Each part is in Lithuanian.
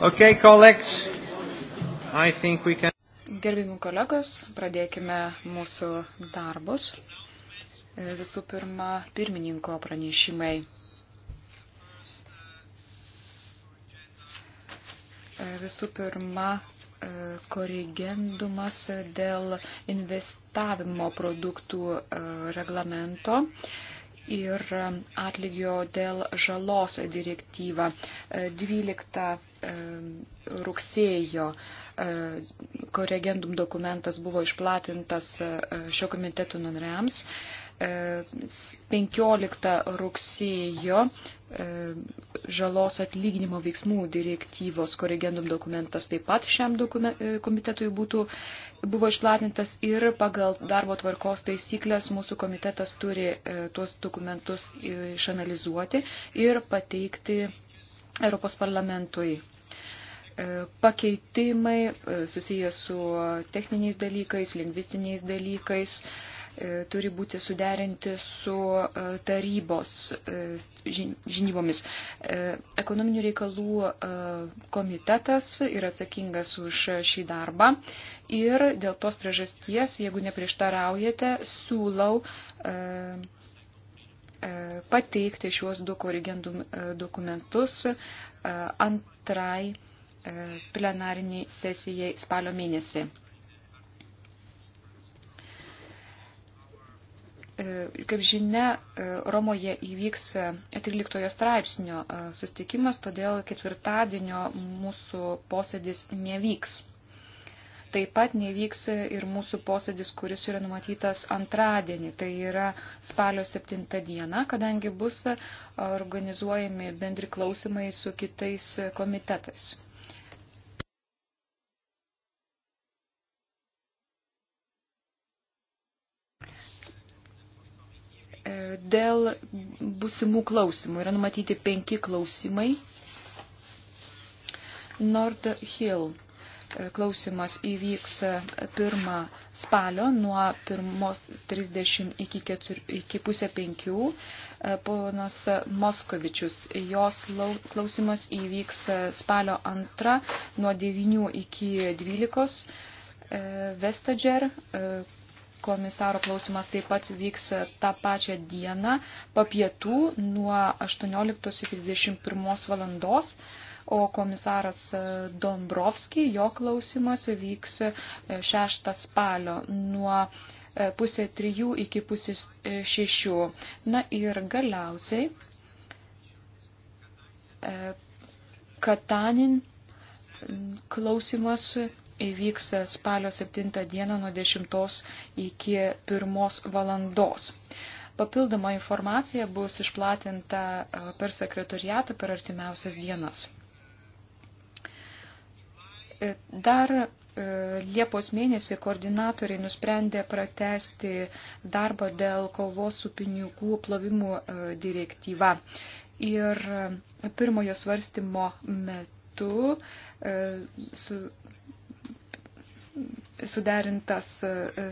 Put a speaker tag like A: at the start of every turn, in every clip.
A: Okay, colleagues,
B: I think we can.
C: Gerbimų kolegos, pradėkime mūsų darbus. Visų pirma, pirmininko pranešimai. Visų pirma, korigendumas dėl investavimo produktų e, reglamento ir atlygio dėl žalos direktyvą 12 e, e, rugsėjo e, koregendum dokumentas buvo išplatintas šio komiteto nariams. 15 rugsėjo e, žalos atlyginimo veiksmų direktyvos korrigendum dokumentas taip pat šiam e, komitetui būtų, buvo išplatintas ir pagal darbo tvarkos taisyklės mūsų komitetas turi e, tuos dokumentus išanalizuoti ir pateikti Europos parlamentui. Pakeitimai susijęs su techniniais dalykais, lingvistiniais dalykais, E, turi būti suderinti su e, tarybos e, žinybomis. Ekonominių reikalų komitetas yra atsakingas už šį darbą ir dėl tos priežasties, jeigu neprieštaraujate, siūlau pateikti šiuos du korigendum dokumentus antrai plenariniai sesijai spalio mėnesį. E, kaip žinia, e, Romoje įvyks 13 e, straipsnio sustikimas, todėl ketvirtadienio mūsų posėdis nevyks. Taip pat nevyks ir mūsų posėdis, kuris yra numatytas antradienį, tai yra spalio 7 dieną, kadangi bus organizuojami bendri klausimai su kitais komitetais. E, dėl busimų klausimų yra numatyti penki klausimai. Nord Hill e, klausimas įvyks 1 spalio nuo 1.30 iki, 4, iki pusė 5. E, ponas Moskovičius, jos klausimas įvyks spalio 2 nuo 9 iki 12. Vestager komisaro klausimas taip pat vyks tą pačią dieną po pietų nuo 18 iki 21 valandos, o komisaras Dombrovski, jo klausimas vyks 6 spalio nuo e, pusė trijų iki pusės e, šešių. Na ir galiausiai e, Katanin klausimas įvyks spalio 7 dieną nuo 10 iki 1 valandos. Papildoma informacija bus išplatinta e, per sekretoriatą per artimiausias dienas. E, dar e, Liepos mėnesį koordinatoriai nusprendė pratesti darbą dėl kovos su pinigų plovimu direktyva. Ir pirmojo svarstymo metu su suderintas e,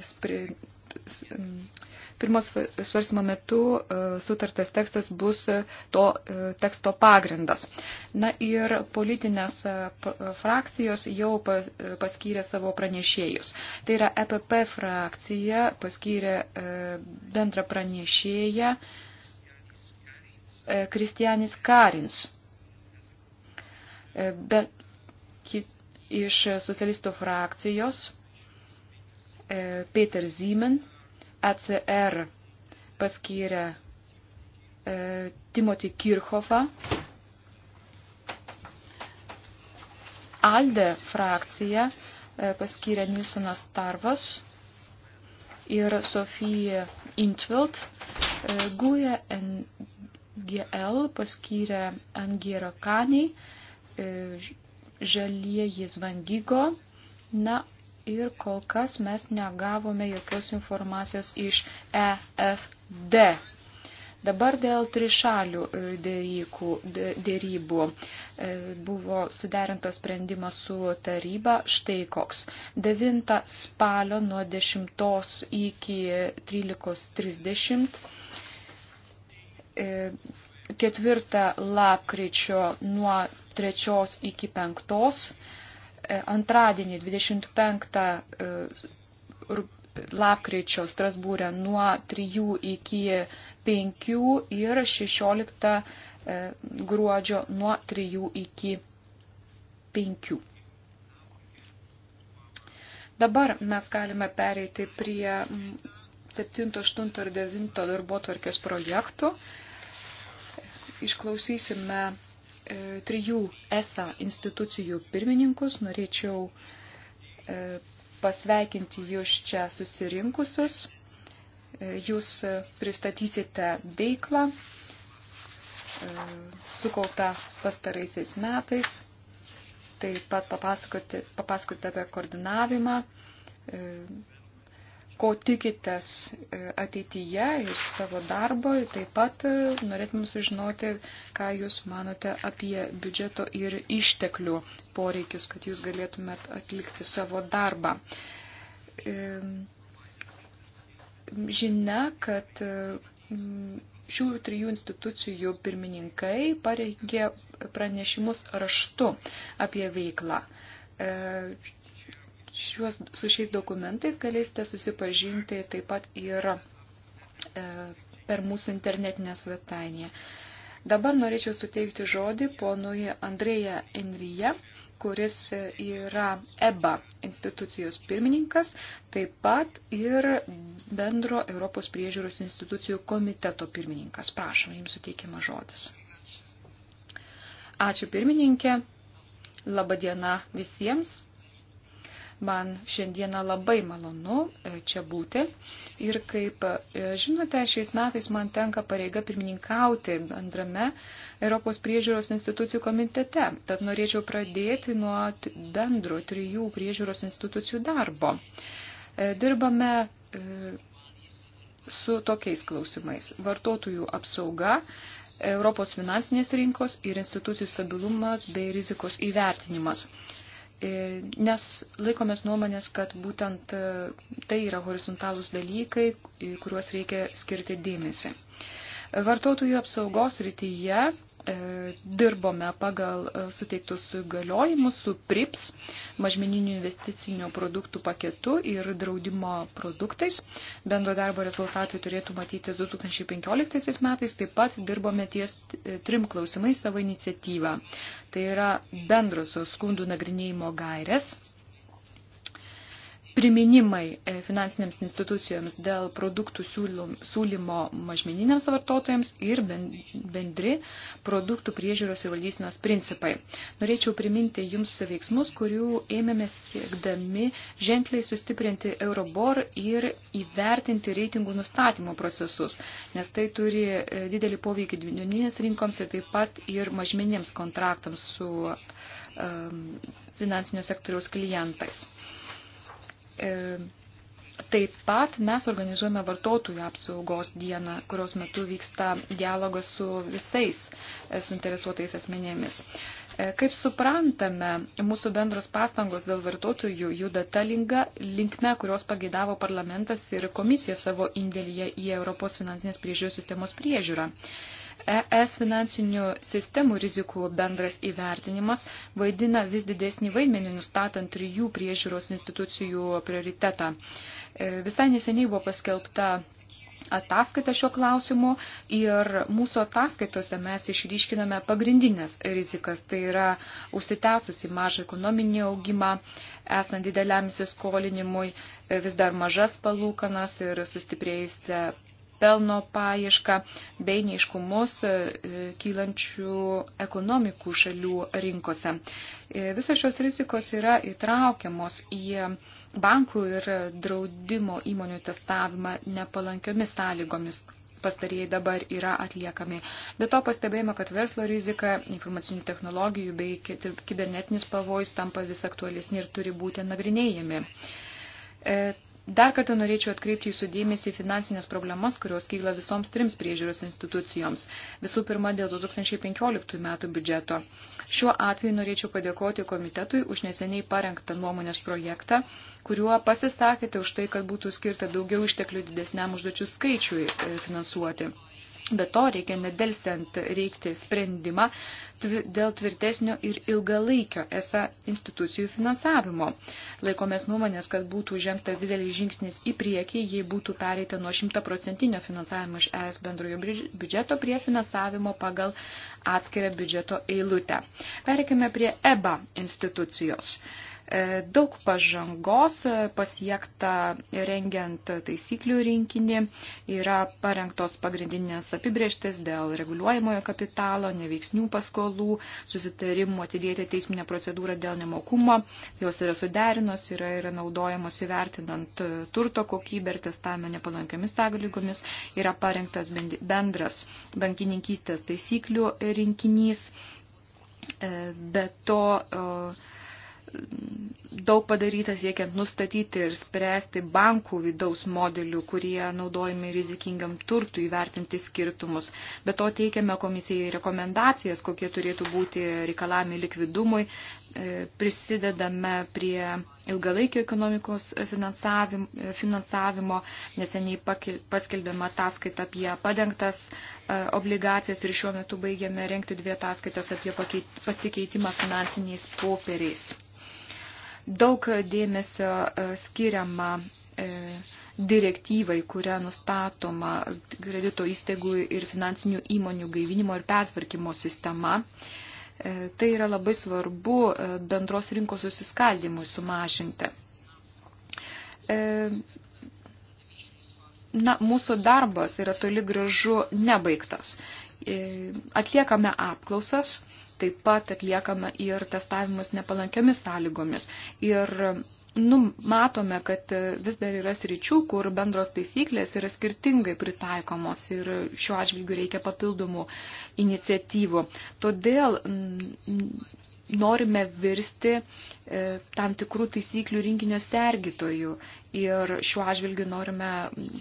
C: pirmos svarstymo metu e, sutartas tekstas bus e, to teksto pagrindas. Na ir politinės frakcijos jau paskyrė savo pranešėjus. Tai yra EPP frakcija paskyrė bendrą pranešėją Kristianis Karins. Bet kit iš socialistų frakcijos e, Peter Zeman ACR e paskyrė e, Timothy Kirchhoffą. Alde frakcija paskyrė Nilsonas Tarvas ir Sofija Intveld. GUE NGL paskyrė Angierą Kanį, žalieji zvangygo. Na ir kol kas mes negavome jokios informacijos iš EFD. Dabar dėl trišalių e, dėrykų, dėrybų e, buvo suderintas sprendimas su taryba štai koks. 9 spalio nuo 10 iki 13.30. 4 e, lapkričio nuo 3 iki 5, e, antradienį 25 e, lapkričio Strasbūrė nuo 3 iki 5 ir 16 e, gruodžio nuo 3 iki 5. Dabar mes galime pereiti prie 7, 8 ir 9 darbo tvarkės projektų. Išklausysime E, trijų ESA institucijų pirmininkus. Norėčiau e, pasveikinti jūs čia susirinkusius. E, jūs pristatysite veiklą sukauptą pastaraisiais metais. Taip pat papasakoti, papasakoti apie koordinavimą, ko tikitės e, ateityje iš savo darbo. Taip pat e, norėtum sužinoti, ką Jūs manote apie biudžeto ir išteklių poreikius, kad Jūs galėtumėt atlikti savo darbą. E, žinia, kad šių trijų institucijų pirmininkai pareigė pranešimus raštu apie veiklą šiuos, su šiais dokumentais galėsite susipažinti taip pat ir e, per mūsų internetinę svetainę. Dabar norėčiau suteikti žodį ponui Andrėja Enryje, kuris yra EBA institucijos pirmininkas, taip pat ir bendro Europos priežiūros institucijų komiteto pirmininkas. Prašom, jums suteikiama žodis. Ačiū pirmininkė, laba diena visiems. Man šiandieną labai malonu e, čia būti ir kaip e, žinote, šiais metais man tenka pareiga pirmininkauti bendrame Europos priežiūros institucijų komitete. Tad norėčiau pradėti nuo bendro trijų priežiūros institucijų darbo. E, dirbame su tokiais klausimais. Vartotojų apsauga, Europos finansinės rinkos ir institucijų stabilumas bei rizikos įvertinimas. E, nes laikomės nuomonės, kad būtent e, tai yra horizontalūs dalykai, kuriuos reikia skirti dėmesį. Vartotojų apsaugos rytyje E, dirbome pagal e, suteiktus įgaliojimus su PRIPS, mažmeninių investicinių produktų paketu ir draudimo produktais. Bendro darbo rezultatai turėtų matyti 2015 metais. Taip pat dirbome ties e, trim klausimais savo iniciatyvą. Tai yra bendrosios skundų nagrinėjimo gairės priminimai e, finansinėms institucijoms dėl produktų siūlymo mažmeniniams vartotojams ir bendri produktų priežiūros ir valdysinos principai. Norėčiau priminti jums veiksmus, kurių ėmėmės siekdami ženkliai sustiprinti Eurobor ir įvertinti reitingų nustatymo procesus, nes tai turi e, didelį poveikį dvinioninės rinkoms ir taip pat ir mažmeniniams kontraktams su um, finansinio sektoriaus klientais. E, taip pat mes organizuojame vartotojų apsaugos dieną, kurios metu vyksta dialogas su visais e, suinteresuotais asmenėmis. E, kaip suprantame, mūsų bendros pastangos dėl vartotojų juda ta linga, linkme, kurios pagėdavo parlamentas ir komisija savo indėlyje į Europos finansinės priežiūros sistemos priežiūrą. ES finansinių sistemų rizikų bendras įvertinimas vaidina vis didesnį vaidmenį nustatant trijų priežiūros institucijų prioritetą. E, visai neseniai buvo paskelbta ataskaitą šio klausimu ir mūsų ataskaitose mes išryškiname pagrindinės rizikas, tai yra užsitęsusi mažą ekonominį augimą, esant dideliam įsiskolinimui, e, vis dar mažas palūkanas ir sustiprėjusią pelno paiešką bei neiškumus e, kylančių ekonomikų šalių rinkose. E, visos šios rizikos yra įtraukiamos į bankų ir draudimo įmonių testavimą nepalankiomis sąlygomis pastarieji dabar yra atliekami. Be to pastebėjome, kad verslo rizika, informacinių technologijų bei kibernetinis pavojus tampa vis aktualesni ir turi būti nagrinėjami. E, Dar kartą norėčiau atkreipti jūsų dėmesį į finansinės problemas, kurios kyla visoms trims priežiūros institucijoms. Visų pirma, dėl 2015 metų biudžeto. Šiuo atveju norėčiau padėkoti komitetui už neseniai parengtą nuomonės projektą, kuriuo pasisakėte už tai, kad būtų skirta daugiau išteklių didesniam užduočių skaičiui e, finansuoti. Be to reikia nedelsiant reikti sprendimą dėl tvirtesnio ir ilgalaikio ESA institucijų finansavimo. Laikomės nuomonės, kad būtų žengtas didelis žingsnis į priekį, jei būtų pereita nuo 100% finansavimo iš ES bendrojo biudžeto prie finansavimo pagal atskirą biudžeto eilutę. Pereikime prie EBA institucijos. E, daug pažangos e, pasiekta rengiant taisyklių rinkinį, yra parengtos pagrindinės apibrieštis dėl reguliuojamojo kapitalo, neveiksnių paskolų, susitarimų atidėti teisminę procedūrą dėl nemokumo, jos yra suderinos, yra, yra naudojamos įvertinant turto kokybę ir testavimą nepalankiamis sąlygomis, yra parengtas bendras bankininkystės taisyklių rinkinys. E, be to, daug padaryta siekiant nustatyti ir spręsti bankų vidaus modelių, kurie naudojami rizikingam turtui įvertinti skirtumus. Be to teikiame komisijai rekomendacijas, kokie turėtų būti reikalami likvidumui, e, prisidedame prie ilgalaikio ekonomikos finansavimo, neseniai paskelbėme ataskaitą apie padengtas e, obligacijas ir šiuo metu baigėme renkti dvi ataskaitas apie pasikeitimą finansiniais popieriais. Daug dėmesio e, skiriama e, direktyvai, kuria nustatoma kredito įstaigų ir finansinių įmonių gaivinimo ir pertvarkymo sistema. E, tai yra labai svarbu bendros rinkos susiskaldimui sumažinti. Na, mūsų darbas yra toli gražu nebaigtas. Atliekame apklausas taip pat atliekama ir testavimas nepalankiomis sąlygomis. Ir nu, matome, kad vis dar yra sričių, kur bendros taisyklės yra skirtingai pritaikomos ir šiuo atžvilgiu reikia papildomų iniciatyvų. Todėl mm, norime virsti e, tam tikrų taisyklių rinkinio sergitojų ir šiuo atžvilgiu norime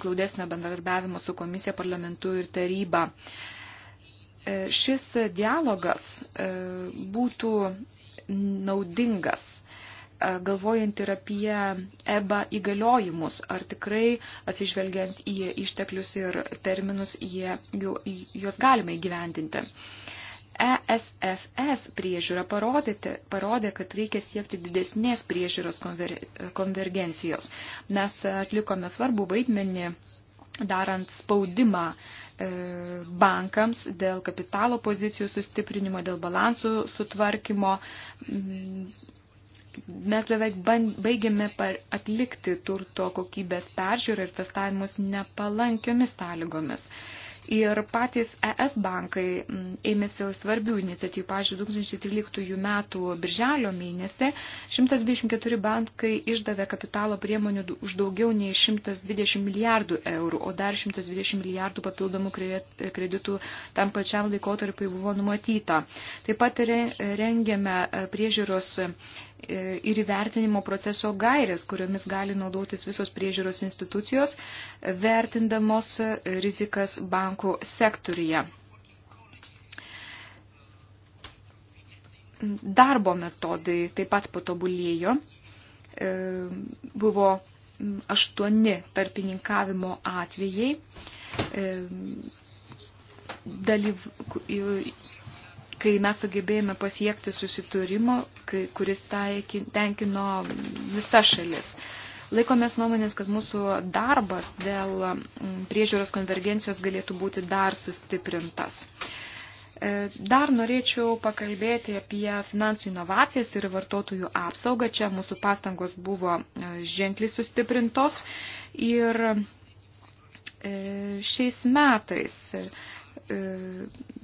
C: glaudesnio bendradarbiavimo su komisija, parlamentu ir taryba. E, E, šis dialogas e, būtų naudingas, e, galvojant ir apie EBA įgaliojimus, ar tikrai atsižvelgiant į išteklius ir terminus, jie, juos galima įgyvendinti. ESFS priežiūra parodyti, parodė, kad reikia siekti didesnės priežiūros konver, konvergencijos. Mes atlikome svarbų vaidmenį darant spaudimą uh, E, bankams dėl kapitalo pozicijų sustiprinimo, dėl balansų sutvarkymo. Mm, mes beveik baigėme atlikti turto kokybės peržiūrą ir testavimus nepalankiomis sąlygomis. Ir patys ES bankai ėmėsi svarbių iniciatyvų. Pavyzdžiui, 2013 metų birželio mėnesį 124 bankai išdavė kapitalo priemonių už daugiau nei 120 milijardų eurų, o dar 120 milijardų papildomų kreditų tam pačiam laikotarpiai buvo numatyta. Taip pat rengėme e, priežiūros E, ir įvertinimo proceso gairės, kuriomis gali naudotis visos priežiūros institucijos, vertindamos rizikas bankų sektoriuje. Darbo metodai taip pat patobulėjo. E, buvo aštuoni tarpininkavimo atvejai e, dalyv, kai mes sugebėjome pasiekti susiturimo, kai, kuris taiki, tenkino visas šalis. Laikomės nuomonės, kad mūsų darbas dėl mm, priežiūros konvergencijos galėtų būti dar sustiprintas. E, dar norėčiau pakalbėti apie finansų inovacijas ir vartotojų apsaugą. Čia mūsų pastangos buvo e, ženkliai sustiprintos ir e, šiais metais E,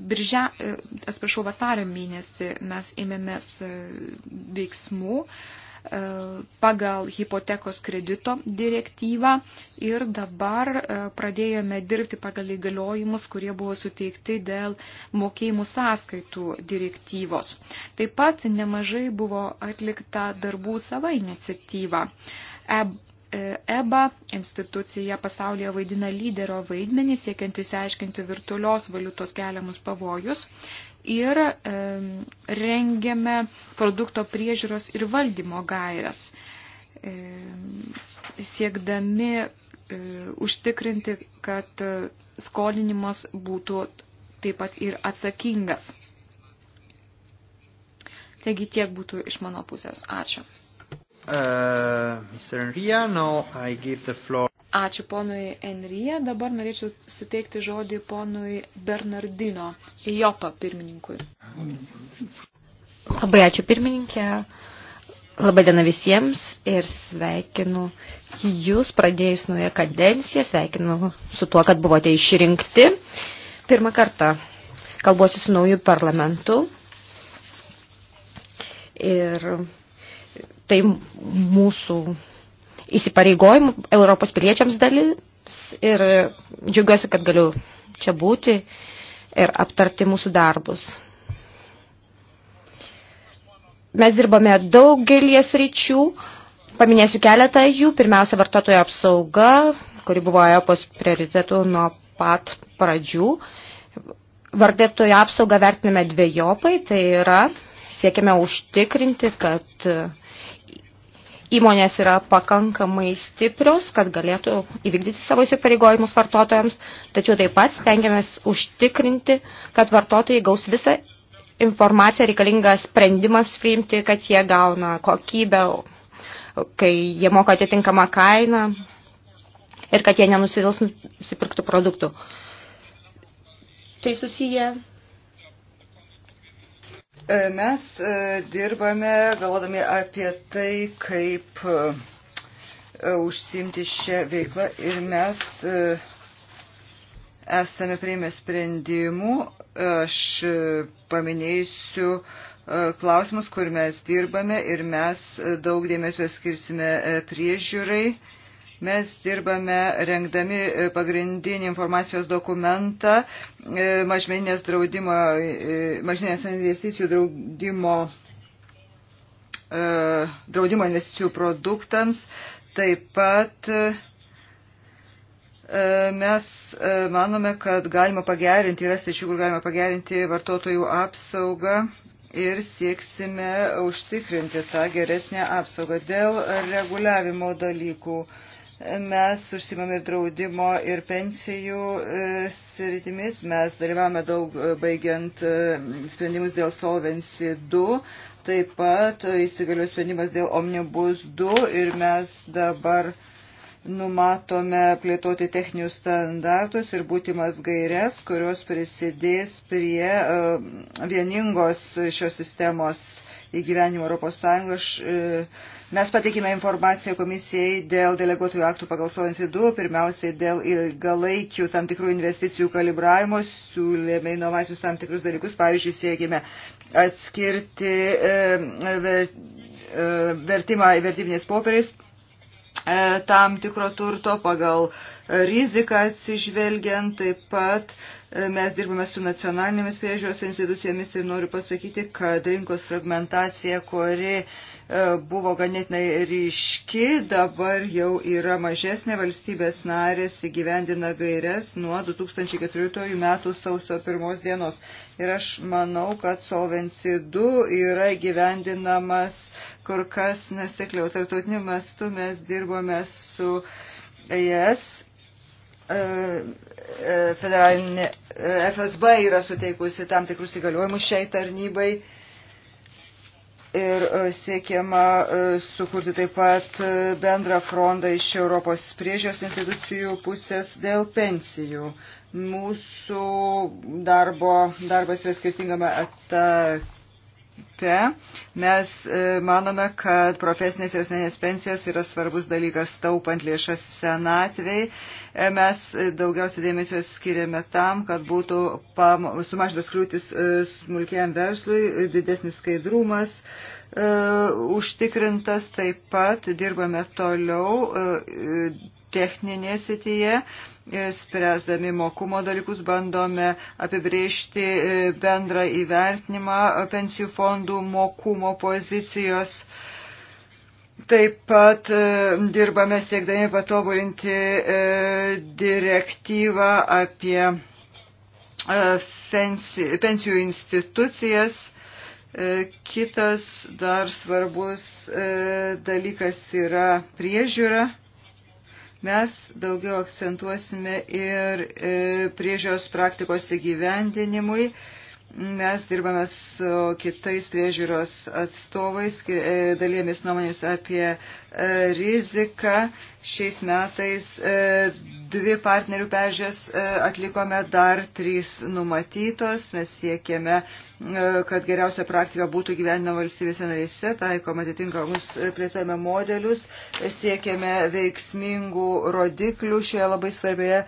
C: Biržia, e, atsiprašau, vasario mėnesį mes ėmėmės e, veiksmų pagal hipotekos kredito direktyvą ir dabar pradėjome dirbti pagal įgaliojimus, kurie buvo suteikti dėl mokėjimų sąskaitų direktyvos. Taip pat nemažai buvo atlikta darbų savo iniciatyva. E EBA institucija pasaulyje vaidina lyderio vaidmenį, siekiant įsiaiškinti virtualios valiutos keliamus pavojus ir e, rengiame produkto priežiūros ir valdymo gairias, e, siekdami e, užtikrinti, kad skolinimas būtų taip pat ir atsakingas. Taigi tiek būtų iš mano pusės. Ačiū.
B: Uh,
C: Ačiū ponui Enryje. Dabar norėčiau suteikti žodį ponui Bernardino, Jopa pirmininkui.
D: Labai ačiū pirmininkė. Labai diena visiems ir sveikinu jūs pradėjus naują kadenciją, sveikinu su tuo, kad buvote išrinkti. Pirmą kartą kalbuosi su nauju parlamentu ir tai mūsų įsipareigojimų Europos piliečiams dalis ir džiaugiuosi, kad galiu čia būti ir aptarti mūsų darbus. Mes dirbame daugelies ryčių, paminėsiu keletą jų. Pirmiausia, vartotojo apsauga, kuri buvo EPOS prioritetų nuo pat pradžių. Vartotojo apsaugą vertiname dviejopai, tai yra siekiame užtikrinti, kad įmonės yra pakankamai stiprios, kad galėtų įvykdyti savo įsipareigojimus vartotojams, tačiau taip pat stengiamės užtikrinti, kad vartotojai gaus visą informaciją reikalingą sprendimams priimti, kad jie gauna kokybę, kai jie moka atitinkamą kainą ir kad jie nenusivils nusipirktų produktų. Tai susiję
E: E, mes e, dirbame galvodami apie tai, kaip e, užsimti šią veiklą ir mes esame prieimę sprendimų. Aš paminėsiu klausimus, kur mes dirbame ir mes daug dėmesio skirsime priežiūrai Mes dirbame rengdami e, pagrindinį informacijos dokumentą e, mažmeninės draudimo, e, mažmeninės investicijų draudimo draudimo investicijų produktams. Taip pat mes manome, kad galima pagerinti, yra sričių, kur galima pagerinti vartotojų apsaugą ir sieksime užtikrinti tą geresnę apsaugą dėl reguliavimo dalykų. Mes užsimame ir draudimo, ir pensijų e, sritimis. Mes dalyvavome daug e, baigiant e, sprendimus dėl Solvency 2. Taip pat įsigaliu sprendimas dėl Omnibus 2 ir mes dabar numatome plėtoti techninius standartus ir būtimas gairias, kurios prisidės prie vieningos šios sistemos įgyvenimo Europos Sąjungos. Aš Mes pateikime informaciją komisijai dėl deleguotųjų aktų pagal Solvency 2, pirmiausiai dėl ilgalaikių tam tikrų investicijų kalibravimo, siūlėme inovacijus tam tikrus dalykus, pavyzdžiui, siekime atskirti e, e, vertimą į vertybinės popieriais e, tam tikro turto pagal riziką atsižvelgiant, taip pat mes dirbame su nacionalinėmis priežiūros institucijomis ir noriu pasakyti, kad rinkos fragmentacija, kuri E, buvo ganėtinai ryški, dabar jau yra mažesnė valstybės narės įgyvendina gairias nuo 2014 metų sausio pirmos dienos. Ir aš manau, kad Solvency 2 yra gyvendinamas kur kas nesekliau. Tartautiniu mastu mes dirbome su ES e, e, federalinė FSB yra suteikusi tam tikrus įgaliojimus šiai tarnybai ir e, siekiama e, sukurti taip pat e, bendrą frondą iš Europos priežios institucijų pusės dėl pensijų. Mūsų darbo, darbas yra skirtingame etape etape mes e, manome, kad profesinės ir asmenės pensijos yra svarbus dalykas taupant lėšas senatvei. E, mes e, daugiausia dėmesio skiriame tam, kad būtų sumažintas kliūtis smulkiam verslui, didesnis skaidrumas, užtikrintas taip pat dirbame toliau techninėje sityje E, spręsdami mokumo dalykus, bandome apibriežti e, bendrą įvertinimą pensijų fondų mokumo pozicijos. Taip pat e, dirbame siekdami patobulinti direktyvą apie pensijų institucijas. Kitas dar svarbus dalykas yra priežiūra Mes daugiau akcentuosime ir e, priežios praktikos įgyvendinimui Mes dirbame su kitais priežiūros atstovais, e, dalėmis nuomonės apie e, riziką. Šiais metais e, dvi partnerių peržiūrės atlikome, dar trys numatytos. Mes siekėme, kad geriausia praktika būtų gyvenama valstybėse narėse, taikom atitinkamus plėtojame modelius, siekėme veiksmingų rodiklių šioje labai svarbioje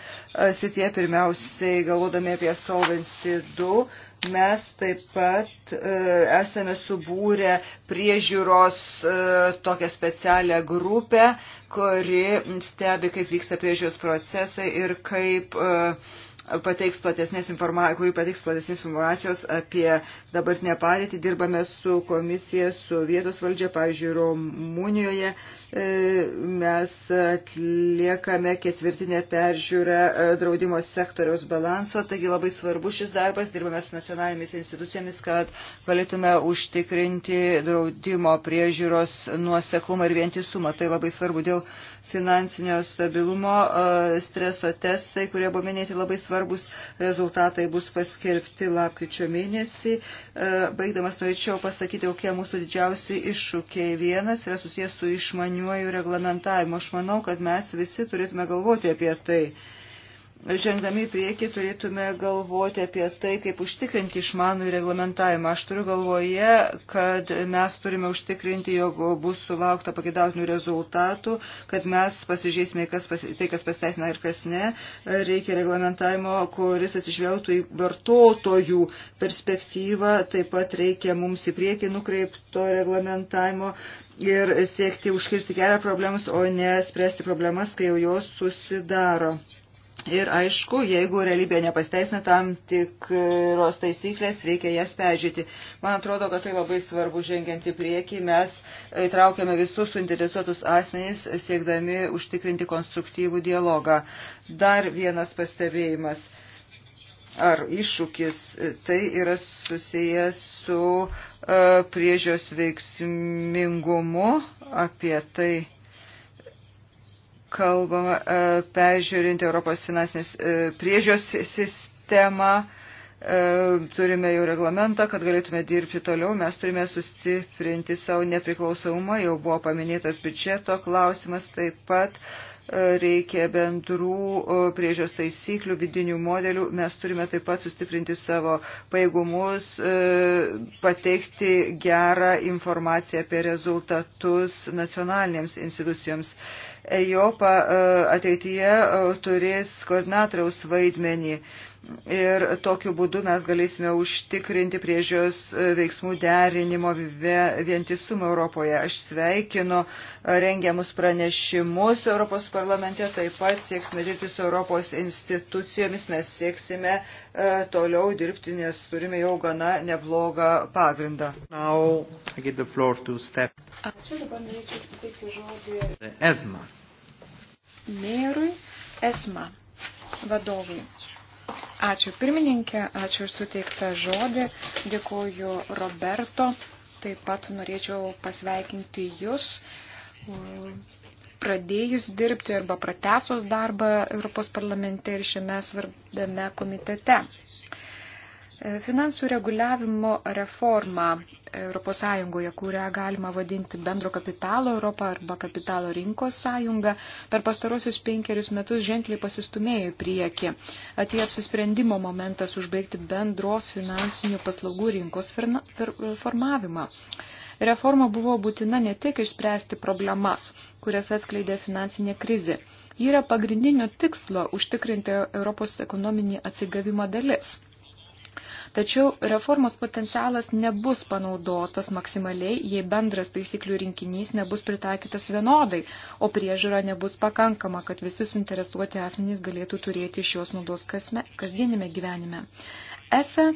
E: sitie, pirmiausiai galvodami apie Solvency 2 Mes taip pat e, esame subūrę priežiūros e, tokią specialią grupę, kuri stebi, kaip vyksta priežiūros procesai ir kaip e, pateiks platesnės informacijos, kuri pateiks platesnės informacijos apie dabartinę padėtį. Dirbame su komisija, su vietos valdžia, pavyzdžiui, Rumunijoje. E, mes atliekame ketvirtinę peržiūrą e, draudimo sektoriaus balanso, taigi labai svarbu šis darbas. Dirbame su nacionalinėmis institucijomis, kad galėtume užtikrinti draudimo priežiūros nuoseklumą ir vientisumą. Tai labai svarbu dėl finansinio stabilumo e, streso testai, kurie buvo minėti labai svarbus, rezultatai bus paskelbti lapkričio mėnesį. E, baigdamas norėčiau pasakyti, kokie mūsų didžiausi iššūkiai. Vienas yra susijęs su išmaniuoju reglamentavimu. Aš manau, kad mes visi turėtume galvoti apie tai žengdami į priekį turėtume galvoti apie tai, kaip užtikrinti išmanų reglamentavimą. Aš turiu galvoje, kad mes turime užtikrinti, jog bus sulaukta pagėdautinių rezultatų, kad mes pasižiūrėsime kas pas, tai, kas pasteisina ir kas ne. Reikia reglamentavimo, kuris atsižvelgtų į vartotojų perspektyvą, taip pat reikia mums į priekį nukreipto reglamentavimo, ir siekti užkirsti kelią problemas, o ne spręsti problemas, kai jau jos susidaro. Ir aišku, jeigu realybė nepasteisina tam tikros taisyklės, reikia jas peržiūrėti. Man atrodo, kad tai labai svarbu žengiant į priekį. Mes įtraukiame visus suinteresuotus asmenys, siekdami užtikrinti konstruktyvų dialogą. Dar vienas pastebėjimas ar iššūkis, tai yra susijęs su e, priežios veiksmingumu apie tai kalbama e, peržiūrinti Europos finansinės e, priežios sistemą. E, turime jau reglamentą, kad galėtume dirbti toliau. Mes turime sustiprinti savo nepriklausomumą. Jau buvo paminėtas biudžeto klausimas taip pat reikia bendrų priežios taisyklių, vidinių modelių. Mes turime taip pat sustiprinti savo paėgumus, pateikti gerą informaciją apie rezultatus nacionalinėms institucijoms. EJOPA e, ateityje e, turės koordinatoriaus vaidmenį. Ir tokiu būdu mes galėsime užtikrinti priežios e, veiksmų derinimo vientisumą Europoje. Aš sveikinu e, rengiamus pranešimus Europos parlamente, taip pat sieksime dirbti su Europos institucijomis, mes sieksime e, toliau dirbti, nes turime jau gana neblogą pagrindą.
B: Now, Ačiū,
C: dabar norėčiau suteikti žodį. Esma. Mėrui Esma vadovui. Ačiū pirmininkė, ačiū ir suteiktą žodį. Dėkuoju Roberto. Taip pat norėčiau pasveikinti Jūs pradėjus dirbti arba pratesos darbą Europos parlamente ir šiame svarbiame komitete. Finansų reguliavimo reforma ES, kurią galima vadinti bendro kapitalo Europą arba kapitalo rinkos sąjunga, per pastarosius penkerius metus ženkliai pasistumėjo į priekį. Atėjo apsisprendimo momentas užbaigti bendros finansinių paslaugų rinkos formavimą. Reforma buvo būtina ne tik išspręsti problemas, kurias atskleidė finansinė krizė. Ji yra pagrindinio tikslo užtikrinti Europos ekonominį atsigavimą dalis. Tačiau reformos potencialas nebus panaudotas maksimaliai, jei bendras taisyklių rinkinys nebus pritaikytas vienodai, o priežiūra nebus pakankama, kad visi suinteresuoti asmenys galėtų turėti iš jos naudos kasme, kasdienime gyvenime. ESA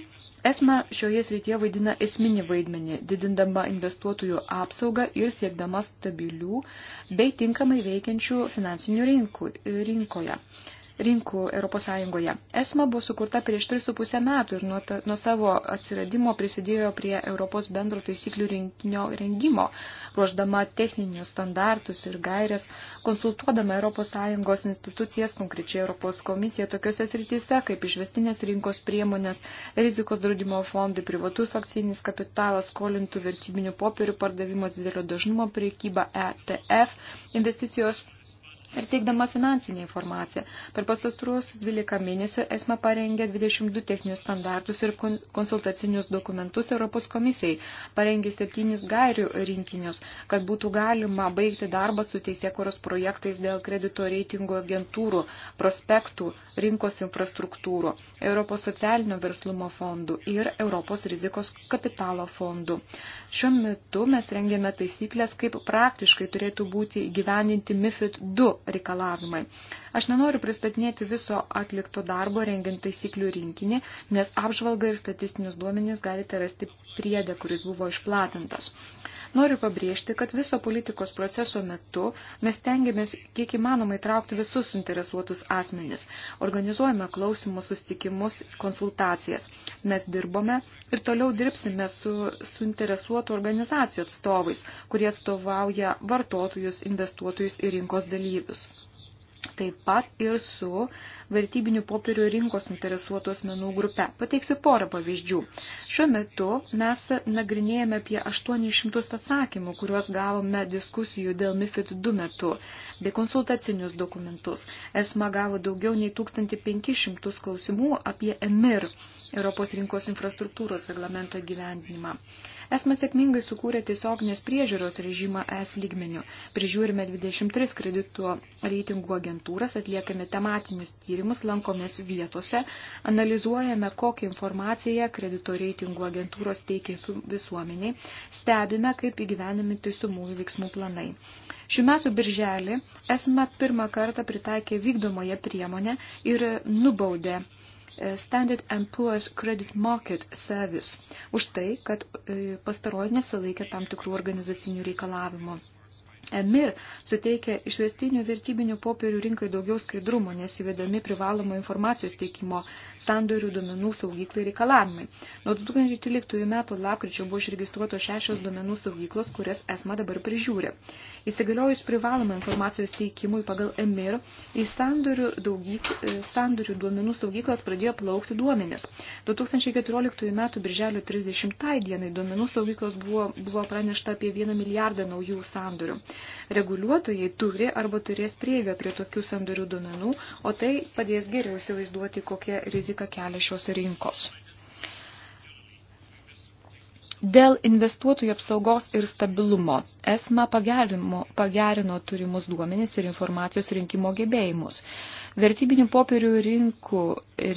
C: ESMA šioje srityje vaidina esminį vaidmenį, didindama investuotojų apsaugą ir siekdama stabilių bei tinkamai veikiančių finansinių rinkų, rinkoje rinkų ES. ESMA buvo sukurta prieš 3,5 metų ir nuo, ta, nuo savo atsiradimo prisidėjo prie Europos bendro taisyklių rinkinio rengimo, ruoždama techninius standartus ir gairias, konsultuodama ES institucijas, konkrečiai Europos komisiją, tokiuose srityse kaip išvestinės rinkos priemonės, rizikos draudimo fondai, privatus akcijinis kapitalas, skolintų vertybinių popierių pardavimas didelio dažnumo priekyba ETF, investicijos ir teikdama finansinę informaciją. Per pastastruosius 12 mėnesių esmė parengė 22 techninius standartus ir konsultacinius dokumentus Europos komisijai, parengė septynis gairių rinkinius, kad būtų galima baigti darbą su teisėkuros projektais dėl kredito reitingo agentūrų, prospektų, rinkos infrastruktūrų, Europos socialinio verslumo fondų ir Europos rizikos kapitalo fondų. Šiuo metu mes rengėme taisyklės, kaip praktiškai turėtų būti įgyvendinti MIFID 2 reikalavimai. Aš nenoriu pristatinėti viso atlikto darbo rengiant taisyklių rinkinį, nes apžvalgą ir statistinius duomenys galite rasti priedę, kuris buvo išplatintas. Noriu pabrėžti, kad viso politikos proceso metu mes tengiamės kiek įmanoma įtraukti visus suinteresuotus asmenis. Organizuojame klausimus, sustikimus, konsultacijas. Mes dirbome ir toliau dirbsime su suinteresuotų organizacijų atstovais, kurie atstovauja vartotojus, investuotojus ir rinkos dalyvius taip pat ir su vertybinių popierių rinkos interesuotų asmenų grupe. Pateiksiu porą pavyzdžių. Šiuo metu mes nagrinėjame apie 800 atsakymų, kuriuos gavome diskusijų dėl MIFID 2 metu, bei konsultacinius dokumentus. ESMA gavo daugiau nei 1500 klausimų apie EMIR Europos rinkos infrastruktūros reglamento gyvendinimą. Esame sėkmingai sukūrę tiesioginės priežiūros režimą ES lygmeniu. Prižiūrime 23 kredito reitingų agentūras, atliekame tematinius tyrimus, lankomės vietose, analizuojame, kokią informaciją kredito reitingų agentūros teikia visuomeniai, stebime, kaip įgyvenami teisumų veiksmų planai. Šiuo metu birželį esame pirmą kartą pritaikė vykdomoje priemonę ir nubaudė Standard Poor's Credit Market Service už tai, kad e, pastaroji nesilaikė tam tikrų organizacinių reikalavimų. Emir suteikia išvestinių vertybinių popierių rinkai daugiau skaidrumo, nes įvedami privalomo informacijos teikimo sandorių duomenų saugyklai reikalavimai. Nuo 2013 metų lapkričio buvo išregistruotos šešios duomenų saugyklos, kurias ESMA dabar prižiūri. Įsigaliojus privalomą informacijos teikimui pagal EMIR, į sandorių, daugyk, e, sandorių duomenų saugyklas pradėjo plaukti duomenis. 2014 metų birželio 30 dienai duomenų saugyklos buvo, buvo pranešta apie 1 milijardą naujų sandorių. Reguliuotojai turi arba turės prieigą prie tokių sandorių duomenų, o tai padės geriau įsivaizduoti, kokia rizika riziką kelia šios rinkos. Dėl investuotojų apsaugos ir stabilumo ESMA pagerino, pagerino turimus duomenis ir informacijos rinkimo gebėjimus. Vertybinių popierių rinkų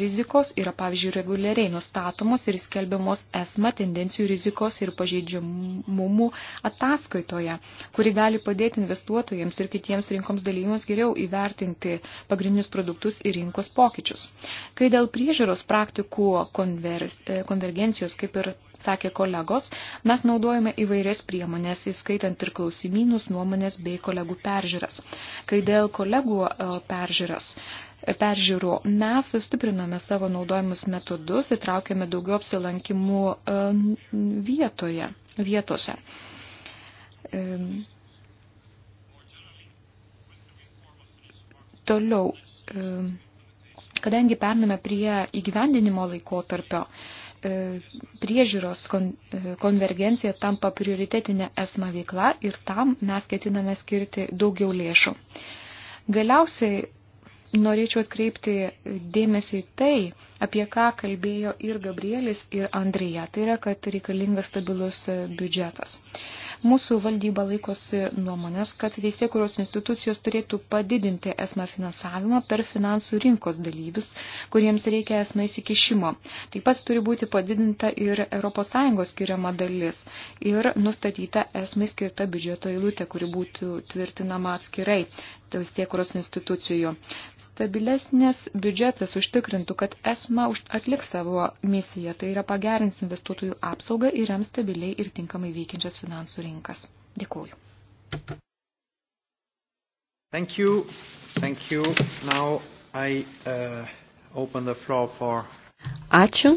C: rizikos yra, pavyzdžiui, reguliariai nustatomos ir skelbiamos ESMA tendencijų rizikos ir pažeidžiamumų ataskaitoje, kuri gali padėti investuotojams ir kitiems rinkoms dalyviams geriau įvertinti pagrindinius produktus ir rinkos pokyčius. Kai dėl priežiūros praktikų konver, konvergencijos, kaip ir sakė kolegos, mes naudojame įvairias priemonės, įskaitant ir klausimynus, nuomonės bei kolegų peržiūras. Kai dėl kolegų e, peržiūras, e, peržiūrų. Mes sustiprinome savo naudojimus metodus, įtraukėme daugiau apsilankimų e, vietoje, vietose. Toliau, kadangi pername prie įgyvendinimo laikotarpio, tarpio, E, priežiūros e, konvergencija tampa prioritetinė esma veikla ir tam mes ketiname skirti daugiau lėšų. Galiausiai norėčiau atkreipti dėmesį tai, apie ką kalbėjo ir Gabrielis, ir Andrija. Tai yra, kad reikalingas stabilus biudžetas. Mūsų valdyba laikosi nuomonės, kad teisėkuros institucijos turėtų padidinti esmą finansavimą per finansų rinkos dalyvius, kuriems reikia esmą įsikišimo. Taip pat turi būti padidinta ir ES skiriama dalis ir nustatyta esmai skirta biudžeto eilutė, kuri būtų tvirtinama atskirai teisėkuros institucijų. Stabilesnės biudžetas užtikrintų, kad ESMA atliks savo misiją, tai yra pagerins investuotojų apsaugą ir rems stabiliai ir tinkamai veikiančias finansų rinkas. Dėkuoju.
B: Thank you. Thank you. Now I uh, open the floor for...
D: Ačiū.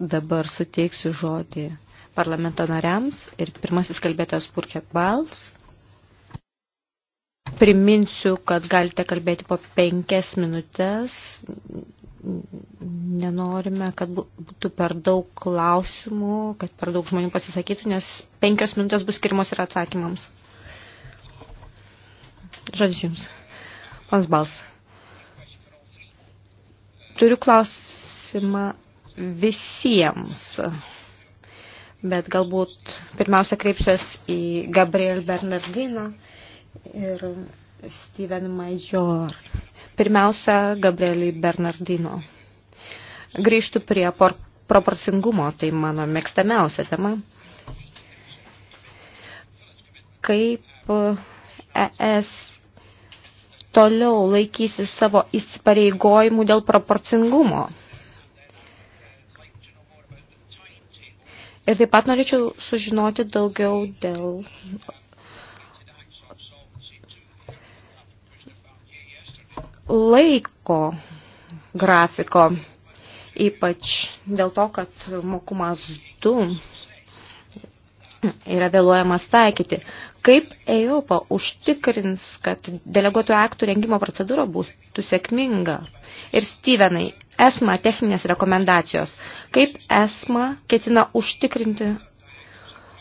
D: Dabar suteiksiu žodį parlamento nariams ir pirmasis kalbėtojas Purke Bals Priminsiu, kad galite kalbėti po penkias minutės. Nenorime, kad būtų per daug klausimų, kad per daug žmonių pasisakytų, nes penkios minutės bus skirimos ir atsakymams. Žodis jums. Pans Bals. Turiu klausimą visiems, bet galbūt pirmiausia kreipsiuos į Gabriel Bernardino ir Steven Major. Pirmiausia, Gabrielį Bernardino. Grįžtų prie proporcingumo, tai mano mėgstamiausia tema. Kaip ES toliau laikysi savo įsipareigojimų dėl proporcingumo? Ir taip pat norėčiau sužinoti daugiau dėl laiko grafiko, ypač dėl to, kad mokumas 2 yra vėluojamas taikyti. Kaip EIOPA užtikrins, kad deleguotų aktų rengimo procedūra būtų sėkminga? Ir Stevenai, ESMA techninės rekomendacijos. Kaip ESMA ketina užtikrinti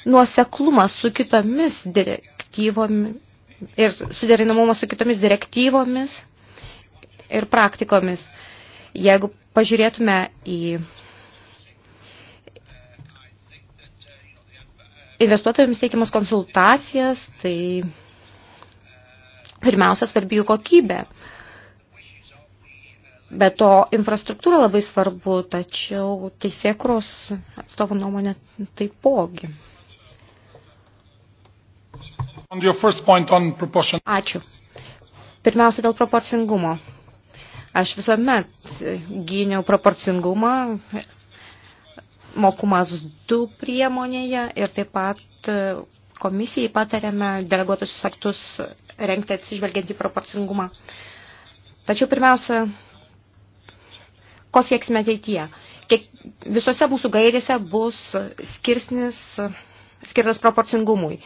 D: nuoseklumą su kitomis direktyvomis ir suderinamumą su kitomis direktyvomis ir praktikomis. Jeigu pažiūrėtume į investuotojams teikiamas konsultacijas, tai pirmiausia svarbi jų kokybė. Be to, infrastruktūra labai svarbu, tačiau teisėkros atstovų nuomonė taipogi.
C: Ačiū.
D: Pirmiausia, dėl proporcingumo. Aš visuomet gyniau proporcingumą mokumas 2 priemonėje ir taip pat komisijai patarėme deleguotusius aktus renkti atsižvelgiant į proporcingumą. Tačiau pirmiausia, ko sieksime ateityje? Kiek, visose mūsų gairėse bus skirsnis skirtas proporcingumui.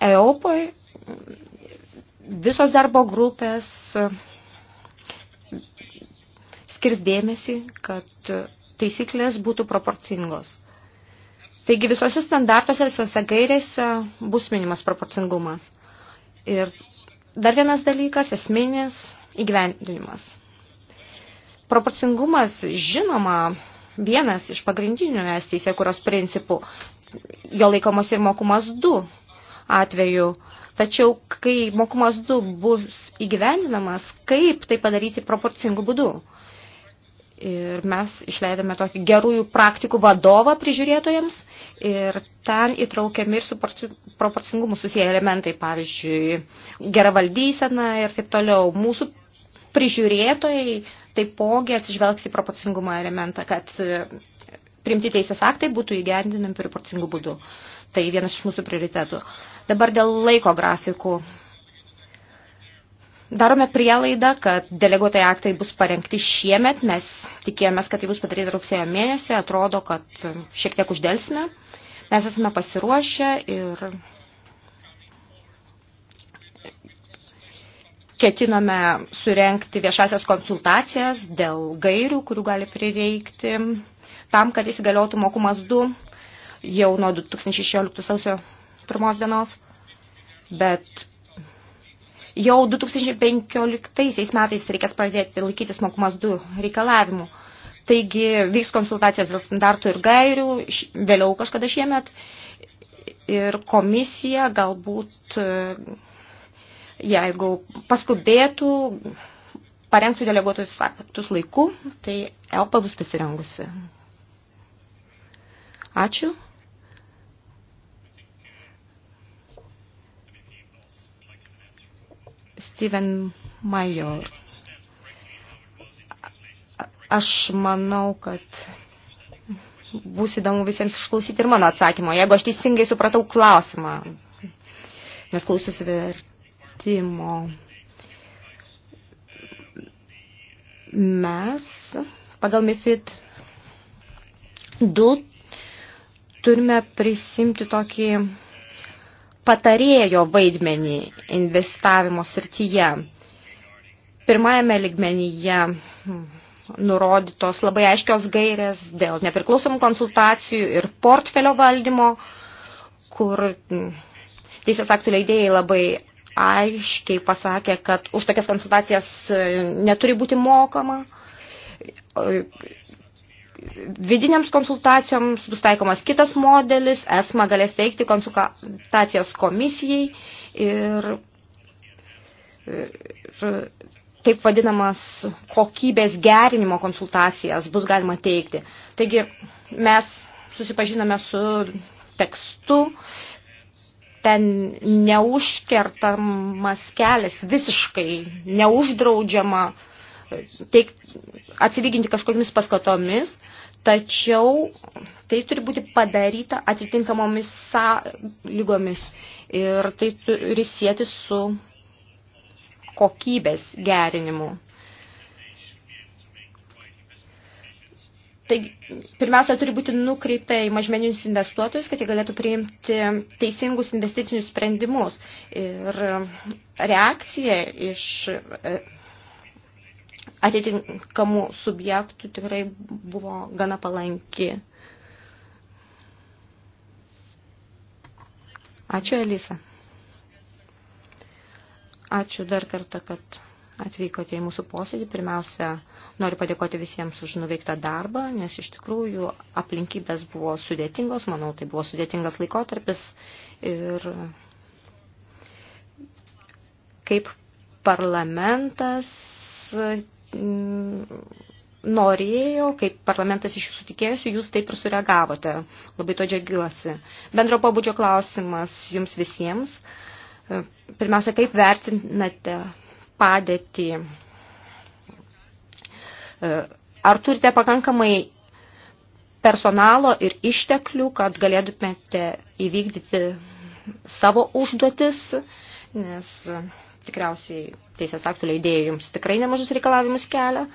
D: EOPOI visos darbo grupės skirs dėmesį, kad taisyklės būtų proporcingos. Taigi visose standartuose, visose gairėse bus minimas proporcingumas. Ir dar vienas dalykas, esminis įgyvendinimas. Proporcingumas, žinoma, vienas iš pagrindinių es teisė, kurios principų jo laikomas ir mokumas 2 atveju. Tačiau, kai mokumas 2 bus įgyvendinamas, kaip tai padaryti proporcingų būdų? Ir mes išleidome tokį gerųjų praktikų vadovą prižiūrėtojams ir ten įtraukiami ir su proporcingumu susiję elementai, pavyzdžiui, gera valdysena ir taip toliau. Mūsų prižiūrėtojai taipogi atsižvelgs į proporcingumo elementą, kad e, priimti teisės aktai būtų įgendinami proporcingų būdų. Tai vienas iš mūsų prioritetų. Dabar dėl laiko grafikų Darome prielaidą, kad deleguotai aktai bus parengti šiemet, mes tikėjomės, kad tai bus padaryta rugsėjo mėnesį, atrodo, kad šiek tiek uždelsime. Mes esame pasiruošę ir ketinome surenkti viešasias konsultacijas dėl gairių, kurių gali prireikti tam, kad įsigaliotų mokumas 2 jau nuo 2016 sausio pirmos dienos, bet Jau 2015 metais reikės pradėti laikytis mokumas 2 reikalavimų. Taigi vyks konsultacijos dėl standartų ir gairių, vėliau kažkada šiemet ir komisija galbūt, e, jeigu paskubėtų, parengtų deleguotus aktus laiku, tai ELPA bus pasirengusi. Ačiū. Steven Major. Aš manau, kad bus įdomu visiems išklausyti ir mano atsakymą, jeigu aš teisingai supratau klausimą, nes klausius vertimo. Mes pagal MIFID 2 turime prisimti tokį patarėjo vaidmenį investavimo srityje. Pirmajame ligmenyje nurodytos labai aiškios gairės dėl nepriklausomų konsultacijų ir portfelio valdymo, kur teisės aktų leidėjai labai aiškiai pasakė, kad už tokias konsultacijas e, neturi būti mokama vidiniams konsultacijoms bus taikomas kitas modelis, esma galės teikti konsultacijos komisijai ir, ir taip vadinamas kokybės gerinimo konsultacijas bus galima teikti. Taigi mes susipažinome su tekstu, ten neužkertamas kelias, visiškai neuždraudžiama uh, teik, atsilyginti kažkokiamis paskatomis, tačiau tai turi būti padaryta atitinkamomis sąlygomis ir tai turi sieti su kokybės gerinimu. Tai pirmiausia, turi būti nukreipta į mažmeninius investuotojus, kad jie galėtų priimti teisingus investicinius sprendimus. Ir reakcija iš atitinkamų subjektų tikrai buvo gana palanki. Ačiū, Elisa. Ačiū dar kartą, kad atvykote į mūsų posėdį. Pirmiausia, noriu padėkoti visiems už nuveiktą darbą, nes iš tikrųjų aplinkybės buvo sudėtingos, manau, tai buvo sudėtingas laikotarpis ir kaip parlamentas Mm, norėjo, kaip parlamentas iš jūsų tikėjosi, jūs taip ir sureagavote. Labai to džiagiuosi. Bendro pabudžio klausimas jums visiems. Pirmiausia, kaip vertinate padėtį? Ar turite pakankamai personalo ir išteklių, kad galėtumėte įvykdyti savo užduotis, nes Tikriausiai teisės aktų leidėjai jums tikrai nemažus reikalavimus kelia.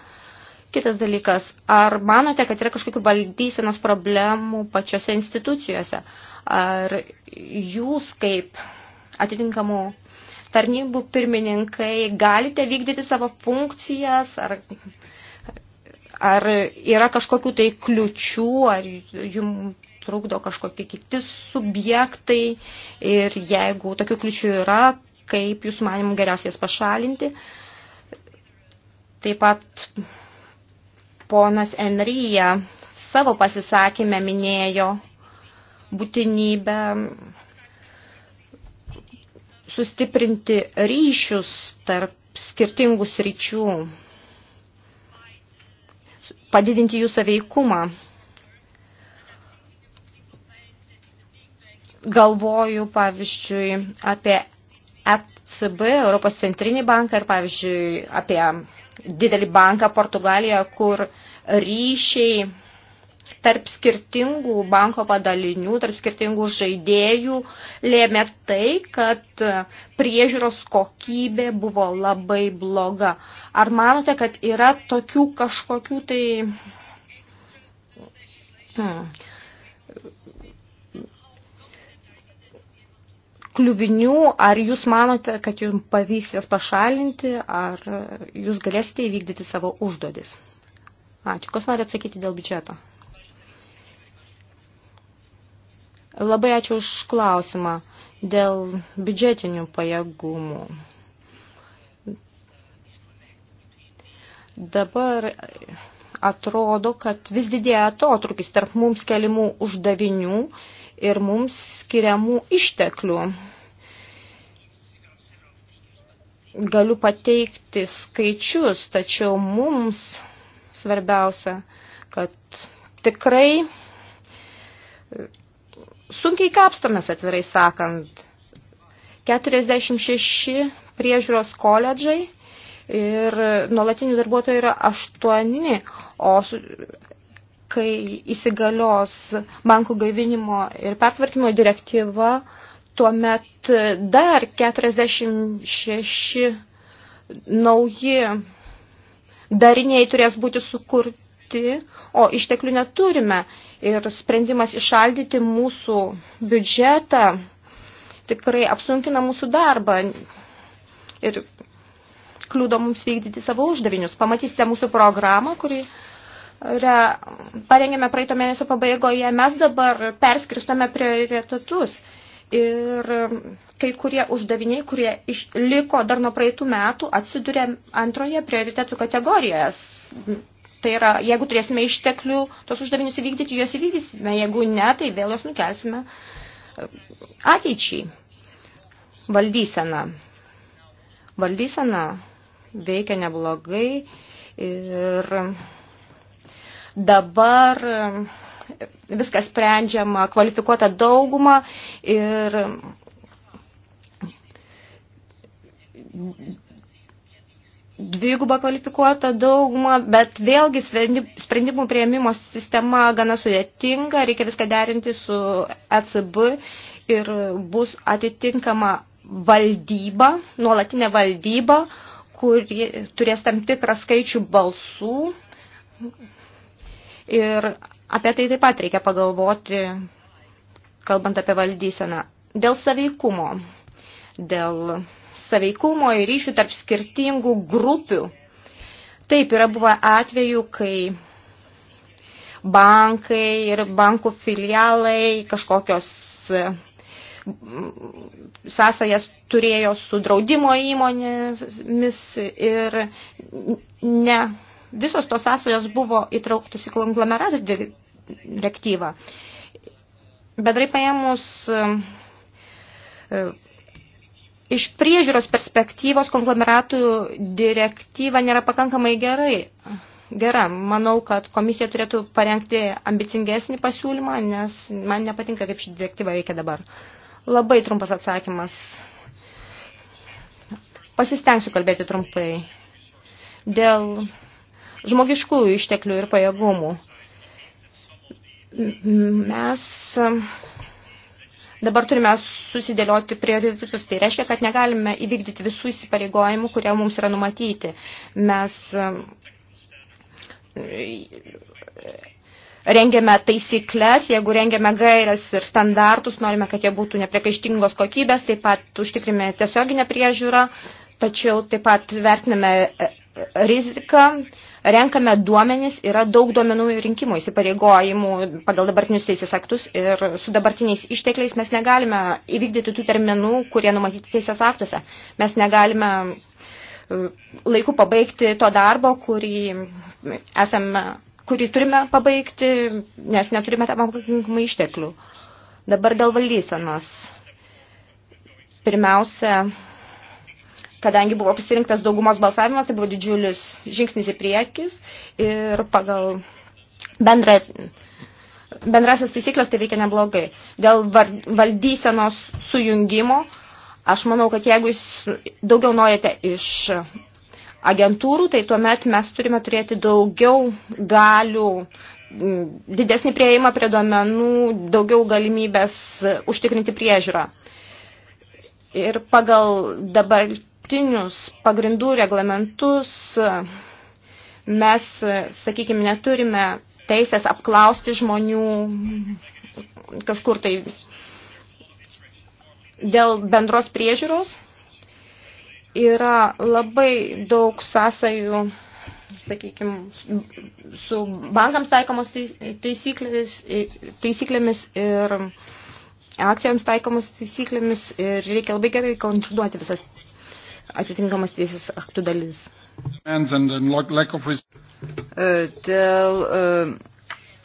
D: Kitas dalykas, ar manote, kad yra kažkokių valdysenos problemų pačiose institucijose? Ar jūs kaip atitinkamų tarnybų pirmininkai galite vykdyti savo funkcijas? Ar, ar yra kažkokių tai kliučių, ar jums trukdo kažkokie kiti subjektai ir jeigu tokių kliučių yra, kaip jūsų manimų geriausiai jas pašalinti. Taip pat ponas Enryja savo pasisakymę minėjo būtinybę sustiprinti ryšius tarp skirtingų sričių, padidinti jų saveikumą. Galvoju, pavyzdžiui, apie ECB, Europos centrinį banką ir, pavyzdžiui, apie didelį banką Portugaliją, kur ryšiai tarp skirtingų banko padalinių, tarp skirtingų žaidėjų lėmė tai, kad priežiūros kokybė buvo labai bloga. Ar manote, kad yra tokių kažkokių tai hmm, kliuvinių, ar jūs manote, kad jums pavyks jas pašalinti, ar jūs galėsite įvykdyti savo užduotis? Ačiū. Kas nori atsakyti dėl biudžeto? Labai ačiū už klausimą dėl biudžetinių pajėgumų. Dabar atrodo, kad vis didėja atotrukis tarp mums kelimų uždavinių ir mums skiriamų išteklių. Galiu pateikti skaičius, tačiau mums svarbiausia, kad tikrai sunkiai kapstomės atvirai sakant. 46 priežiūros koledžai ir nuolatinių darbuotojų yra 8, o kai įsigalios bankų gaivinimo ir pertvarkymo direktyva, tuomet dar 46 nauji dariniai turės būti sukurti, o išteklių neturime. Ir sprendimas išaldyti mūsų biudžetą tikrai apsunkina mūsų darbą ir kliūdo mums vykdyti savo uždavinius. Pamatysite mūsų programą, kuri re, parengėme praeito mėnesio pabaigoje, mes dabar perskirstome prioritetus. Ir kai kurie uždaviniai, kurie liko dar nuo praeitų metų, atsidūrė antroje prioritetų kategorijas. Tai yra, jeigu turėsime išteklių, tos uždavinius įvykdyti, juos įvykdysime. Jeigu ne, tai vėl juos nukelsime ateičiai. Valdysena. Valdysena veikia neblogai ir Dabar viskas sprendžiama kvalifikuota dauguma ir dvigubą kvalifikuotą daugumą, bet vėlgi sprendimų prieimimo sistema gana sudėtinga, reikia viską derinti su ECB ir bus atitinkama valdyba, nuolatinė valdyba, kuri turės tam tikrą skaičių balsų, Ir apie tai taip pat reikia pagalvoti, kalbant apie valdyseną. Dėl saveikumo, dėl saveikumo ir ryšių tarp skirtingų grupių. Taip yra buvę atvejų, kai bankai ir bankų filialai kažkokios
C: mm,
D: sąsajas turėjo su draudimo įmonėmis ir ne visos tos sąsajos buvo įtrauktos į konglomeratų direktyvą. Bedrai paėmus um, um, iš priežiūros perspektyvos konglomeratų direktyva nėra pakankamai gerai. Gera, manau, kad komisija turėtų parengti ambicingesnį pasiūlymą, nes man nepatinka, kaip ši direktyva veikia dabar. Labai trumpas atsakymas. Pasistengsiu kalbėti trumpai. Dėl žmogiškųjų išteklių ir pajėgumų. Mes dabar turime susidėlioti prioritetus. Tai reiškia, kad negalime įvykdyti visų įsipareigojimų, kurie mums yra numatyti. Mes rengiame taisyklės, jeigu rengiame gairias ir standartus, norime, kad jie būtų nepriekaištingos kokybės, taip pat užtikrime tiesioginę priežiūrą, tačiau taip pat vertiname riziką, renkame duomenis, yra daug duomenų rinkimų, įsipareigojimų pagal dabartinius teisės aktus ir su dabartiniais ištekliais mes negalime įvykdyti tų terminų, kurie numatyti teisės aktuose. Mes negalime e, laiku pabaigti to darbo, kurį, esame, kurį turime pabaigti, nes neturime tam pakankamai išteklių. Dabar dėl valdysenos. Pirmiausia, kadangi buvo pasirinktas daugumos balsavimas, tai buvo didžiulis žingsnis į priekis ir pagal bendrą, bendrasias taisyklės tai veikia neblogai. Dėl valdysenos sujungimo, aš manau, kad jeigu jūs daugiau norite iš agentūrų, tai tuomet mes turime turėti daugiau galių didesnį prieimą prie duomenų, daugiau galimybės užtikrinti priežiūrą. Ir pagal dabar tarptautinius pagrindų reglamentus mes, sakykime, neturime teisės apklausti žmonių kažkur tai dėl bendros priežiūros. Yra labai daug sąsajų, sakykime, su bankams taikomos taisyklėmis, taisyklėmis ir akcijoms taikomos taisyklėmis ir reikia labai gerai kontroliuoti visas atitinkamas teisės
E: aktų dalis. E, dėl e,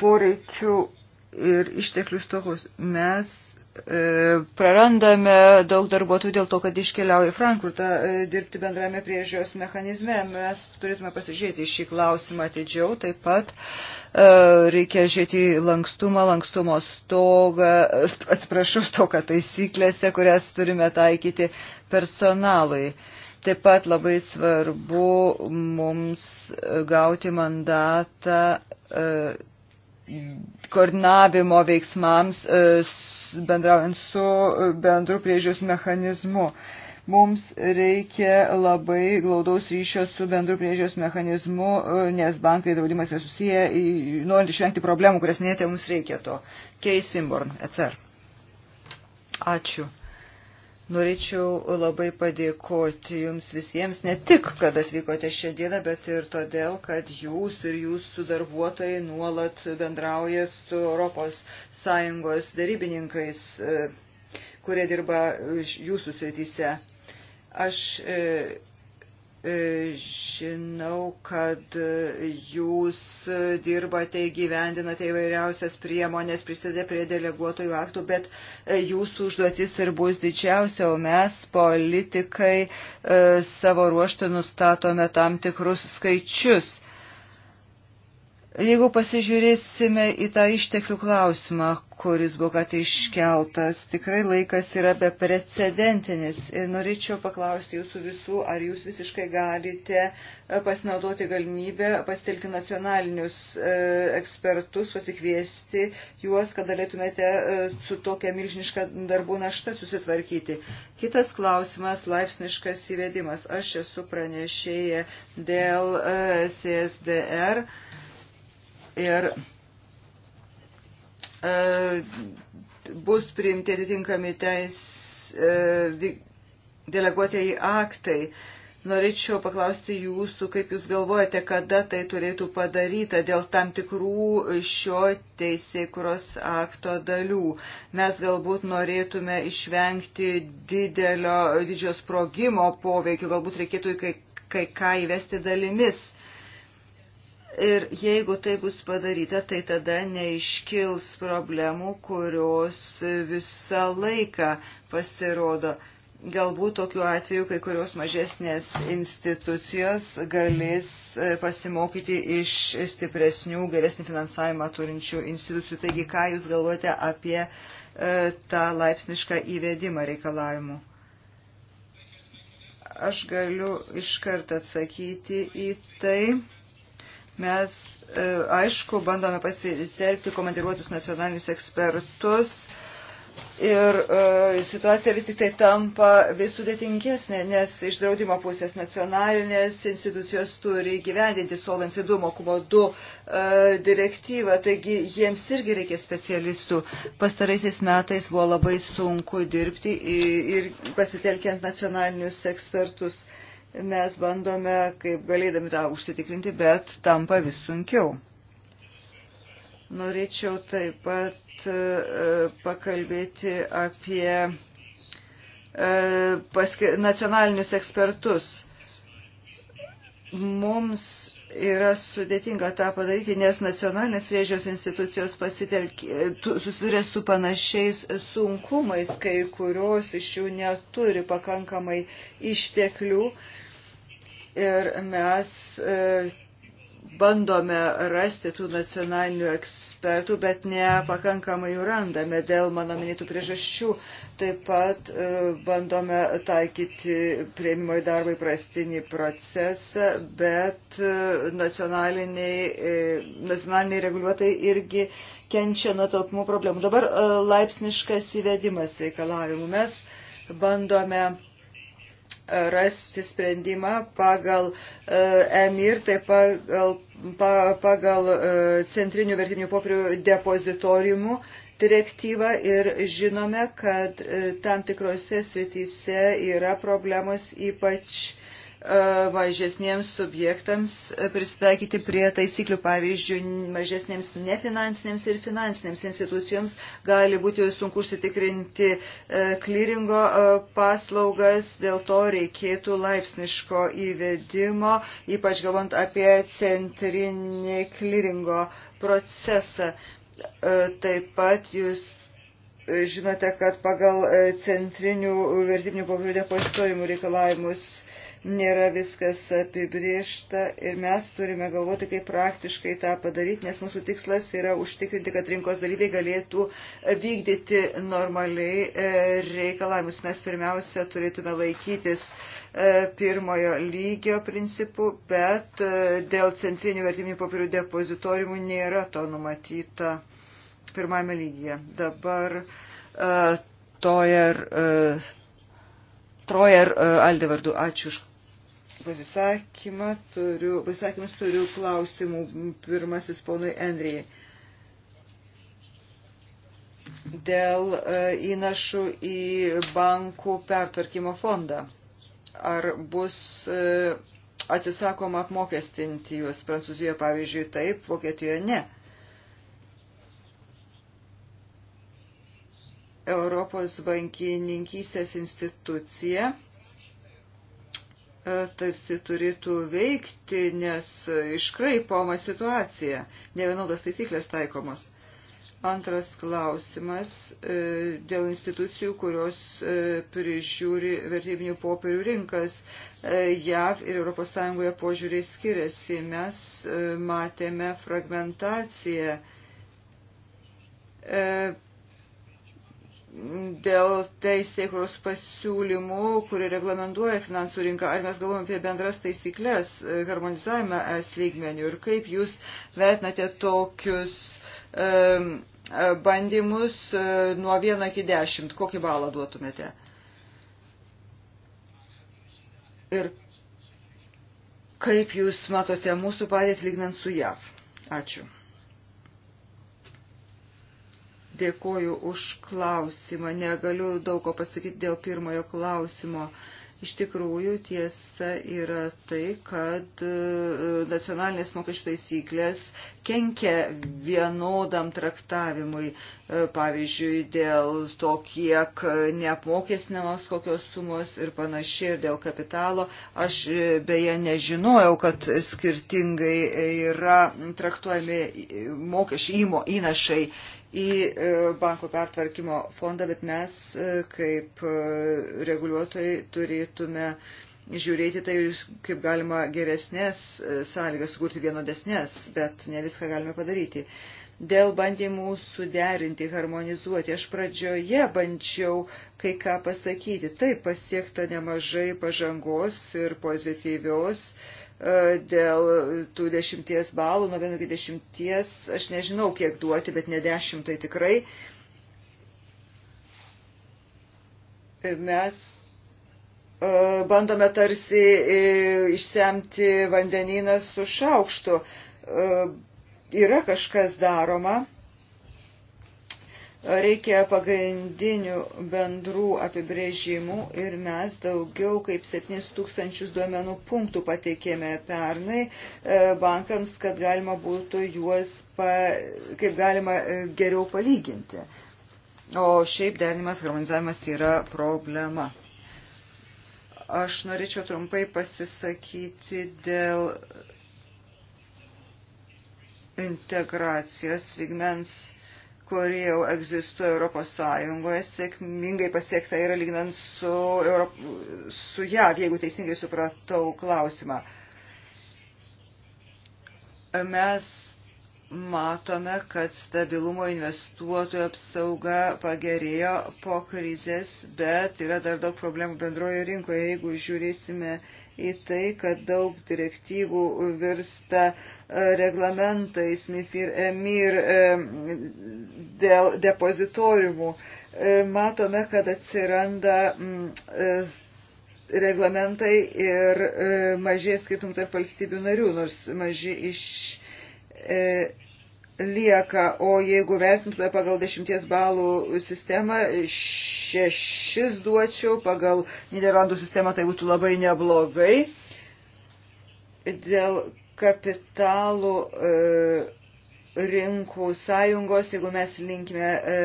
E: poreikių ir išteklių stokos mes E, prarandame daug darbuotojų dėl to, kad iškeliauja į Frankfurtą e, dirbti bendrame priežiūros mechanizme. Mes turėtume pasižiūrėti šį klausimą atidžiau. Taip pat e, reikia žiūrėti lankstumą, lankstumo stogą, atsiprašau, stogą taisyklėse, kurias turime taikyti personalui. Taip pat labai svarbu mums gauti mandatą koordinavimo veiksmams e, bendraujant su e, bendru priežiūros mechanizmu. Mums reikia labai glaudaus ryšio su bendru priežiūros mechanizmu, e, nes bankai draudimas yra susiję, norint išvengti problemų, kurias minėjote, mums reikia to. Keis Simborn, ECR. Ačiū. Norėčiau labai padėkoti Jums visiems, ne tik, kad atvykote šią dieną, bet ir todėl, kad Jūs ir Jūsų darbuotojai nuolat bendrauja su ES darybininkais, e, kurie dirba Jūsų srityse. Aš e, E, žinau, kad jūs dirbate, gyvendinate įvairiausias priemonės, prisidė prie deleguotojų aktų, bet e, jūsų užduotis ir bus didžiausia, o mes, politikai, e, savo ruoštą nustatome tam tikrus skaičius. Jeigu pasižiūrėsime į tą išteklių klausimą, kuris buvo ką tai iškeltas, tikrai laikas yra beprecedentinis. Ir norėčiau paklausti jūsų visų, ar jūs visiškai galite e, pasinaudoti galimybę pasitelkti nacionalinius e, ekspertus, pasikviesti juos, kad galėtumėte e, su tokia milžiniška darbų našta susitvarkyti. Kitas klausimas - laipsniškas įvedimas. Aš esu pranešėję dėl CSDR. Uh, ir e, bus priimti atitinkami teis e, deleguotieji aktai. Norėčiau paklausti jūsų, kaip jūs galvojate, kada tai turėtų padaryta dėl tam tikrų šio teisėjai kuros akto dalių. Mes galbūt norėtume išvengti didelio, didžio sprogimo poveikio, galbūt reikėtų kai, kai ką įvesti dalimis Ir jeigu tai bus padaryta, tai tada neiškils problemų, kurios visą laiką pasirodo. Galbūt tokiu atveju kai kurios mažesnės institucijos galės e, pasimokyti iš stipresnių, geresnį finansavimą turinčių institucijų. Taigi, ką Jūs galvojate apie e, tą laipsnišką įvedimą reikalavimų? Aš galiu iškart atsakyti į tai Mes, e, aišku, bandome pasitelkti komandiruotus nacionalinius ekspertus ir e, situacija vis tik tai tampa vis sudėtingesnė, nes iš draudimo pusės nacionalinės institucijos turi gyvendinti Solvency 2 mokumo 2 e, direktyvą, taigi jiems irgi reikia specialistų. Pastaraisiais metais buvo labai sunku dirbti ir pasitelkiant nacionalinius ekspertus mes bandome, kaip galėdami tą užsitikrinti, bet tampa vis sunkiau. Norėčiau taip pat e, pakalbėti apie e, nacionalinius ekspertus. Mums yra sudėtinga tą padaryti, nes nacionalinės priežios institucijos e, susiduria su panašiais sunkumais, kai kurios iš jų neturi pakankamai išteklių ir mes e, bandome rasti tų nacionalinių ekspertų, bet nepakankamai jų randame dėl mano minėtų priežasčių. Taip pat e, bandome taikyti prieimimo į darbą įprastinį procesą, bet e, nacionaliniai, nacionaliniai reguliuotojai irgi kenčia nuo taupimo problemų. Dabar laipsniškas įvedimas reikalavimų. Mes bandome rasti sprendimą pagal e, EMIR, taip pagal, pagal e, Centrinių vertinių popierių depozitoriumų direktyvą ir žinome, kad e, tam tikrose srityse yra problemos ypač E, mažesniems subjektams e, pristaikyti prie taisyklių. Pavyzdžiui, mažesniems nefinansinėms ir finansinėms institucijoms gali būti sunku užsitikrinti e, klyringo paslaugas, dėl to reikėtų laipsniško įvedimo, ypač galvant apie centrinį klyringo procesą. Taip pat jūs žinote, kad pagal centrinių vertybinių popierių depozitoriumų reikalavimus nėra viskas apibriešta ir mes turime galvoti, kaip praktiškai tą padaryti, nes mūsų tikslas yra užtikrinti, kad rinkos dalyviai galėtų vykdyti normaliai e, reikalavimus. Mes pirmiausia turėtume laikytis e, pirmojo lygio principų, bet e, dėl centrinių vertiminių papirų depozitorimų nėra to numatyta pirmame lygyje. Dabar uh, Toyer, uh, Troyer uh, Aldevardu, ačiū už pasisakymą turiu, pasisakymus turiu klausimų. Pirmasis ponui Endrijai. Dėl e, įnašų į bankų pertvarkymo fondą. Ar bus e, atsisakoma apmokestinti juos Prancūzijoje, pavyzdžiui, taip, Vokietijoje ne. Europos bankininkystės institucija E, tarsi turėtų veikti, nes iškraipoma situacija, ne vienodos taisyklės taikomos. Antras klausimas e, dėl institucijų, kurios e, prižiūri vertybinių popierių rinkas. JAV ir ES požiūriai skiriasi. Mes matėme fragmentaciją dėl teisėkros pasiūlymų, kurie reglamentuoja finansų rinką, ar mes galvojame apie bendras taisyklės e, harmonizavimą es lygmenių ir kaip jūs vertinate tokius um, bandymus nuo 1 iki 10, kokį balą duotumėte? Ir kaip jūs matote mūsų padėtį lygnant su JAV? Ačiū. Dėkoju už klausimą. Negaliu daug ko pasakyti dėl pirmojo klausimo. Iš tikrųjų, tiesa yra tai, kad e, nacionalinės mokesčių taisyklės kenkia vienodam traktavimui. E, pavyzdžiui, dėl to, kiek neapmokestinamos kokios sumos ir panašiai, ir dėl kapitalo. Aš e, beje nežinojau, kad skirtingai yra traktuojami mokesčiai įmo įnašai į e, banko pertvarkymo fondą, bet mes e, kaip e, reguliuotojai turėtume žiūrėti tai, kaip galima geresnės sąlygas sukurti vienodesnės, bet ne viską galime padaryti. Dėl bandymų suderinti, harmonizuoti, aš pradžioje bandžiau kai ką pasakyti. Taip pasiekta nemažai pažangos ir pozityvios uh, dėl tų dešimties balų, nuo 1 iki 10, aš nežinau, kiek duoti, bet ne 10 tai tikrai. Mes e, bandome tarsi e, išsemti vandeniną su šaukštu. E, yra kažkas daroma Reikia pagrindinių bendrų apibrėžimų ir mes daugiau kaip 7 tūkstančius duomenų punktų pateikėme pernai e, bankams, kad galima būtų juos pa, kaip galima e, geriau palyginti. O šiaip derinimas, harmonizavimas yra problema. Aš norėčiau trumpai pasisakyti dėl integracijos lygmens kuri jau egzistuoja Europos Sąjungoje, sėkmingai pasiekta yra lygnant su, Europ... su JAV, jeigu teisingai supratau klausimą. Mes matome, kad stabilumo investuotojų apsauga pagerėjo po krizės, bet yra dar daug problemų bendroje rinkoje, jeigu žiūrėsime į tai, kad daug direktyvų virsta uh, reglamentais MIFIR EMIR e, dėl depozitoriumų. E, matome, kad atsiranda mm, e, reglamentai ir mažiai skirtumų tarp valstybių narių, nors maži iš lieka, o jeigu vertintume pagal dešimties balų sistemą, šešis duočiau, pagal Niderlandų sistemą tai būtų labai neblogai. Dėl kapitalų e, rinkų sąjungos, jeigu mes linkime, e,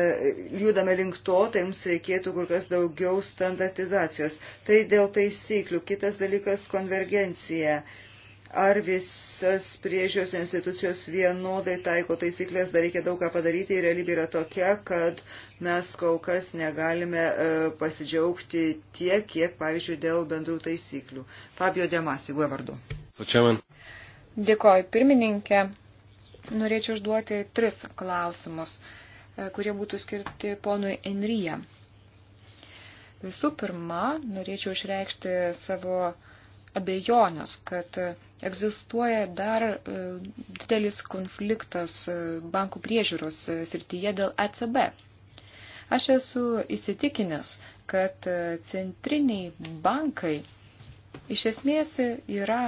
E: judame link to, tai mums reikėtų kur kas daugiau standartizacijos. Tai dėl taisyklių. Kitas dalykas - konvergencija. Ar visas priežios institucijos vienodai taiko taisyklės, dar reikia daug ką padaryti ir realybė yra tokia, kad mes kol kas negalime e, pasidžiaugti tiek, kiek, pavyzdžiui, dėl bendrų taisyklių. Fabio Demasi,
C: Guevardu. Ačiū. Dėkoju pirmininkė. Norėčiau užduoti tris klausimus, e, kurie būtų skirti ponui Enryje. Visų pirma, norėčiau išreikšti savo abejonės, kad egzistuoja dar e, didelis konfliktas e, bankų priežiūros srityje dėl ECB. Aš esu įsitikinęs, kad centriniai bankai iš esmės yra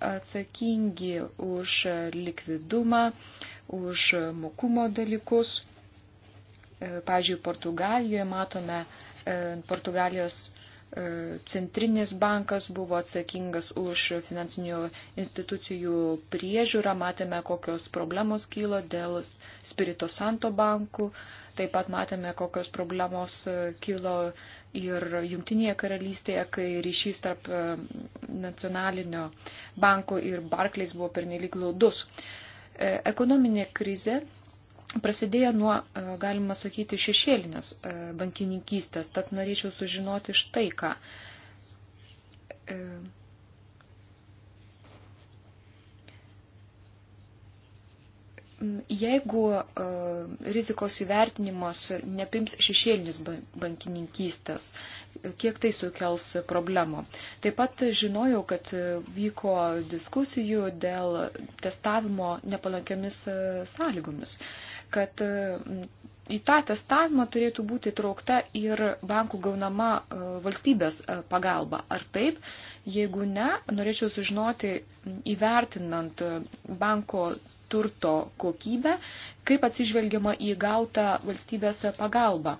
C: atsakingi už likvidumą, už mokumo dalykus. E, pavyzdžiui, Portugalijoje matome, e, Portugalijos e, centrinis bankas buvo atsakingas už finansinių institucijų priežiūrą, matėme, kokios problemos kylo dėl Spirito Santo bankų, taip pat matėme, kokios problemos kylo ir Junktinėje karalystėje, kai ryšys tarp e, nacionalinio banko ir Barclays buvo pernelyg glaudus. E, ekonominė krize prasidėjo nuo, e, galima sakyti, šešėlinės bankininkystės, tad norėčiau sužinoti štai ką Mm, jeigu uh, rizikos įvertinimas nepims šešėlinis bankininkystės, kiek tai sukels problemų. Taip pat žinojau, kad vyko diskusijų dėl testavimo nepalankiomis e, sąlygomis, kad uh, į tą testavimą turėtų būti traukta ir bankų gaunama e, valstybės e, pagalba. Ar taip? Jeigu ne, norėčiau sužinoti įvertinant e, banko turto kokybę, kaip atsižvelgiama į gautą valstybės pagalbą.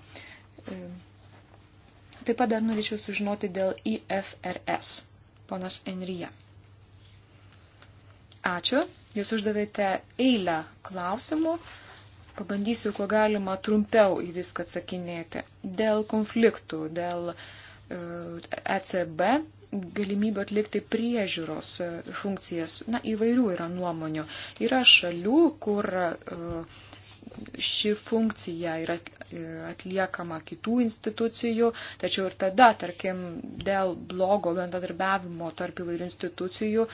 C: Taip pat dar norėčiau sužinoti dėl IFRS. Ponas Enryje. Ačiū. Jūs uždavėte eilę klausimų. Pabandysiu, kuo galima trumpiau į viską atsakinėti. Dėl konfliktų, dėl ECB e galimybę atlikti priežiūros e, funkcijas. Na, įvairių yra nuomonių. Yra šalių, kur e, ši funkcija yra atliekama kitų institucijų, tačiau ir tada, tarkim, dėl blogo bendradarbiavimo tarp įvairių institucijų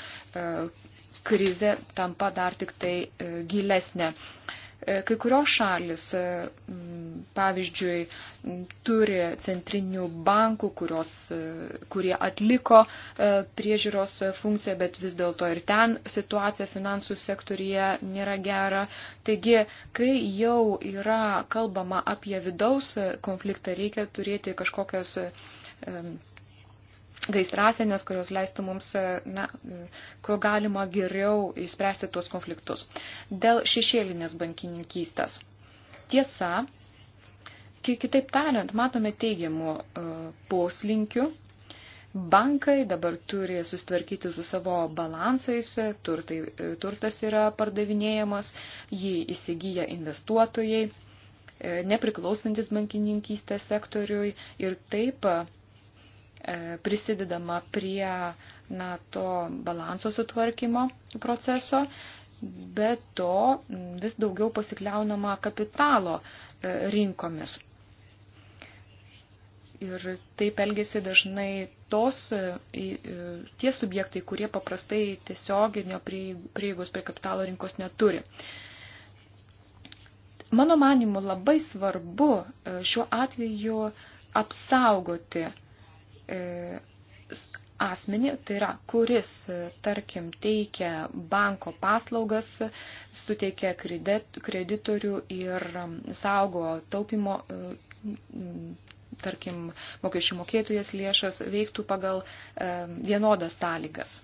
C: krizė tampa dar tik tai gilesnė. Kai kurios šalis, e, pavyzdžiui, turi centrinių bankų, kurios, e, kurie atliko e, priežiūros funkciją, bet vis dėlto ir ten situacija finansų sektorija nėra gera. Taigi, kai jau yra kalbama apie vidaus konfliktą, reikia turėti kažkokias gaisrasenės, kurios leistų mums, e, na, e, kuo galima geriau įspręsti tuos konfliktus. Dėl šešėlinės bankininkystės. Tiesa, kitaip tariant, matome teigiamų e, poslinkių. Bankai dabar turi sustvarkyti su savo balansais, turtai, turtas yra pardavinėjamas, jį įsigyja investuotojai, nepriklausantis bankininkystės sektoriui ir taip E, prisidedama prie na, to balanso sutvarkymo proceso, bet to vis daugiau pasikliaunama kapitalo e, rinkomis. Ir taip elgesi dažnai tos, e, tie subjektai, kurie paprastai tiesioginio prieigos prie kapitalo rinkos neturi. Mano manimu, labai svarbu šiuo atveju apsaugoti E, asmenį, tai yra, kuris, e, tarkim, teikia banko paslaugas, suteikia kreditorių ir saugo taupimo, e, tarkim, mokesčių mokėtojas lėšas, veiktų pagal vienodas sąlygas.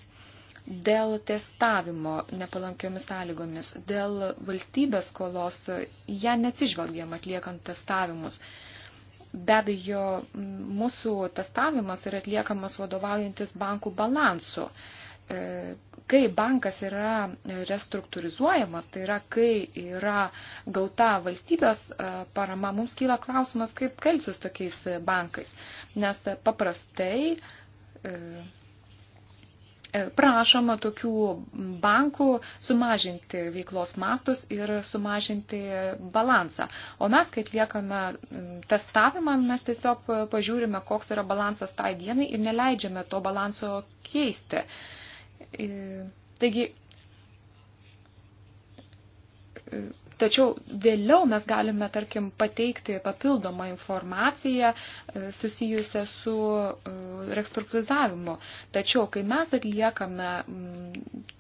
C: Dėl testavimo nepalankiomis sąlygomis, dėl valstybės skolos, ją neatsižvelgiam atliekant testavimus. Be abejo, mūsų testavimas yra atliekamas vadovaujantis bankų balansu. E, kai bankas yra restruktūrizuojamas, tai yra, kai yra gauta valstybės e, parama, mums kyla klausimas, kaip kelsius tokiais bankais. Nes paprastai e, E, prašoma tokių bankų sumažinti veiklos mastus ir sumažinti balansą. O mes, kai atliekame testavimą, mes tiesiog pažiūrime, koks yra balansas tai dienai ir neleidžiame to balanso keisti. E, taigi Tačiau vėliau mes galime, tarkim, pateikti papildomą informaciją e, susijusią su e, restruktūrizavimu. Tačiau, kai mes atliekame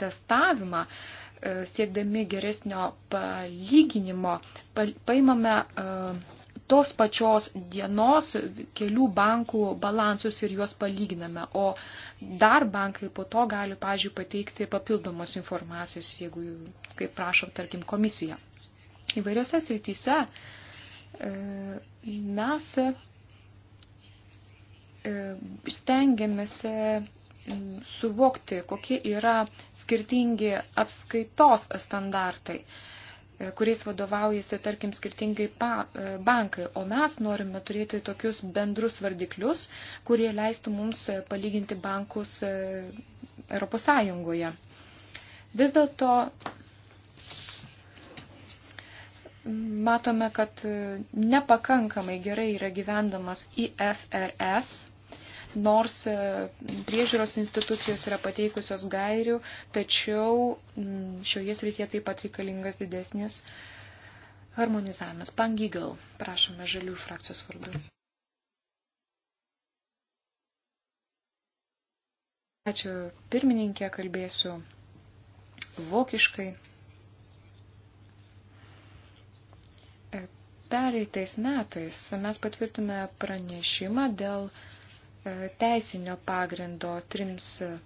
C: testavimą, e, siekdami geresnio palyginimo, paimame uh, tos pačios dienos kelių bankų balansus ir juos palyginame, o dar bankai po to gali, pažiūrėjau, pateikti papildomos informacijos, jeigu, kaip prašom, tarkim, komisija. Įvairiose srityse e, mes e, stengiamės e, suvokti, kokie yra skirtingi apskaitos standartai. E, kuriais vadovaujasi, tarkim, skirtingai pa, e, bankai. O mes norime turėti tokius bendrus vardiklius, kurie leistų mums e, palyginti bankus Europos Sąjungoje. Vis dėlto matome, kad nepakankamai gerai yra gyvendamas IFRS nors e, priežiūros institucijos yra pateikusios gairių, tačiau šioje srityje taip pat reikalingas didesnis harmonizavimas. Pangygal, prašome žalių frakcijos vardu. Ačiū pirmininkė, kalbėsiu vokiškai. E, pereitais metais mes patvirtume pranešimą dėl uh, E, teisinio pagrindo trims e,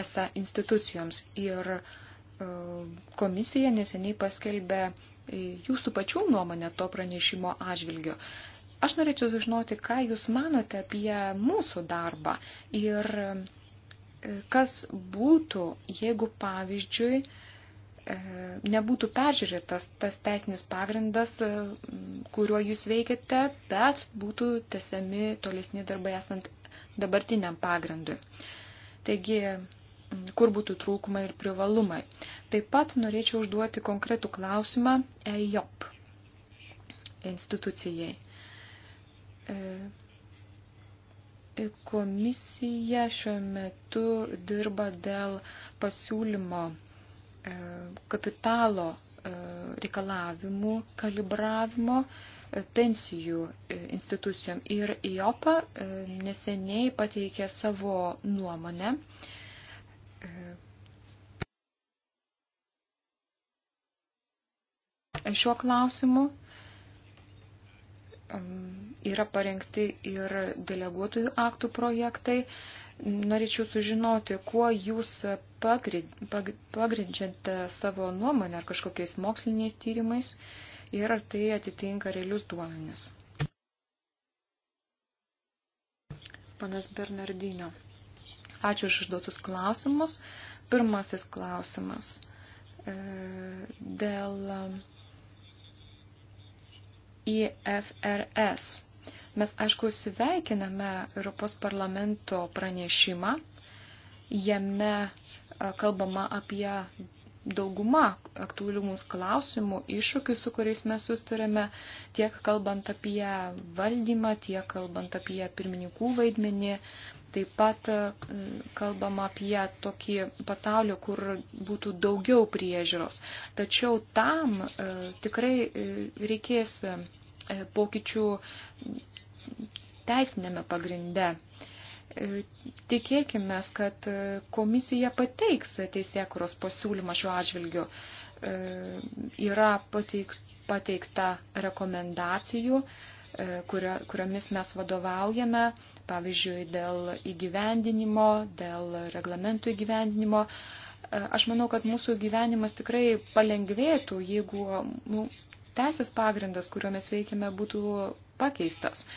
C: ESA institucijoms ir e, komisija neseniai paskelbė jūsų pačių nuomonę to pranešimo atžvilgiu. Aš norėčiau sužinoti, ką Jūs manote apie mūsų darbą ir kas būtų, jeigu pavyzdžiui, E, nebūtų peržiūrėtas tas teisinis pagrindas, e, kuriuo jūs veikiate, bet būtų tesiami tolesni darbai esant dabartiniam pagrindui. Taigi, kur būtų trūkumai ir privalumai. Taip pat norėčiau užduoti konkretų klausimą EIOP institucijai. E, komisija šiuo metu dirba dėl pasiūlymo E, kapitalo e, reikalavimų kalibravimo e, pensijų institucijom. Ir IOPA neseniai pateikė savo nuomonę. Šiuo klausimu yra parengti ir deleguotojų aktų projektai Norėčiau sužinoti, kuo jūs pagrindžiate savo nuomonę ar kažkokiais moksliniais tyrimais ir ar tai atitinka realius duomenis. Panas Bernardinio. Ačiū už išduotus klausimus. Pirmasis klausimas. E, dėl IFRS e Mes, aišku, sveikiname Europos parlamento pranešimą. Jame e, kalbama apie dauguma aktualių mūsų klausimų, iššūkių, su kuriais mes sustarėme, tiek kalbant apie valdymą, tiek kalbant apie pirmininkų vaidmenį. Taip pat e, kalbama apie tokį pasaulį, kur būtų daugiau priežiūros. Tačiau tam e, tikrai reikės pokyčių teisinėme pagrinde. E, tikėkime, kad komisija pateiks teisėkuros pasiūlymą šiuo atžvilgiu. E, yra pateik, pateikta rekomendacijų, e, kurio, kuriomis mes vadovaujame, pavyzdžiui, dėl įgyvendinimo, dėl reglamentų įgyvendinimo. Aš manau, kad mūsų gyvenimas tikrai palengvėtų, jeigu nu, teisės pagrindas, kuriuo mes veikiame, būtų pakeistas. Uh,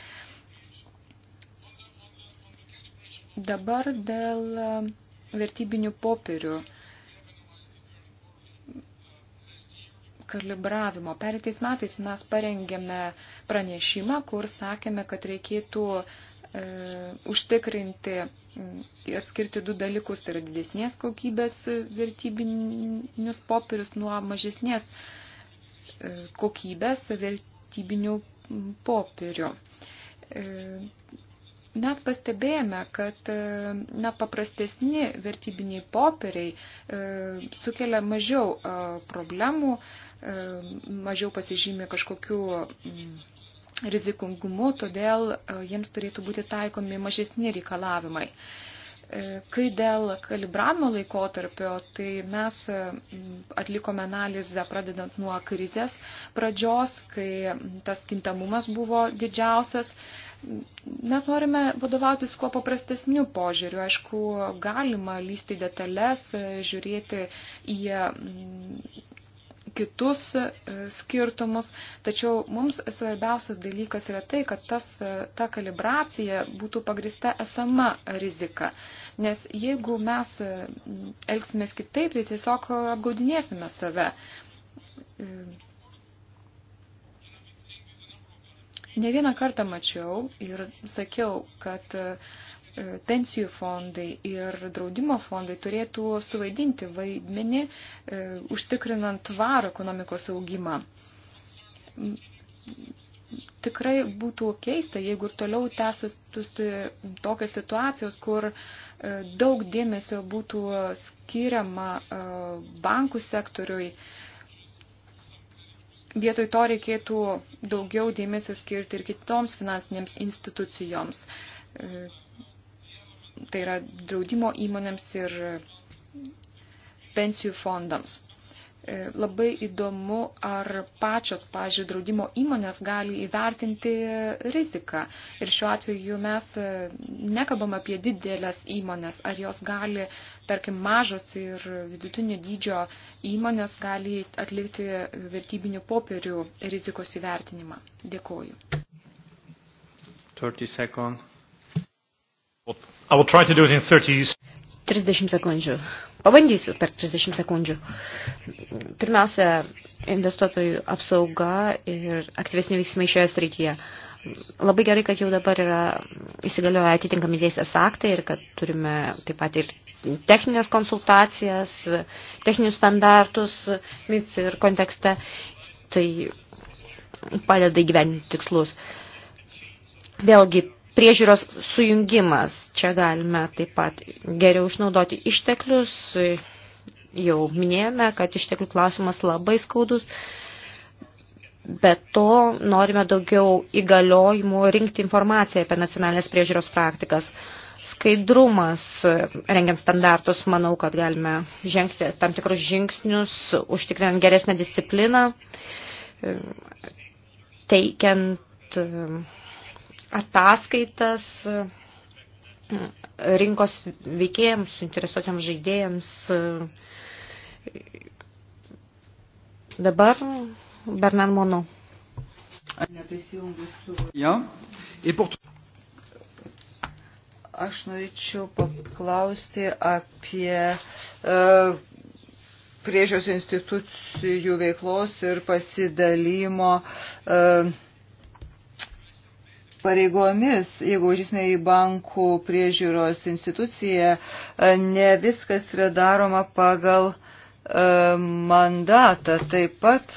C: Dabar dėl e, vertybinių popierių kalibravimo. Pereitais metais mes parengėme pranešimą, kur sakėme, kad reikėtų e, užtikrinti ir skirti du dalykus, tai yra didesnės kokybės vertybinius popierius nuo mažesnės e, kokybės vertybinių popierių. E, Mes pastebėjome, kad e, na, paprastesni vertybiniai popieriai e, sukelia mažiau e, problemų, e, mažiau pasižymė kažkokiu m, mm, rizikungumu, todėl e, jiems turėtų būti taikomi mažesni reikalavimai. E, kai dėl kalibravimo laikotarpio, tai mes e, atlikome analizę pradedant nuo krizės pradžios, kai tas kintamumas buvo didžiausias. E, Mes norime vadovautis kuo paprastesniu požiūriu. Aišku, galima lysti detalės, žiūrėti į mm, kitus e, skirtumus, tačiau mums svarbiausias dalykas yra tai, kad tas, e, ta kalibracija būtų pagrista esama rizika. Nes jeigu mes e, elgsimės kitaip, tai tiesiog apgaudinėsime save. Ne vieną kartą mačiau ir sakiau, kad e, pensijų fondai ir draudimo fondai turėtų suvaidinti vaidmenį, e, užtikrinant tvarą ekonomikos augimą. Tikrai būtų keista, jeigu ir toliau tęsustųsi tokios situacijos, kur e, daug dėmesio būtų skiriama bankų sektoriui, Vietoj to reikėtų daugiau dėmesio skirti ir kitoms finansinėms institucijoms. E, tai yra draudimo įmonėms ir pensijų fondams. E, labai įdomu, ar pačios, pažiūrėjau, draudimo įmonės gali įvertinti riziką. Ir šiuo atveju mes e, nekabam apie didelės įmonės, ar jos gali uh, Tarkim, mažos ir vidutinio dydžio įmonės gali atlikti vertybinių popierių rizikos įvertinimą. Dėkoju.
B: 30 sekundžių. 30.
D: 30 sekundžių. Pabandysiu per 30 sekundžių. Pirmiausia, investuotojų apsauga ir aktyvesni veiksmai šioje srityje. Labai gerai, kad jau dabar yra įsigalioja atitinkami teisės aktai ir kad turime taip pat ir techninės konsultacijas, techninius standartus MIFIR kontekste, tai padeda įgyveninti tikslus. Vėlgi, priežiūros sujungimas, čia galime taip pat geriau išnaudoti išteklius, jau minėjome, kad išteklių klausimas labai skaudus, bet to norime daugiau įgaliojimų rinkti informaciją apie nacionalinės priežiūros praktikas. Uh, Skaidrumas, rengiant standartus, manau, kad galime žengti tam tikrus žingsnius, užtikrinant geresnę discipliną, teikiant e, ataskaitas e, rinkos veikėjams, suinteresuotiems žaidėjams. Dabar Bernan Mono.
E: Ja. Et pour... Aš norėčiau paklausti apie uh, e, priežios institucijų veiklos ir pasidalymo uh, e, pareigomis, jeigu važysime į bankų priežiūros instituciją, e, ne viskas yra daroma pagal mandatą. Taip pat,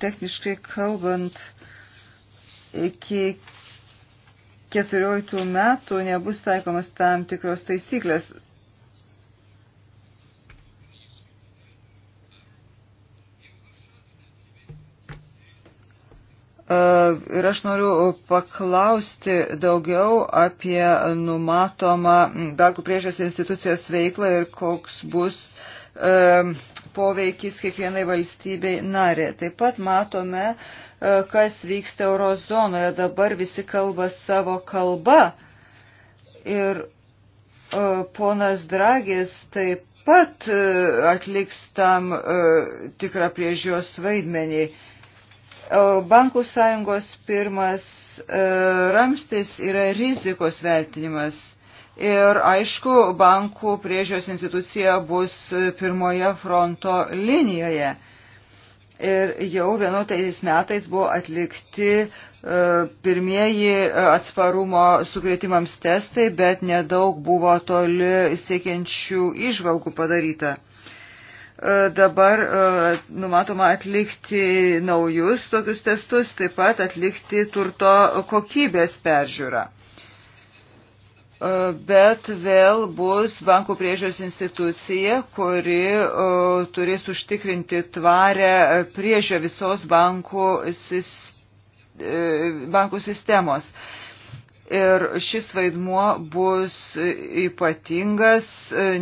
E: techniškai kalbant, iki 14 metų nebus taikomas tam tikros taisyklės. E, ir aš noriu paklausti daugiau apie numatomą belgų priežios institucijos veiklą ir koks bus e, poveikis kiekvienai valstybei narė. Taip pat matome uh, E, kas vyksta eurozonoje. Dabar visi kalba savo kalbą. Ir e, ponas Dragis taip pat e, atliks tam tikrą priežios vaidmenį. Bankų sąjungos pirmas ramstis yra rizikos vertinimas. Ir aišku, bankų priežios institucija bus pirmoje fronto linijoje. Ir jau 11 metais buvo atlikti e, pirmieji e, atsparumo sukretimams testai, bet nedaug buvo toli siekiančių išvalgų padaryta. E, dabar numatoma atlikti naujus tokius testus, taip pat atlikti turto kokybės peržiūrą. E, bet vėl bus bankų priežiūros institucija, kuri uh, turės užtikrinti tvarę priežią visos bankų, sist, e, bankų sistemos. Ir šis vaidmuo bus ypatingas,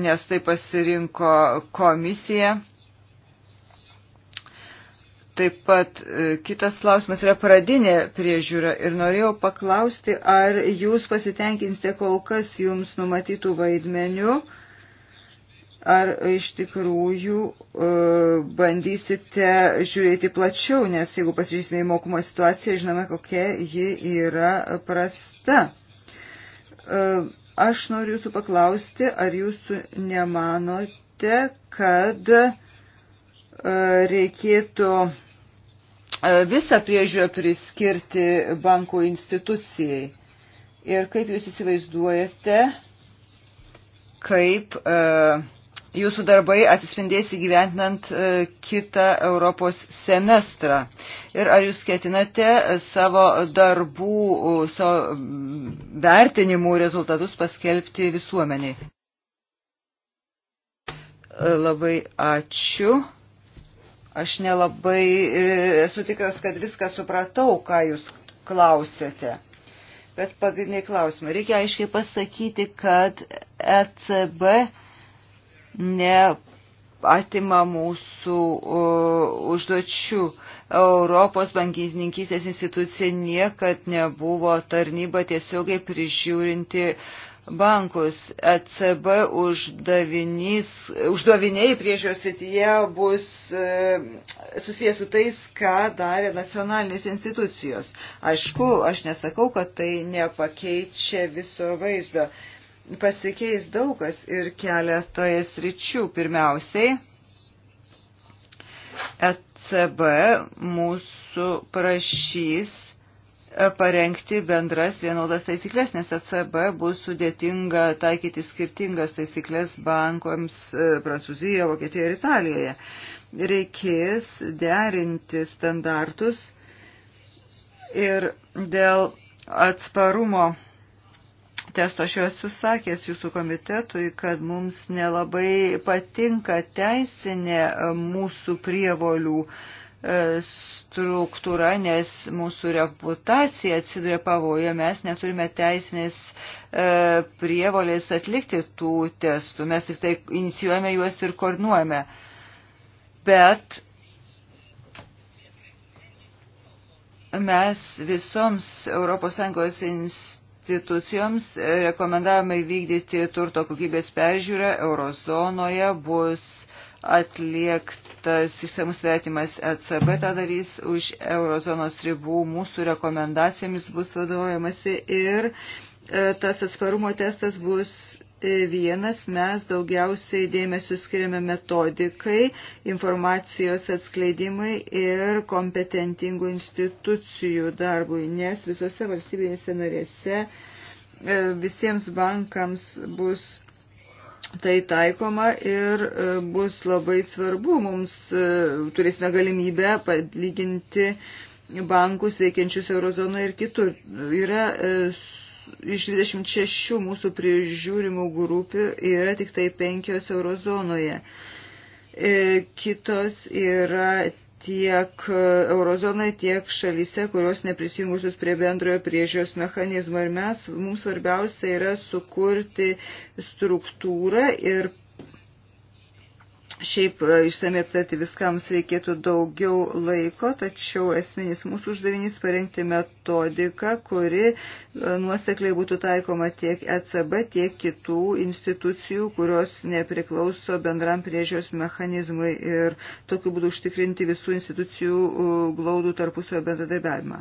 E: nes tai pasirinko komisija. Taip pat e, kitas klausimas yra pradinė priežiūra ir norėjau paklausti, ar jūs pasitenkinsite kol kas jums numatytų vaidmenių, ar iš tikrųjų e, bandysite žiūrėti plačiau, nes jeigu pasižiūrėsime į mokumo situaciją, žinome, kokia ji yra prasta. E, aš noriu jūsų paklausti, ar jūs nemanote, kad reikėtų E, visą priežiūrą priskirti bankų institucijai. Ir kaip jūs įsivaizduojate, kaip e, jūsų darbai atsispindės įgyventinant e, kitą Europos semestrą. Ir ar jūs ketinate savo darbų, savo vertinimų rezultatus paskelbti visuomeniai? Labai ačiū. Aš nelabai e, esu tikras, kad viską supratau, ką jūs klausėte. Bet pagrindiniai klausimai. Reikia aiškiai pasakyti, kad ECB neatima mūsų e, užduočių. Europos bankininkysės institucija niekad nebuvo tarnyba tiesiogiai prižiūrinti uh, bankus. ECB uždaviniai priežiūros sityje bus e, susijęs su tais, ką darė nacionalinės institucijos. Aišku, aš nesakau, kad tai nepakeičia viso vaizdo. Pasikeis daugas ir keletoje sričių. Pirmiausiai, ECB mūsų prašys parengti bendras vienodas taisyklės, nes ECB bus sudėtinga taikyti skirtingas taisyklės bankams e, Prancūzijoje, Vokietijoje ir Italijoje. Reikės derinti standartus ir dėl atsparumo testo aš jau esu sakęs jūsų komitetui, kad mums nelabai patinka teisinė e, mūsų prievolių uh, E, struktūra, nes mūsų reputacija atsiduria pavojo, mes neturime teisinės e, prievolės atlikti tų testų, mes tik tai inicijuojame juos ir koordinuojame. Bet mes visoms ES institucijoms rekomendavome vykdyti turto kokybės peržiūrą eurozonoje, bus atliektas išsamus vertimas ECB tą darys už eurozonos ribų, mūsų rekomendacijomis bus vadovaujamasi ir e, tas atsparumo testas bus e, vienas, mes daugiausiai dėmesio skiriame metodikai, informacijos atskleidimui ir kompetentingų institucijų darbui, nes visose valstybinėse narėse e, visiems bankams bus tai taikoma ir e, bus labai svarbu. Mums e, turėsime galimybę padlyginti bankus veikiančius eurozonoje ir kitur. Yra e, iš 26 mūsų prižiūrimų grupių yra tik tai penkios eurozonoje. Kitos yra tiek eurozonai, tiek šalyse, kurios neprisijungusios prie bendrojo priežios mechanizmo. Ir mes, mums svarbiausia yra sukurti struktūrą ir Šiaip e, išsamei aptarti viskams reikėtų daugiau laiko, tačiau esminis mūsų uždavinys parengti metodiką, kuri e, nuosekliai būtų taikoma tiek ECB, tiek kitų institucijų, kurios nepriklauso bendram priežios mechanizmui ir tokiu būdu užtikrinti visų institucijų e, glaudų tarpusavio bendradarbiavimą.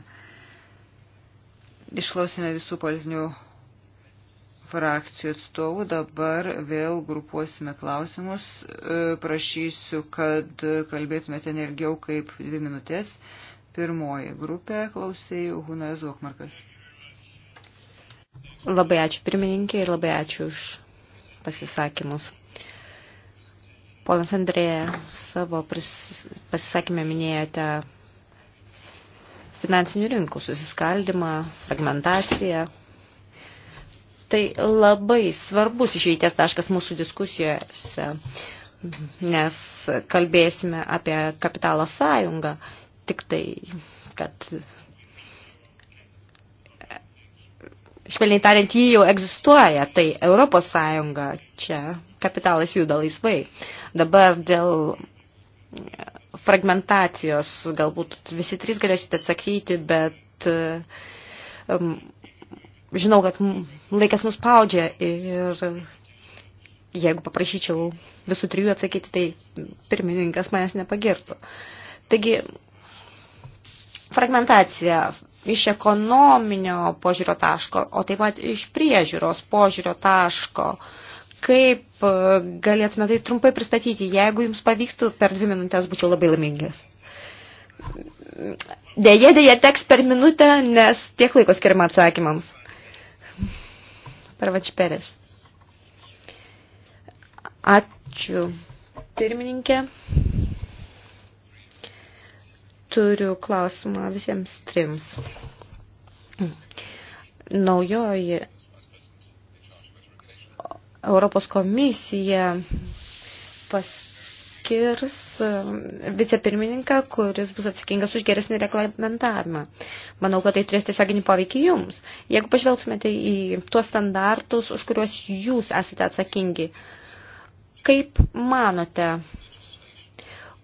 E: Išklausėme visų politinių frakcijų atstovų. Dabar vėl grupuosime klausimus. E, prašysiu, kad kalbėtumėte nelgiau kaip dvi minutės. Pirmoji grupė klausėjų Hunas Vokmarkas.
D: Labai ačiū pirmininkė ir labai ačiū už pasisakymus. Ponas Andrėja, savo pasisakymę minėjote finansinių rinkų susiskaldimą, fragmentaciją, Tai labai svarbus išeities taškas mūsų diskusijose, nes kalbėsime apie kapitalo sąjungą, tik tai, kad švelniai tariant, jį jau egzistuoja, tai Europos Sąjunga čia kapitalas juda laisvai. Dabar dėl fragmentacijos galbūt visi trys galėsite atsakyti, bet um, žinau, kad laikas mus spaudžia ir jeigu paprašyčiau visų trijų atsakyti, tai pirmininkas manęs nepagirtų. Taigi, fragmentacija iš ekonominio požiūrio taško, o taip pat iš priežiūros požiūrio taško. Kaip e, galėtume tai trumpai pristatyti? Jeigu jums pavyktų, per dvi minutės būčiau labai laimingas. Deja, deja, teks per minutę, nes tiek laiko skiriama atsakymams. Parvačperės. Ačiū pirmininkė. Turiu klausimą visiems trims. Naujoji Europos komisija pas paskirs um, vicepirmininką, kuris bus atsakingas už geresnį reglamentavimą. Manau, kad tai turės tiesioginį poveikį jums. Jeigu pažvelgtumėte į tuos standartus, už kuriuos jūs esate atsakingi, kaip manote,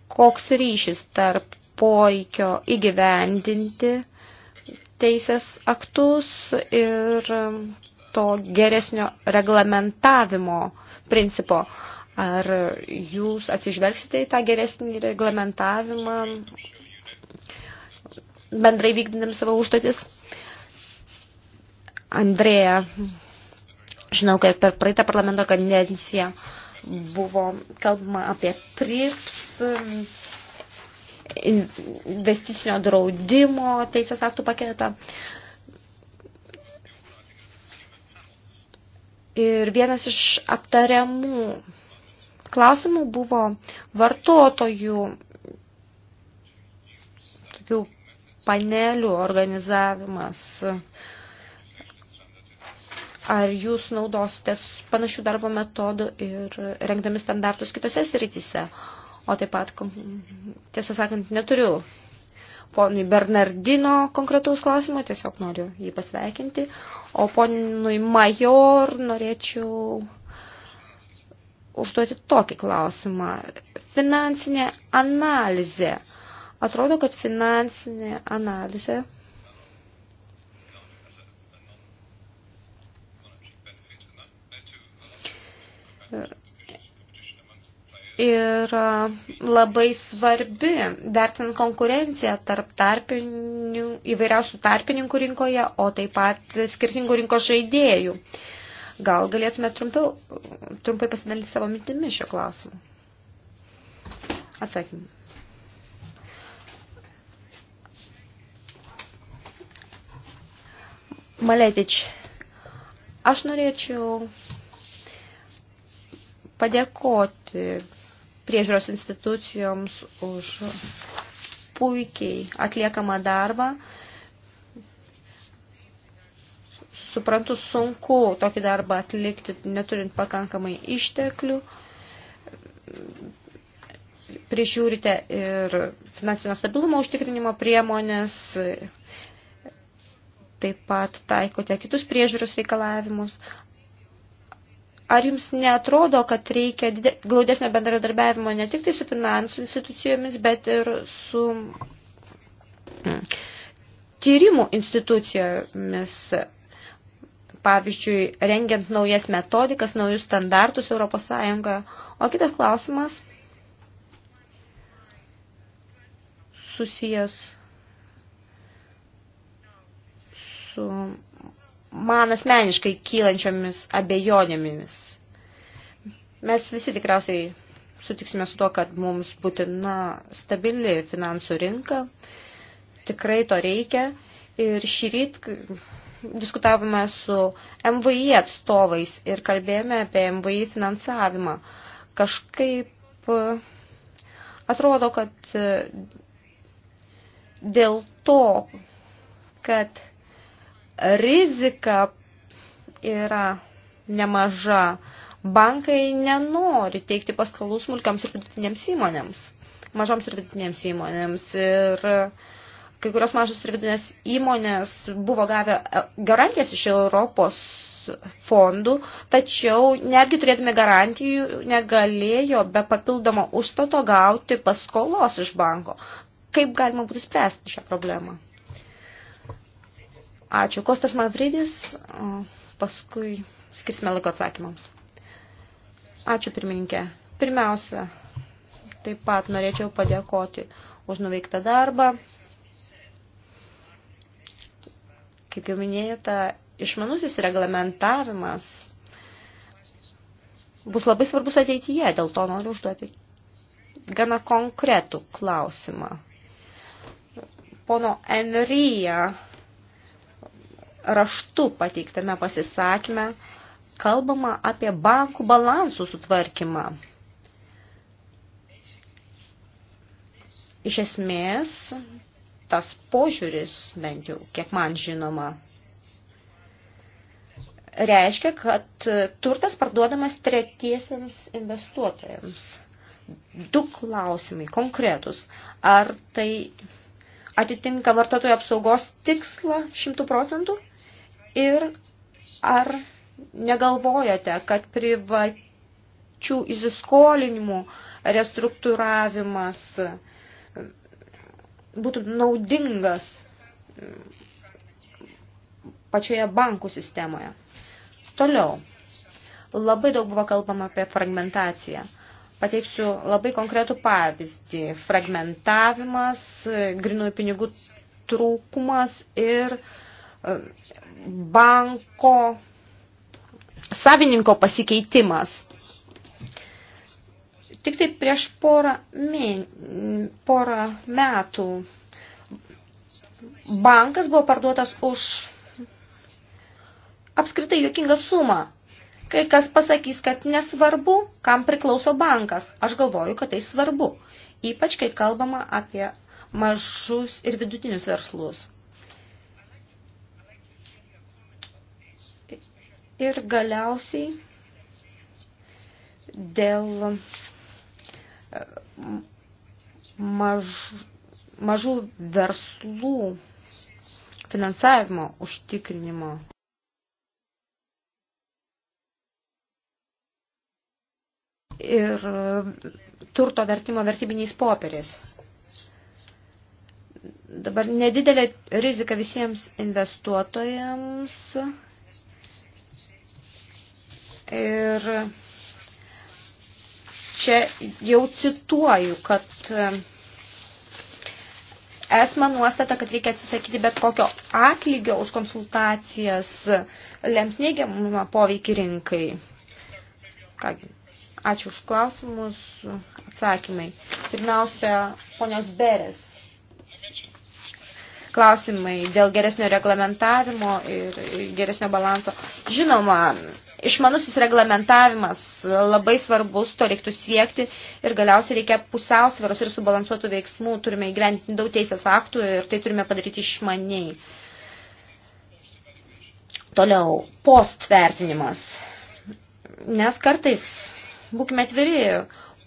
D: koks ryšis tarp poreikio įgyvendinti teisės aktus ir um, to geresnio reglamentavimo principo. Ar jūs atsižvelgsite į tą geresnį reglamentavimą bendrai vykdinam savo užduotis? Andrėja, žinau, kad per praeitą parlamento kadenciją buvo kalbama apie PRIPS, investicinio draudimo teisės aktų paketą. Ir vienas iš aptariamų klausimų buvo vartotojų tokių panelių organizavimas. Ar jūs naudosite panašių darbo metodų ir rengdami standartus kitose srityse? O taip pat, tiesą sakant, neturiu ponui Bernardino konkretaus klausimo, tiesiog noriu jį pasveikinti. O ponui Major norėčiau užduoti tokį klausimą. Finansinė analizė. Atrodo, kad finansinė analizė ir labai svarbi, vertinant konkurenciją tarp tarpinių, įvairiausių tarpininkų rinkoje, o taip pat skirtingų rinkos žaidėjų. Uh, Gal galėtume trumpiau, trumpai pasidalinti savo mintimis šio klausimu? Atsakymą. Maletič, aš norėčiau padėkoti priežiūros institucijoms už puikiai atliekamą darbą. Uh, suprantu, sunku tokį darbą atlikti, neturint pakankamai išteklių. Prižiūrite ir finansinio stabilumo užtikrinimo priemonės, taip pat taikote kitus priežiūros reikalavimus. Ar jums neatrodo, kad reikia glaudesnio bendradarbiavimo ne tik tai su finansų institucijomis, bet ir su mm, tyrimų institucijomis? pavyzdžiui, rengiant naujas metodikas, naujus standartus Europos Sąjungoje. O kitas klausimas susijęs su man asmeniškai kylančiomis abejonėmis. Mes visi tikriausiai sutiksime su to, kad mums būtina stabili finansų rinka, tikrai to reikia. Ir šį ryt diskutavome su MVI atstovais ir kalbėjome apie MVI finansavimą. Kažkaip e, atrodo, kad e, dėl to, kad rizika yra nemaža, bankai nenori teikti paskolų smulkiams ir vidutinėms įmonėms, mažoms ir vidutinėms įmonėms. Ir uh, kai kurios mažos ir vidinės įmonės buvo gavę e, garantijas iš Europos fondų, tačiau netgi turėdami garantijų negalėjo be papildomo užstato gauti paskolos iš banko. Kaip galima būtų spręsti šią problemą? Ačiū. Kostas Mavridis, paskui skirsime laiko atsakymams. Ačiū pirmininkė. Pirmiausia, taip pat norėčiau padėkoti už nuveiktą darbą. Kaip jau minėjote, išmanusis reglamentavimas bus labai svarbus ateityje, dėl to noriu užduoti gana konkretų klausimą. Pono Enryja raštu pateiktame pasisakyme kalbama apie bankų balansų sutvarkymą. Iš esmės, tas požiūris, bent jau kiek man žinoma, reiškia, kad turtas parduodamas tretiesiems investuotojams. Du klausimai konkretus. Ar tai atitinka vartotojų apsaugos tikslą 100 procentų? Ir ar negalvojate, kad privačių įsiskolinimų restruktūravimas uh, būtų naudingas pačioje bankų sistemoje. Toliau, labai daug buvo kalbama apie fragmentaciją. Pateiksiu labai konkretų pavyzdį. Fragmentavimas, grinųjų pinigų trūkumas ir e, banko savininko pasikeitimas. Tik tai prieš porą, mėn... porą metų bankas buvo parduotas už apskritai jokingą sumą. Kai kas pasakys, kad nesvarbu, kam priklauso bankas, aš galvoju, kad tai svarbu. Ypač, kai kalbama apie mažus ir vidutinius verslus. Ir galiausiai dėl maž, mažų verslų finansavimo užtikrinimo. Ir turto vertimo vertybiniais popieriais. Dabar nedidelė rizika visiems investuotojams. Ir čia jau cituoju, kad e, esma nuostata, kad reikia atsisakyti bet kokio atlygio už konsultacijas lems neigiamumą poveikį rinkai. Kągi, ačiū už klausimus, atsakymai. Pirmiausia, ponios Beres. Klausimai dėl geresnio reglamentavimo ir geresnio balanso. Žinoma, išmanusis reglamentavimas labai svarbus, to reiktų siekti ir galiausiai reikia pusiausvėros ir subalansuotų veiksmų, turime įgyventi daug teisės aktų ir tai turime padaryti išmaniai. Toliau, postvertinimas. Nes kartais, būkime atviri,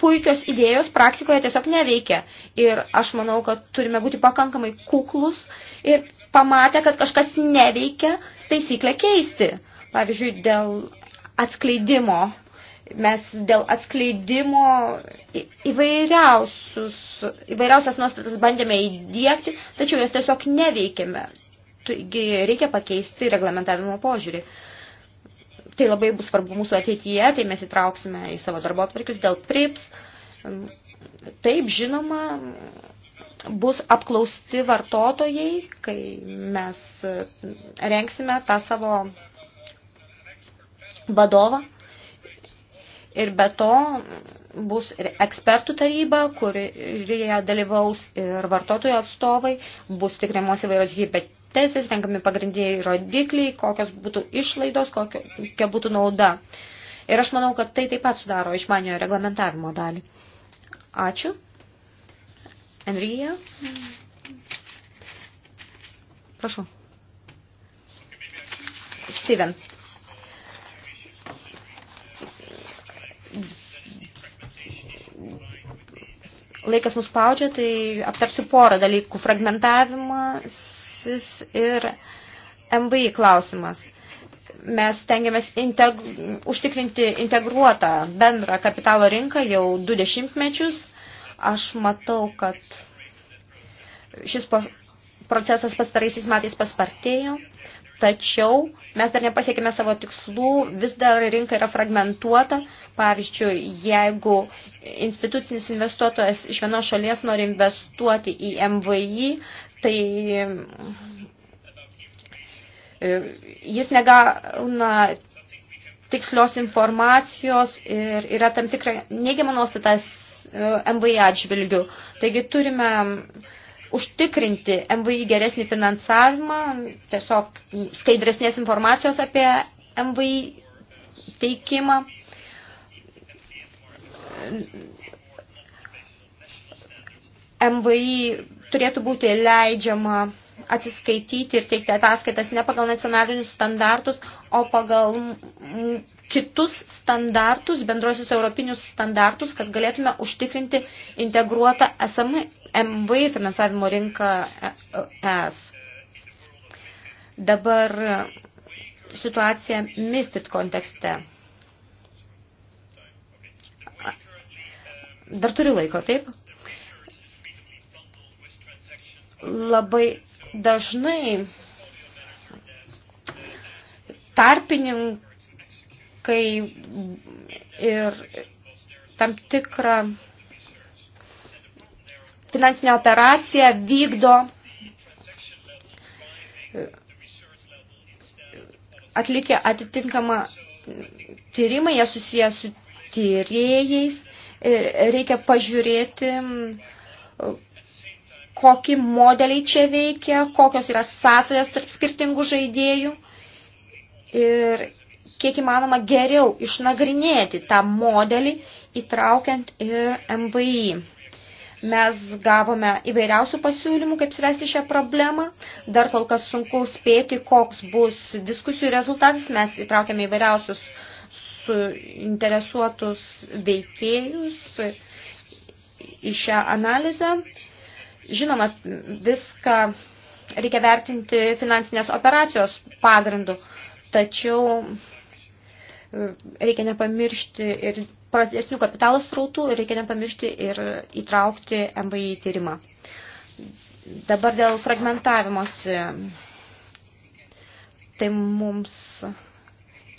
D: puikios idėjos praktikoje tiesiog neveikia. Ir aš manau, kad turime būti pakankamai kuklus ir pamatę, kad kažkas neveikia, taisyklę keisti. Pavyzdžiui, dėl atskleidimo. Mes dėl atskleidimo įvairiausias nuostatas bandėme įdėkti, tačiau jos tiesiog neveikėme. Taigi reikia pakeisti reglamentavimo požiūrį. Tai labai bus svarbu mūsų ateityje, tai mes įtrauksime į savo darbo atvarkius dėl PRIPS. Taip, žinoma, bus apklausti vartotojai, kai mes renksime tą savo vadovą. Ir be to bus ir ekspertų taryba, kurioje dalyvaus ir vartotojų atstovai, bus tikrimos įvairios hipotezės, renkami pagrindiniai rodikliai, kokios būtų išlaidos, kokia būtų nauda. Ir aš manau, kad tai taip pat sudaro išmaniojo reglamentavimo dalį. Ačiū. Enrija. Prašau. Steven. laikas mus spaudžia, tai aptarsiu porą dalykų. Fragmentavimas ir MVI klausimas. Mes tengiamės integ užtikrinti integruotą bendrą kapitalo rinką jau du dešimtmečius. Aš matau, kad šis procesas pastaraisiais metais paspartėjo. Tačiau mes dar nepasiekime savo tikslų, vis dar rinka yra fragmentuota. Pavyzdžiui, jeigu institucinis investuotojas iš vienos šalies nori investuoti į MVI, tai e, jis negauna tikslios informacijos ir yra tam tikra neigiama nuostatas e, MVI atžvilgių. Taigi turime užtikrinti MVI geresnį finansavimą, tiesiog skaidresnės informacijos apie MVI teikimą. MVI turėtų būti leidžiama atsiskaityti ir teikti ataskaitas ne pagal nacionalinius standartus, o pagal kitus standartus, bendrosius europinius standartus, kad galėtume užtikrinti integruotą esami MVI finansavimo rinką ES. Dabar situacija MIFID kontekste. Dar turiu laiko, taip? Labai dažnai tarpininkai ir tam tikrą finansinę operaciją vykdo atlikę atitinkamą tyrimą, jie susiję su tyrėjais ir reikia pažiūrėti, kokie modeliai čia veikia, kokios yra sąsajos tarp skirtingų žaidėjų ir kiek įmanoma geriau išnagrinėti tą modelį, įtraukiant ir MVI. Mes gavome įvairiausių pasiūlymų, kaip spręsti šią problemą. Dar kol kas sunku spėti, koks bus diskusijų rezultatas. Mes įtraukėme įvairiausius suinteresuotus veikėjus į šią analizę. Žinoma, viską reikia vertinti finansinės operacijos pagrindu, tačiau e, reikia nepamiršti ir platesnių kapitalo srautų ir reikia nepamiršti ir įtraukti MVI tyrimą. Dabar dėl fragmentavimosi. Tai mums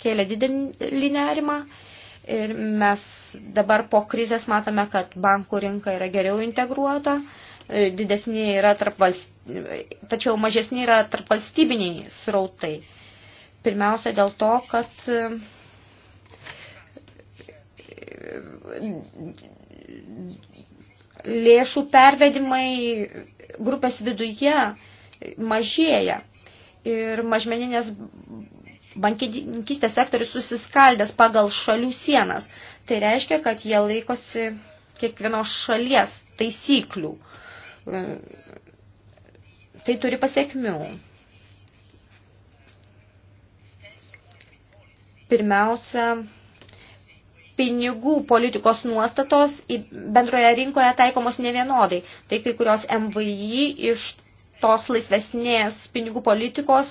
D: kėlė didelį nerimą ir mes dabar po krizės matome, kad bankų rinka yra geriau integruota, didesnė yra tarp valstybiniai, tačiau mažesnė yra tarp valstybiniai srautai. Pirmiausia dėl to, kad lėšų pervedimai grupės viduje mažėja ir mažmeninės bankininkistės sektorius susiskaldęs pagal šalių sienas. Tai reiškia, kad jie laikosi kiekvienos šalies taisyklių. Tai turi pasiekmių. Pirmiausia, pinigų politikos nuostatos bendroje rinkoje taikomos nevienodai. Tai kai kurios MVI iš tos laisvesnės pinigų politikos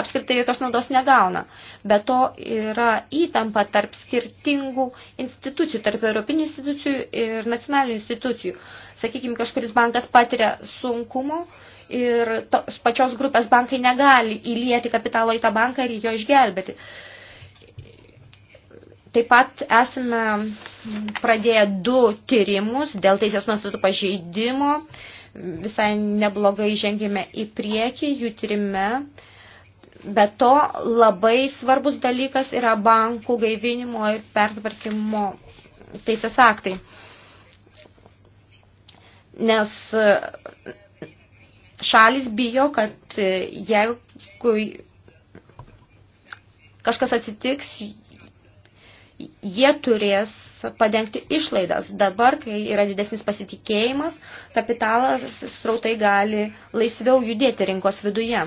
D: apskritai jokios naudos negauna. Be to yra įtampa tarp skirtingų institucijų, tarp europinių institucijų ir nacionalinių institucijų. Sakykime, kažkuris bankas patiria sunkumo ir tos pačios grupės bankai negali įlieti kapitalo į tą banką ir jo išgelbėti. Taip pat esame pradėję du tyrimus dėl teisės nuostatų pažeidimo. Visai neblogai žengėme į priekį jų tyrime. Be to labai svarbus dalykas yra bankų gaivinimo ir pertvarkymo teisės aktai. Nes šalis bijo, kad jeigu kažkas atsitiks, jie turės padengti išlaidas. Dabar, kai yra didesnis pasitikėjimas, kapitalas srautai gali laisviau judėti rinkos viduje.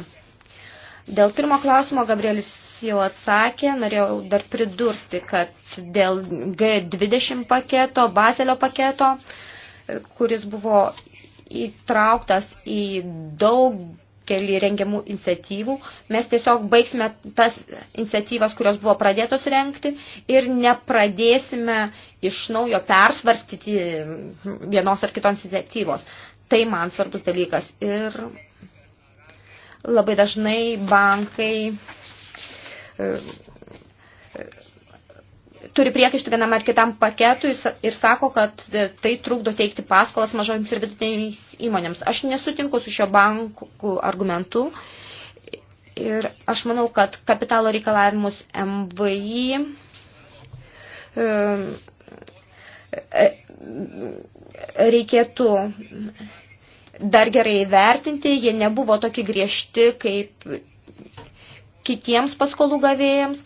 D: Dėl pirmo klausimo Gabrielis jau atsakė, norėjau dar pridurti, kad dėl G20 paketo, Bazelio paketo, kuris buvo įtrauktas į daug daugelį rengiamų iniciatyvų. Mes tiesiog baigsime tas iniciatyvas, kurios buvo pradėtos renkti ir nepradėsime iš naujo persvarstyti vienos ar kitos iniciatyvos. Tai man svarbus dalykas. Ir labai dažnai bankai turi priekaištų vienam ar kitam paketui ir sako, kad e, tai trukdo teikti paskolas mažoms ir vidutinėms įmonėms. Aš nesutinku su šio bankų argumentu ir aš manau, kad kapitalo reikalavimus MVI e, e, reikėtų dar gerai vertinti, jie nebuvo tokie griežti kaip kitiems paskolų gavėjams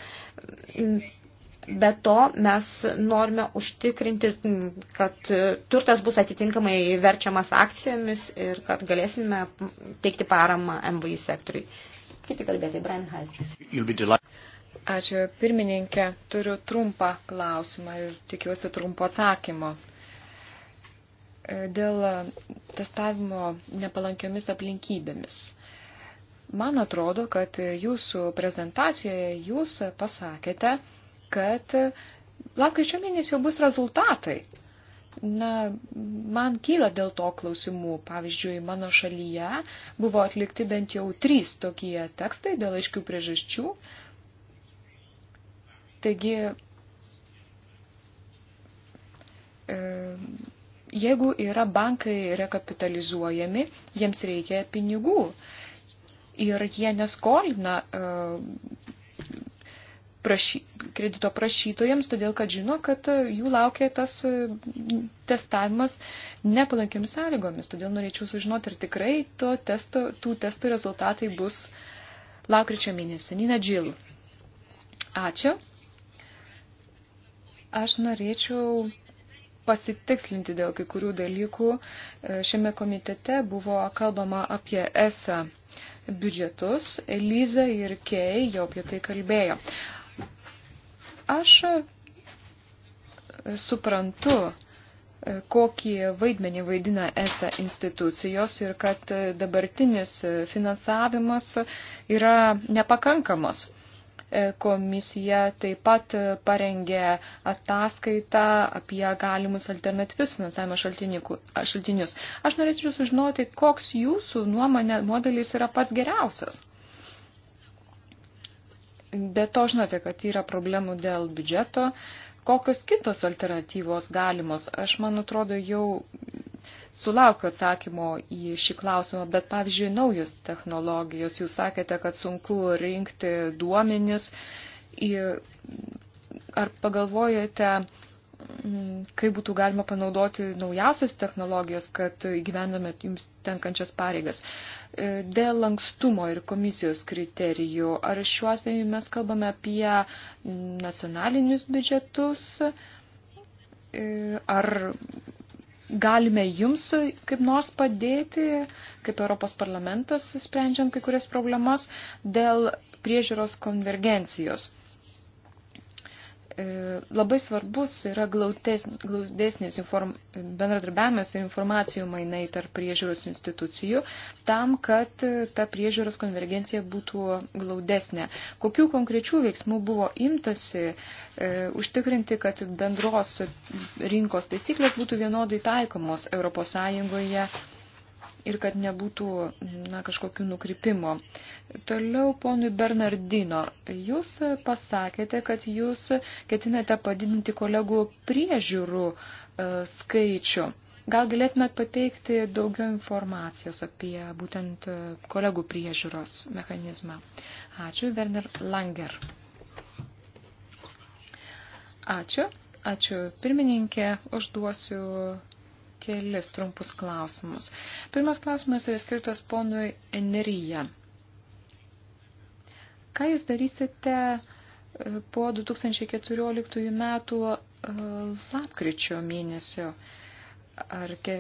D: Be to mes norime užtikrinti, kad turtas bus atitinkamai verčiamas akcijomis ir kad
C: galėsime teikti paramą MVI sektoriui. Kiti kalbėtai, Brian
A: Heisler.
C: Ačiū, pirmininkė. Turiu trumpą klausimą ir tikiuosi trumpo atsakymo. Dėl testavimo nepalankiomis aplinkybėmis. Man atrodo, kad jūsų prezentacijoje jūs pasakėte, kad lapkričio mėnesį jau bus rezultatai. Na, man kyla dėl to klausimų. Pavyzdžiui, mano šalyje buvo atlikti bent jau trys tokie tekstai dėl aiškių priežasčių. Taigi, e, jeigu yra bankai rekapitalizuojami, jiems reikia pinigų ir jie neskolina e, prašy, kredito prašytojams, todėl kad žino, kad e, jų laukia tas e, testavimas nepalankiamis sąlygomis. Todėl norėčiau sužinoti, ar tikrai to testo, tų testų rezultatai bus lakryčio mėnesį. Nina Džil. Ačiū. Aš norėčiau pasitikslinti dėl kai kurių dalykų. E, šiame komitete buvo kalbama apie ESA biudžetus. Eliza ir Kei jau apie tai kalbėjo. Aš suprantu, e, kokį vaidmenį vaidina ESA institucijos ir kad e, dabartinis e, finansavimas yra nepakankamas. Komisija taip pat parengė ataskaitą apie galimus alternatyvius finansavimo šaltinius. Aš norėčiau sužinoti, koks jūsų nuomonė modelis yra pats geriausias. Be to žinote, kad yra problemų dėl biudžeto. Kokios kitos alternatyvos galimos? Aš, man atrodo, jau sulaukiu atsakymo į šį klausimą, bet pavyzdžiui, naujus technologijos. Jūs sakėte, kad sunku rinkti duomenis. Ar pagalvojate, mm, kaip būtų galima panaudoti naujausias technologijas, kad gyvendome jums tenkančias pareigas? E, dėl lankstumo ir komisijos kriterijų, ar šiuo atveju mes kalbame apie nacionalinius biudžetus, e, ar galime jums kaip nors padėti, kaip Europos parlamentas, sprendžiant kai kurias problemas dėl priežiūros konvergencijos. E, labai svarbus yra glaudesnis inform, bendradarbiavimas ir informacijų mainai tarp priežiūros institucijų tam, kad e, ta priežiūros konvergencija būtų glaudesnė. Kokių konkrečių veiksmų buvo imtasi e, užtikrinti, kad bendros rinkos taisyklės būtų vienodai taikomos ES ir kad nebūtų na, kažkokių nukrypimo. Toliau, ponui Bernardino, jūs pasakėte, kad jūs ketinate padidinti kolegų priežiūrų e, skaičių. Gal galėtumėt pateikti daugiau informacijos apie būtent e, kolegų priežiūros mechanizmą? Ačiū, Werner Langer. Ačiū, ačiū pirmininkė, užduosiu kelis trumpus klausimus. Pirmas klausimas yra skirtas ponui Enerija. Ką jūs darysite e, po 2014 metų e, lapkričio mėnesio? Ar ke...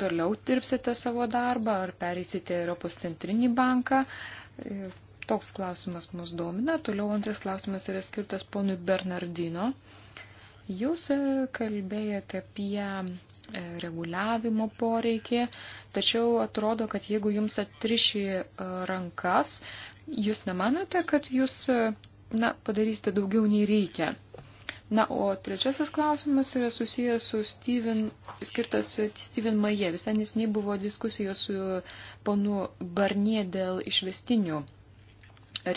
C: toliau dirbsite savo darbą, ar pereisite Europos centrinį banką? E, toks klausimas mus domina. Toliau antras klausimas yra skirtas ponui Bernardino. Jūs e, kalbėjote apie e, reguliavimo poreikį, tačiau atrodo, kad jeigu jums atriši e, rankas, jūs nemanote, kad jūs na, padarysite daugiau nei reikia. Na, o trečiasis klausimas yra susijęs su Steven, skirtas Steven Maje. Visai nesiniai buvo diskusijos su ponu Barnie dėl išvestinių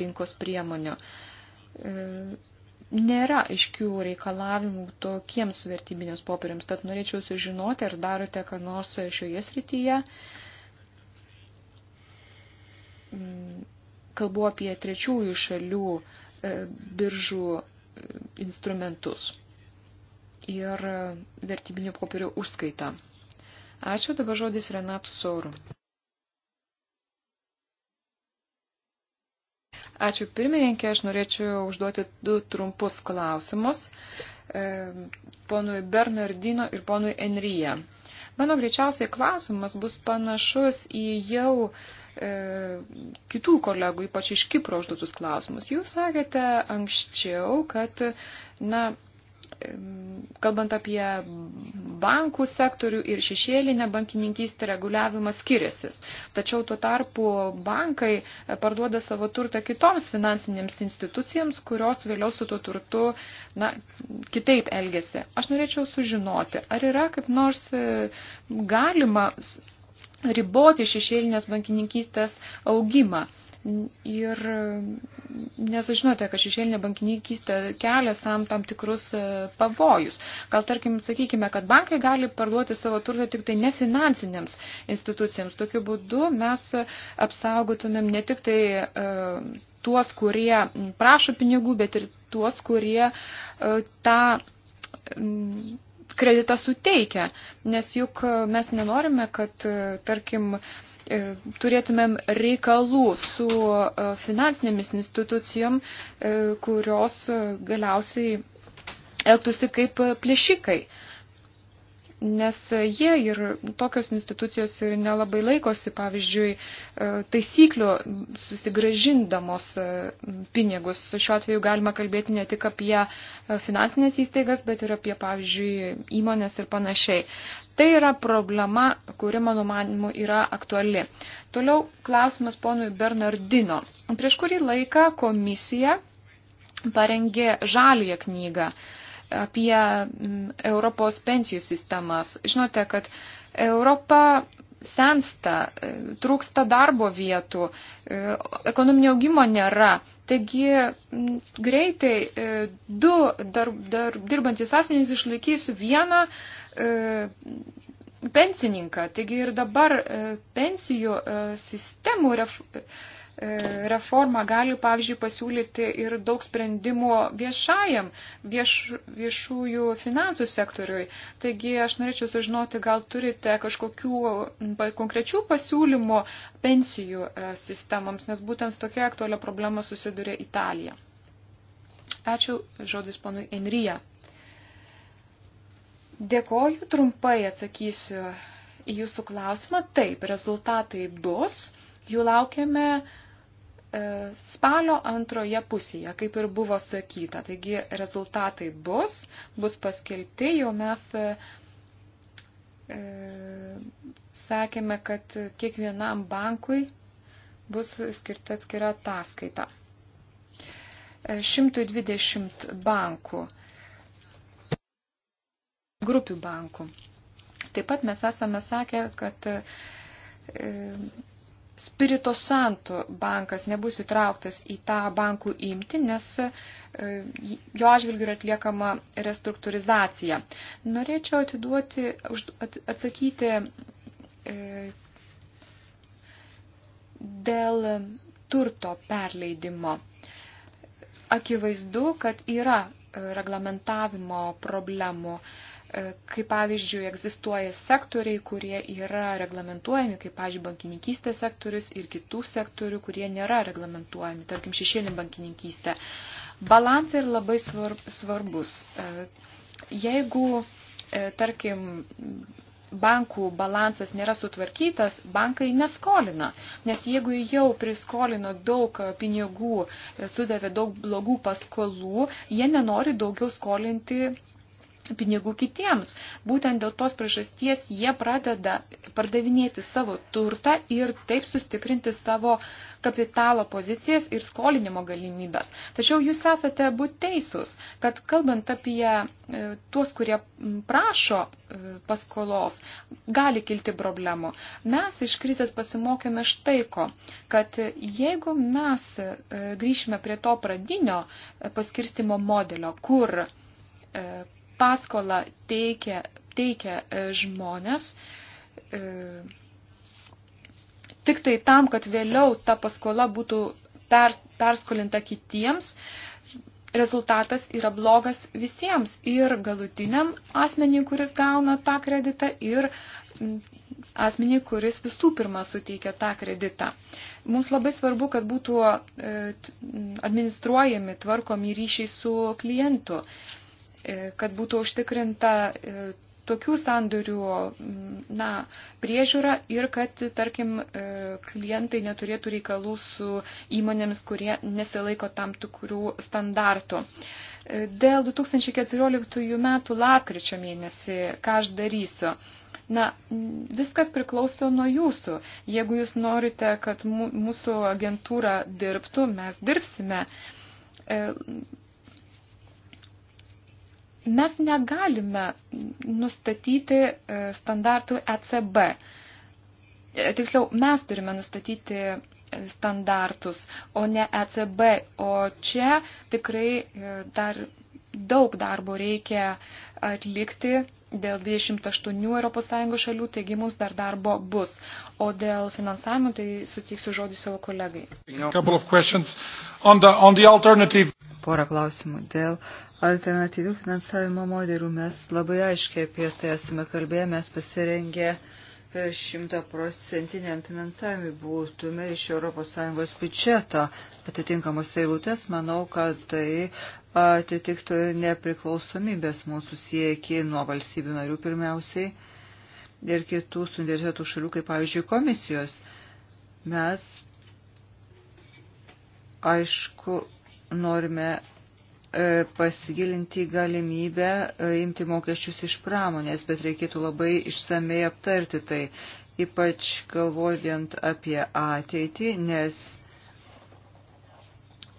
C: rinkos priemonių. E, nėra aiškių reikalavimų tokiems vertybinės popieriams, tad norėčiau sužinoti, ar darote ką nors šioje srityje. Mm, kalbu apie trečiųjų šalių e, biržų e, instrumentus ir e, vertybinių popierių užskaitą. Ačiū dabar žodis Renatų Saurų. Ačiū pirmininkė, aš norėčiau užduoti du trumpus klausimus e, ponui Bernardino ir ponui Enryje. Mano greičiausiai klausimas bus panašus į jau e, kitų kolegų, ypač iš Kipro užduotus klausimus. Jūs sakėte anksčiau, kad na, kalbant apie bankų sektorių ir šešėlinę bankininkystę reguliavimas skiriasi. Tačiau tuo tarpu bankai e, parduoda savo turtą kitoms finansinėms institucijoms, kurios vėliau su tuo turtu na, kitaip elgesi. Aš norėčiau sužinoti, ar yra kaip nors e, galima riboti šešėlinės bankininkystės augimą. Ir mm, nes žinote, kad šešėlinė bankininkystė kelia sam tam tikrus e, pavojus. Gal tarkim, sakykime, kad bankai gali parduoti savo turtą tik tai nefinansinėms institucijams. Tokiu būdu mes apsaugotumėm ne tik tai e, tuos, kurie prašo pinigų, bet ir tuos, kurie e, tą kreditą suteikia. Nes juk mes nenorime, kad, tarkim, E, turėtumėm reikalų su e, finansinėmis institucijom, e, kurios galiausiai elgtųsi kaip plėšikai nes jie ir tokios institucijos ir nelabai laikosi, pavyzdžiui, e, taisyklių susigražindamos e, pinigus. Šiuo atveju galima kalbėti ne tik apie e, finansinės įstaigas, bet ir apie, pavyzdžiui, įmonės ir panašiai. Tai yra problema, kuri, mano manimu, yra aktuali. Toliau klausimas ponui Bernardino. Prieš kurį laiką komisija parengė žaląją knygą apie mm, Europos pensijų sistemas. Žinote, kad Europa sensta, e, trūksta darbo vietų, e, ekonominio augimo nėra. Taigi mm, greitai e, du dar, dar, dirbantis asmenys išlaikys vieną e, pensininką. Taigi ir dabar e, pensijų e, sistemų ref, E, reforma gali, pavyzdžiui, pasiūlyti ir daug sprendimų viešajam, vieš, viešųjų finansų sektoriui. Taigi aš norėčiau sužinoti, gal turite kažkokių konkrečių pasiūlymų pensijų e, sistemams, nes būtent tokia aktualia problema susiduria Italija. Ačiū žodis panui Enryje. Dėkoju, trumpai atsakysiu į jūsų klausimą. Taip, rezultatai bus. Jų laukiame uh, E, spalio antroje pusėje, kaip ir buvo sakyta. Taigi rezultatai bus, bus paskelbti, jau mes e, e, sakėme, kad kiekvienam bankui bus skirta atskira ataskaita. 120 bankų, grupių bankų. Taip pat mes esame sakę, kad Spirito Santo bankas nebus įtrauktas į tą bankų imti, nes e, jo atžvilgiu yra atliekama restruktūrizacija. Norėčiau atiduoti, atsakyti e, dėl turto perleidimo. Akivaizdu, kad yra e, reglamentavimo problemų. E, E, kaip pavyzdžiui, egzistuoja sektoriai, kurie yra reglamentuojami, kaip, pavyzdžiui, bankininkystės sektorius ir kitų sektorių, kurie nėra reglamentuojami, tarkim, šešėlin bankininkystė. Balansai yra labai svarbus. E, jeigu, e, tarkim, bankų balansas nėra sutvarkytas, bankai neskolina. Nes jeigu jau priskolino daug pinigų, sudavė daug blogų paskolų, jie nenori daugiau skolinti pinigų kitiems. Būtent dėl tos priežasties jie pradeda pardavinėti savo turtą ir taip sustiprinti savo kapitalo pozicijas ir skolinimo galimybės. Tačiau jūs esate būt teisūs, kad kalbant apie e, tuos, kurie prašo e, paskolos, gali kilti problemų. Mes iš krizės pasimokėme štai ko, kad jeigu mes e, grįšime prie to pradinio paskirstimo modelio, kur paskolą teikia, teikia e, žmonės e, tik tai tam, kad vėliau ta paskola būtų per, perskolinta kitiems, rezultatas yra blogas visiems ir galutiniam asmeniui, kuris gauna tą kreditą ir asmeniui, kuris visų pirma suteikia tą kreditą. Mums labai svarbu, kad būtų e, administruojami, tvarkomi ryšiai su klientu. E, kad būtų užtikrinta e, tokių sandorių mm, na, priežiūra ir kad, tarkim, e, klientai neturėtų reikalų su įmonėmis, kurie nesilaiko tam tikrų standartų. Dėl 2014 metų lapkričio mėnesį, ką aš darysiu? Na, mm, viskas priklauso nuo jūsų. Jeigu jūs norite, kad mūsų agentūra dirbtų, mes dirbsime Mes negalime nustatyti e, standartų ECB. E, tiksliau, mes turime nustatyti e, standartus, o ne ECB. O čia tikrai dar daug darbo reikia atlikti dėl 28 ES šalių, taigi mums dar darbo bus. O dėl finansavimo tai suteiksiu žodį savo kolegai. On the, on the
E: alternative porą klausimų. Dėl alternatyvių finansavimo modelių mes labai aiškiai apie tai esame kalbėję, mes pasirengę e, šimtaprocentiniam finansavimui būtume iš ES biudžeto atitinkamos eilutės, manau, kad tai atitiktų ir nepriklausomybės mūsų siekį nuo valstybių narių pirmiausiai ir kitų sundėžėtų šalių, kaip pavyzdžiui komisijos. Mes, aišku, norime e, pasigilinti galimybę e, imti mokesčius iš pramonės, bet reikėtų labai išsamei aptarti tai, ypač galvojant apie ateitį, nes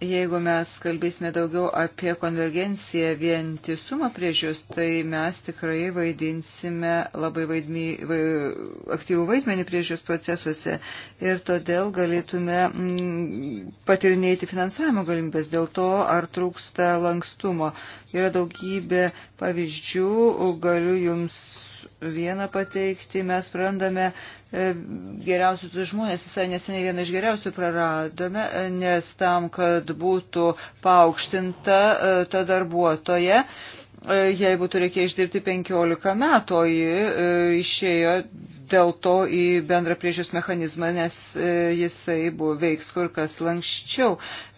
E: Jeigu mes kalbėsime daugiau apie konvergenciją vientisumą priežius, tai mes tikrai vaidinsime labai vaidmy, va, aktyvų vaidmenį priežius procesuose ir todėl galėtume m, mm, patirinėti finansavimo galimybės dėl to, ar trūksta lankstumo. Yra daugybė pavyzdžių, galiu jums vieną pateikti, mes prarandame e, geriausius žmonės, visai neseniai vieną iš geriausių praradome, e, nes tam, kad būtų paaukštinta e, ta darbuotoja, jai būtų reikėję išdirbti 15 metų, o ji išėjo dėl to į bendrą priežiūros mechanizmą, nes jisai buvo veiks kur kas lankščiau.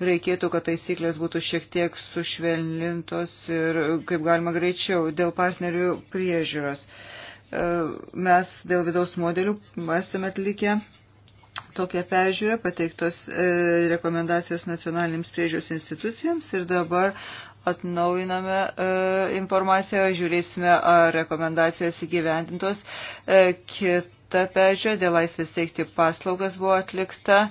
E: Reikėtų, kad taisyklės būtų šiek tiek sušvelnintos ir kaip galima greičiau dėl partnerių priežiūros. Uh, E, mes dėl vidaus modelių esame atlikę tokią peržiūrą, pateiktos e, rekomendacijos nacionalinėms priežiūros institucijoms ir dabar atnaujiname e, informaciją, žiūrėsime, ar rekomendacijos įgyvendintos. Kita peržiūra dėl laisvės teikti paslaugas buvo atlikta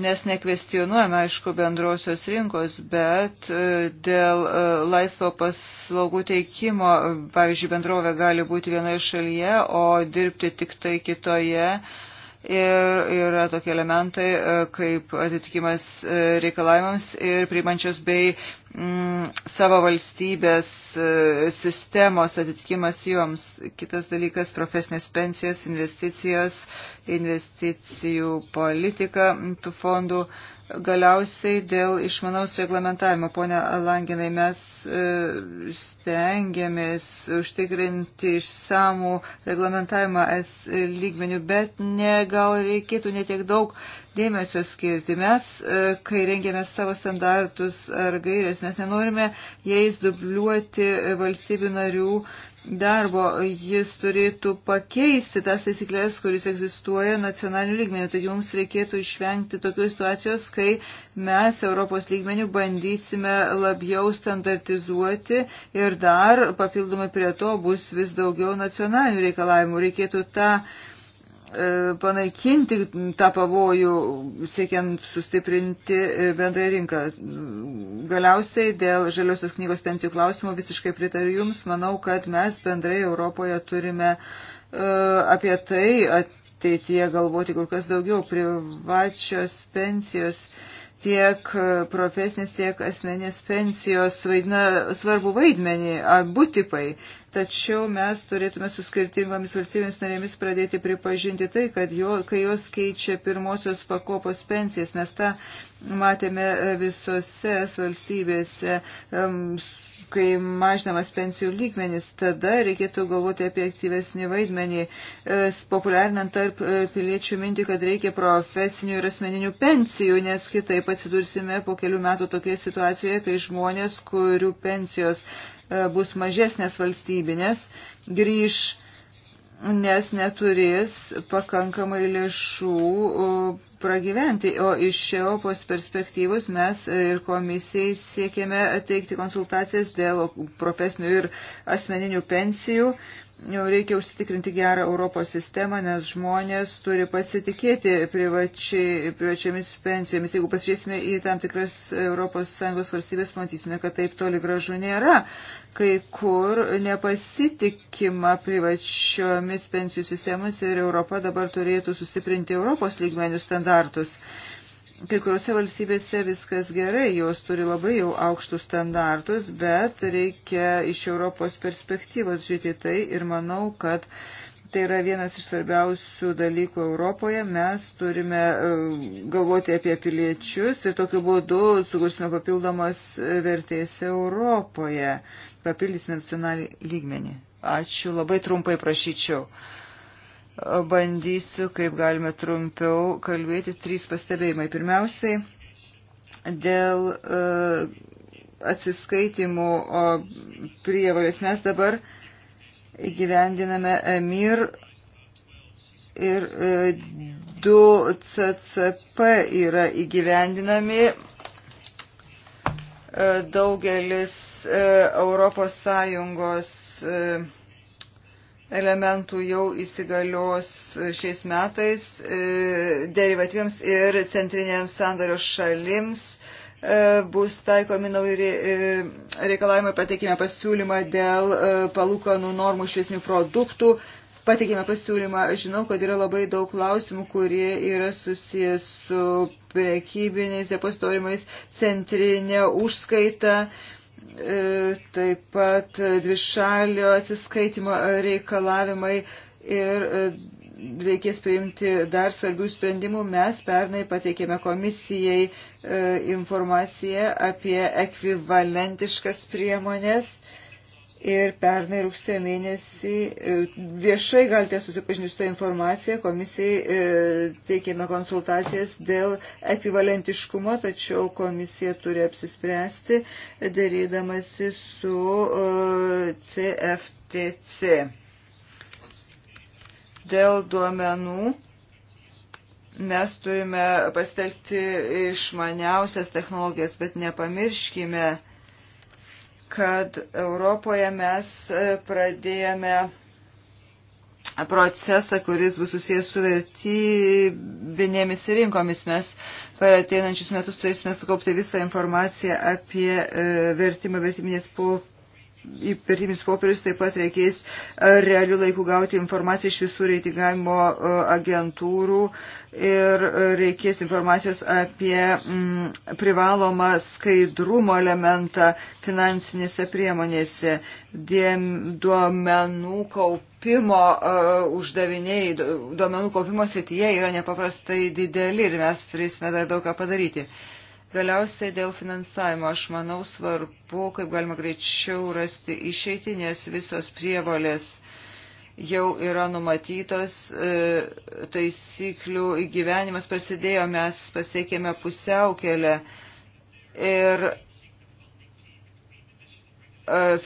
E: nes nekvestionuojame, aišku, bendrosios rinkos, bet e, dėl e, laisvo paslaugų teikimo, e, pavyzdžiui, bendrovė gali būti vienoje šalyje, o dirbti tik tai kitoje ir yra tokie elementai e, kaip atitikimas e, reikalavimams ir priimančios bei mm, savo valstybės e, sistemos atitikimas joms. Kitas dalykas - profesinės pensijos, investicijos, investicijų politika tų fondų. E, Galiausiai dėl išmanaus reglamentavimo, ponia Langinai, mes e, stengiamės užtikrinti išsamų reglamentavimą es lygmenių, bet ne, gal reikėtų netiek daug dėmesio skirti. Mes, e, kai rengėme savo standartus ar gairės, mes nenorime jais dubliuoti valstybių narių darbo, jis turėtų pakeisti tas taisyklės, kuris egzistuoja nacionaliniu lygmeniu. Taigi mums reikėtų išvengti tokios situacijos, kai mes Europos lygmeniu bandysime labiau standartizuoti ir dar papildomai prie to bus vis daugiau nacionalinių reikalavimų. Reikėtų tą ta E, panaikinti tą pavojų, siekiant sustiprinti e, bendrąją rinką. Galiausiai dėl žaliosios knygos pensijų klausimų visiškai pritariu Jums. Manau, kad mes bendrai Europoje turime e, apie tai ateityje galvoti kur kas daugiau. Privačios pensijos tiek profesinės, tiek asmenės pensijos vaidina svarbu vaidmenį, abu tipai. Tačiau mes turėtume su skirtingomis valstybėmis narėmis pradėti pripažinti tai, kad jo, kai jos keičia pirmosios pakopos pensijas, mes tą matėme visose valstybėse. Um, kai mažinamas pensijų lygmenis, tada reikėtų galvoti apie aktyvesnį vaidmenį, e, populiarinant tarp e, piliečių mintį, kad reikia profesinių ir asmeninių pensijų, nes kitaip atsidursime po kelių metų tokioje situacijoje, kai žmonės, kurių pensijos e, bus mažesnės valstybinės, grįž nes neturės pakankamai lėšų pragyventi. O iš Europos perspektyvos mes ir komisijai siekėme teikti konsultacijas dėl profesinių ir asmeninių pensijų reikia užsitikrinti gerą Europos sistemą, nes žmonės turi pasitikėti privačiai, privačiamis pensijomis. Jeigu pasižiūrėsime į tam tikras ES valstybės, matysime, kad taip toli gražu nėra. Kai kur nepasitikima privačiomis pensijų sistemas ir Europa dabar turėtų sustiprinti Europos lygmenių standartus. Kai kuriuose valstybėse viskas gerai, jos turi labai jau aukštus standartus, bet reikia iš Europos perspektyvos žiūrėti tai ir manau, kad tai yra vienas iš svarbiausių dalykų Europoje. Mes turime e, galvoti apie piliečius ir tokiu būdu sugursime papildomas e, vertės Europoje. Papildysime nacionalinį lygmenį. Ačiū, labai trumpai prašyčiau bandysiu, kaip galime trumpiau kalbėti, trys pastebėjimai. Pirmiausiai, dėl e, atsiskaitimų prievalės mes dabar įgyvendiname MIR ir 2 e, CCP yra įgyvendinami e, daugelis Europos Sąjungos elementų jau įsigalios šiais metais e, derivatyviams ir centrinėms sandario šalims e, bus taikomi nauji e, reikalavimai, pateikime pasiūlymą dėl palūkanų normų šviesnių produktų, pateikėme pasiūlymą. Žinau, kad yra labai daug klausimų, kurie yra susijęs su prekybiniais depozitorimais, centrinė užskaita, E, taip pat dvišalio atsiskaitimo reikalavimai ir e, reikės priimti dar svarbių sprendimų. Mes pernai pateikėme komisijai e, informaciją apie ekvivalentiškas priemonės. E, Ir pernai rugsėjo mėnesį e, viešai galite susipažinti su tą informaciją, komisijai e, teikėme konsultacijas dėl ekvivalentiškumo, tačiau komisija turi apsispręsti darydamasi su CFTC. E, dėl duomenų mes turime pastelgti išmaniausias technologijas, bet nepamirškime, kad Europoje mes e, pradėjome procesą, kuris bus susijęs su vertybinėmis rinkomis. Mes per ateinančius metus turėsime sukaupti visą informaciją apie e, vertimą vertybinės Įpertimis popierius taip pat reikės e, realių laikų gauti informaciją iš visų reitingavimo e, agentūrų ir e, reikės informacijos apie m, mm, privalomą skaidrumo elementą finansinėse priemonėse, dėm, duomenų kaupimo uh, uždaviniai, duomenų kaupimo srityje yra nepaprastai dideli ir mes turėsime dar daug ką padaryti. Uh, Galiausiai dėl finansavimo aš manau svarbu, kaip galima greičiau rasti išeitį, nes visos prievalės jau yra numatytos, e, taisyklių įgyvenimas prasidėjo, mes pasiekėme pusiaukelę ir e,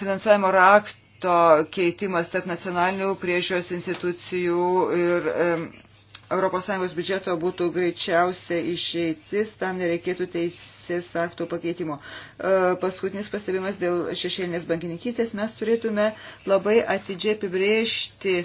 E: finansavimo raktų to keitimas tarp nacionalinių priežios institucijų ir ES biudžeto būtų greičiausia išeitis, tam nereikėtų teisės aktų pakeitimo. E, paskutinis pastebimas dėl šešėlinės bankininkystės. Mes turėtume labai atidžiai apibrėžti e,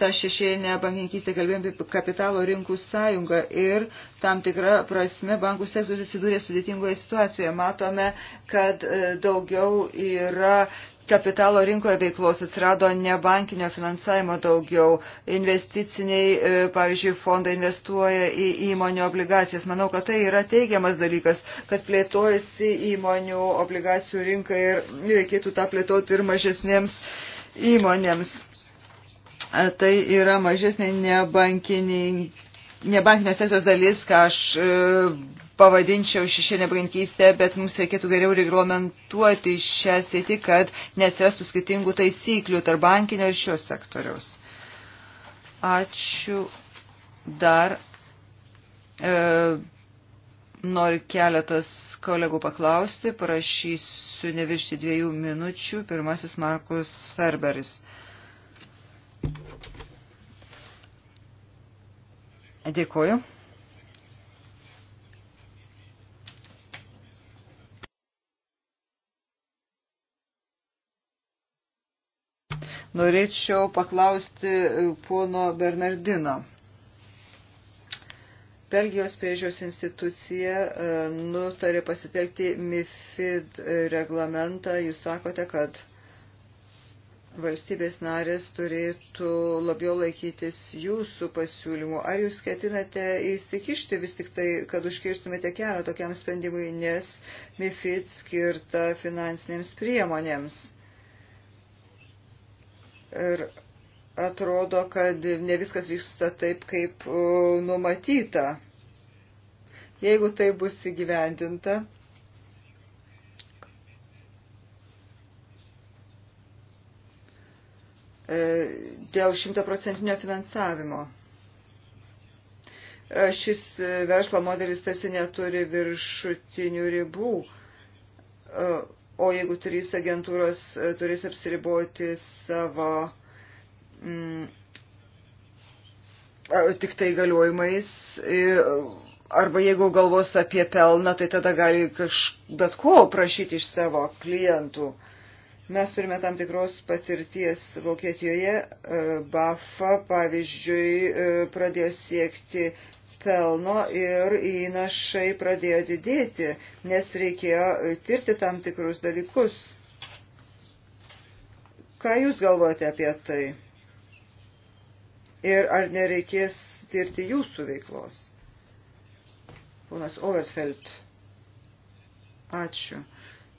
E: tą šešėlinę bankininkystę, kalbėjom apie kapitalo rinkų sąjungą ir tam tikrą prasme bankų sektorius atsidūrė sudėtingoje situacijoje. Matome, kad e, daugiau yra kapitalo rinkoje veiklos atsirado nebankinio finansavimo daugiau, investiciniai, e, pavyzdžiui, fondai investuoja į įmonių obligacijas. Manau, kad tai yra teigiamas dalykas, kad plėtojasi įmonių obligacijų rinka ir reikėtų tą plėtoti ir mažesnėms įmonėms. E, tai yra mažesnė nebankinio sektoriaus dalis, ką aš e, pavadinčiau šešėlę bankystę, bet mums reikėtų geriau reglamentuoti šią sėtį, kad neatsirastų skirtingų taisyklių tarp bankinio ir šios sektoriaus. Ačiū dar. E, noriu keletas kolegų paklausti, parašysiu neviršti dviejų minučių. Pirmasis Markus Ferberis. Dėkuoju. Norėčiau paklausti e, pono Bernardino. Belgijos priežiūros institucija e, nutarė pasitelkti MIFID reglamentą. Jūs sakote, kad valstybės narės turėtų labiau laikytis jūsų pasiūlymų. Ar jūs ketinate įsikišti vis tik tai, kad užkirstumėte kelią tokiam sprendimui, nes MIFID skirta finansinėms priemonėms? Ir atrodo, kad ne viskas vyksta taip, kaip e, numatyta. Jeigu tai bus įgyvendinta, e, dėl šimtaprocentinio finansavimo. E, šis verslo modelis tarsi neturi viršutinių ribų o jeigu trys agentūros e, turės apsiriboti savo mm, tik tai galiojimais, e, arba jeigu galvos apie pelną, tai tada gali kaž, bet ko prašyti iš savo klientų. Mes turime tam tikros patirties Vokietijoje. E, BAFA, pavyzdžiui, pradėjo siekti pelno ir įnašai pradėjo didėti, nes reikėjo tirti tam tikrus dalykus. Ką Jūs galvojate apie tai? Ir ar nereikės tirti Jūsų veiklos? Ponas Overfeld. Ačiū.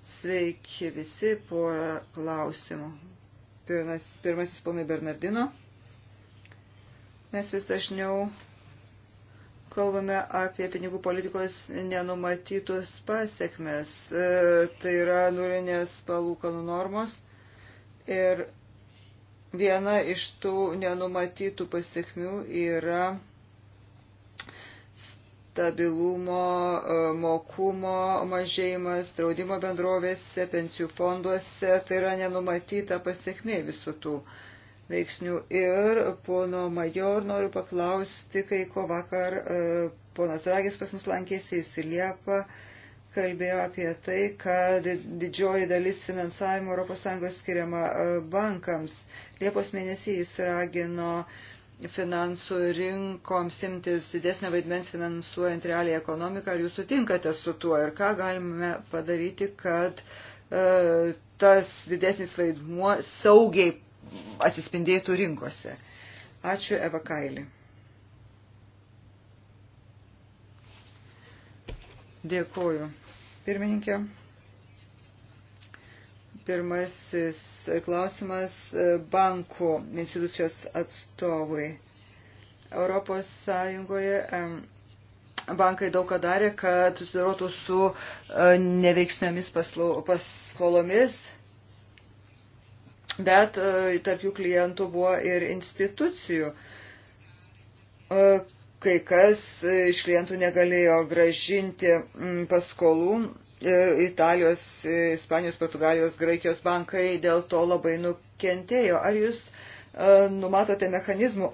E: Sveiki visi, porą klausimų. Pirmas, pirmasis ponai Bernardino. Mes vis dažniau kalbame apie pinigų politikos nenumatytus pasiekmes. E, tai yra nulinės palūkanų normos ir viena iš tų nenumatytų pasiekmių yra stabilumo, e, mokumo mažėjimas draudimo bendrovėse, pensijų fonduose. Tai yra nenumatyta pasiekmė visų tų. Uh, veiksnių. Ir pono Major noriu paklausti, kai ko vakar e, ponas Dragis pas mus lankėsi, jis į Liepą kalbėjo apie tai, kad didžioji dalis finansavimo ES skiriama e, bankams. Liepos mėnesį jis ragino finansų rinkoms imtis didesnio vaidmens finansuojant realiai ekonomiką. Ar jūs sutinkate su tuo ir ką galime padaryti, kad e, tas didesnis vaidmuo saugiai atsispindėtų rinkose. Ačiū Eva Kailį. Dėkuoju. Pirmininkė, pirmasis klausimas bankų institucijos atstovui. Europos Sąjungoje bankai daug ką darė, kad susidarotų su e, neveiksniomis paskolomis. Paslo, bet e, tarp jų klientų buvo ir institucijų. E, kai kas iš klientų negalėjo gražinti mm, paskolų ir e, Italijos, Ispanijos, Portugalijos, Graikijos bankai dėl to labai nukentėjo. Ar jūs numatote mechanizmų,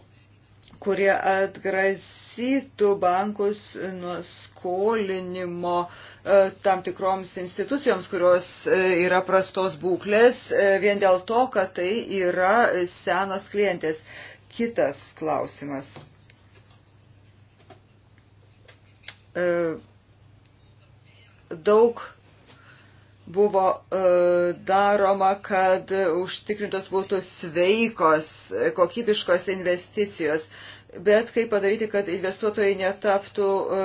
E: kurie atgrasytų bankus nuo skolinimo E, tam tikroms institucijoms, kurios e, yra prastos būklės, e, vien dėl to, kad tai yra senos klientės. Kitas klausimas. Daug buvo daroma, kad užtikrintos būtų sveikos, kokybiškos investicijos bet kaip padaryti, kad investuotojai netaptų e,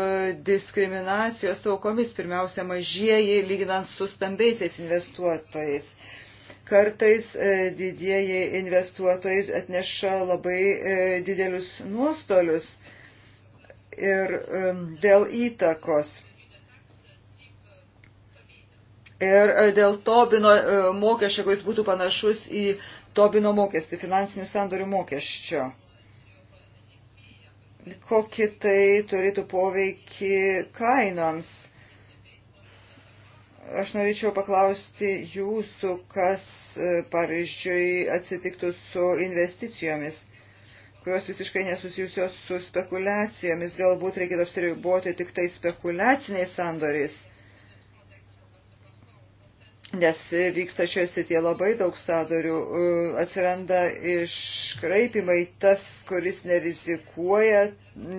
E: diskriminacijos aukomis, pirmiausia, mažieji, lyginant su stambiaisiais investuotojais. Kartais e, didieji investuotojai atneša labai e, didelius nuostolius ir dėl įtakos. Ir dėl Tobino mokesčio, kuris būtų panašus į Tobino mokestį, finansinių sandorių mokesčio kokį tai turėtų poveikį kainoms. Aš norėčiau paklausti jūsų, kas, e, pavyzdžiui, atsitiktų su investicijomis, kurios visiškai nesusijusios su spekulacijomis. Galbūt reikėtų apsiriboti tik tai spekuliaciniais sandoriais nes vyksta šioje srityje labai daug sadorių, e, atsiranda iškraipimai tas, kuris nerizikuoja,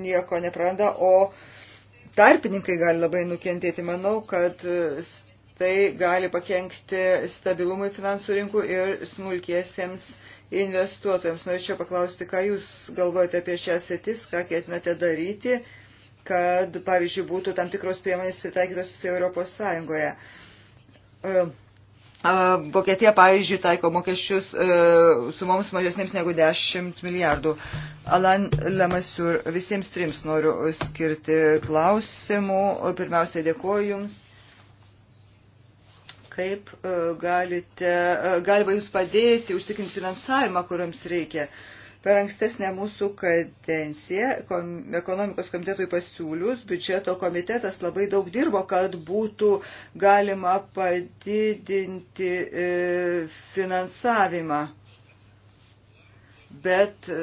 E: nieko nepraranda, o tarpininkai gali labai nukentėti. Manau, kad e, tai gali pakenkti stabilumui finansų rinkų ir smulkiesiems investuotojams. Norėčiau paklausti, ką Jūs galvojate apie šią sėtis, ką ketinate daryti, kad, pavyzdžiui, būtų tam tikros priemonės pritaikytos visoje Europos Sąjungoje e, Vokietija, pavyzdžiui, taiko mokesčius e, sumoms mažesnėms negu 10 milijardų. Alan Lemasiur, visiems trims noriu skirti klausimų. Pirmiausia, dėkuoju Jums. Kaip e, galite, e, galima Jūs padėti užtikrinti finansavimą, kuriams reikia. Uh, Per ankstesnę mūsų kadenciją kom, ekonomikos komitetui pasiūlius biudžeto komitetas labai daug dirbo, kad būtų galima padidinti e, finansavimą. Bet e,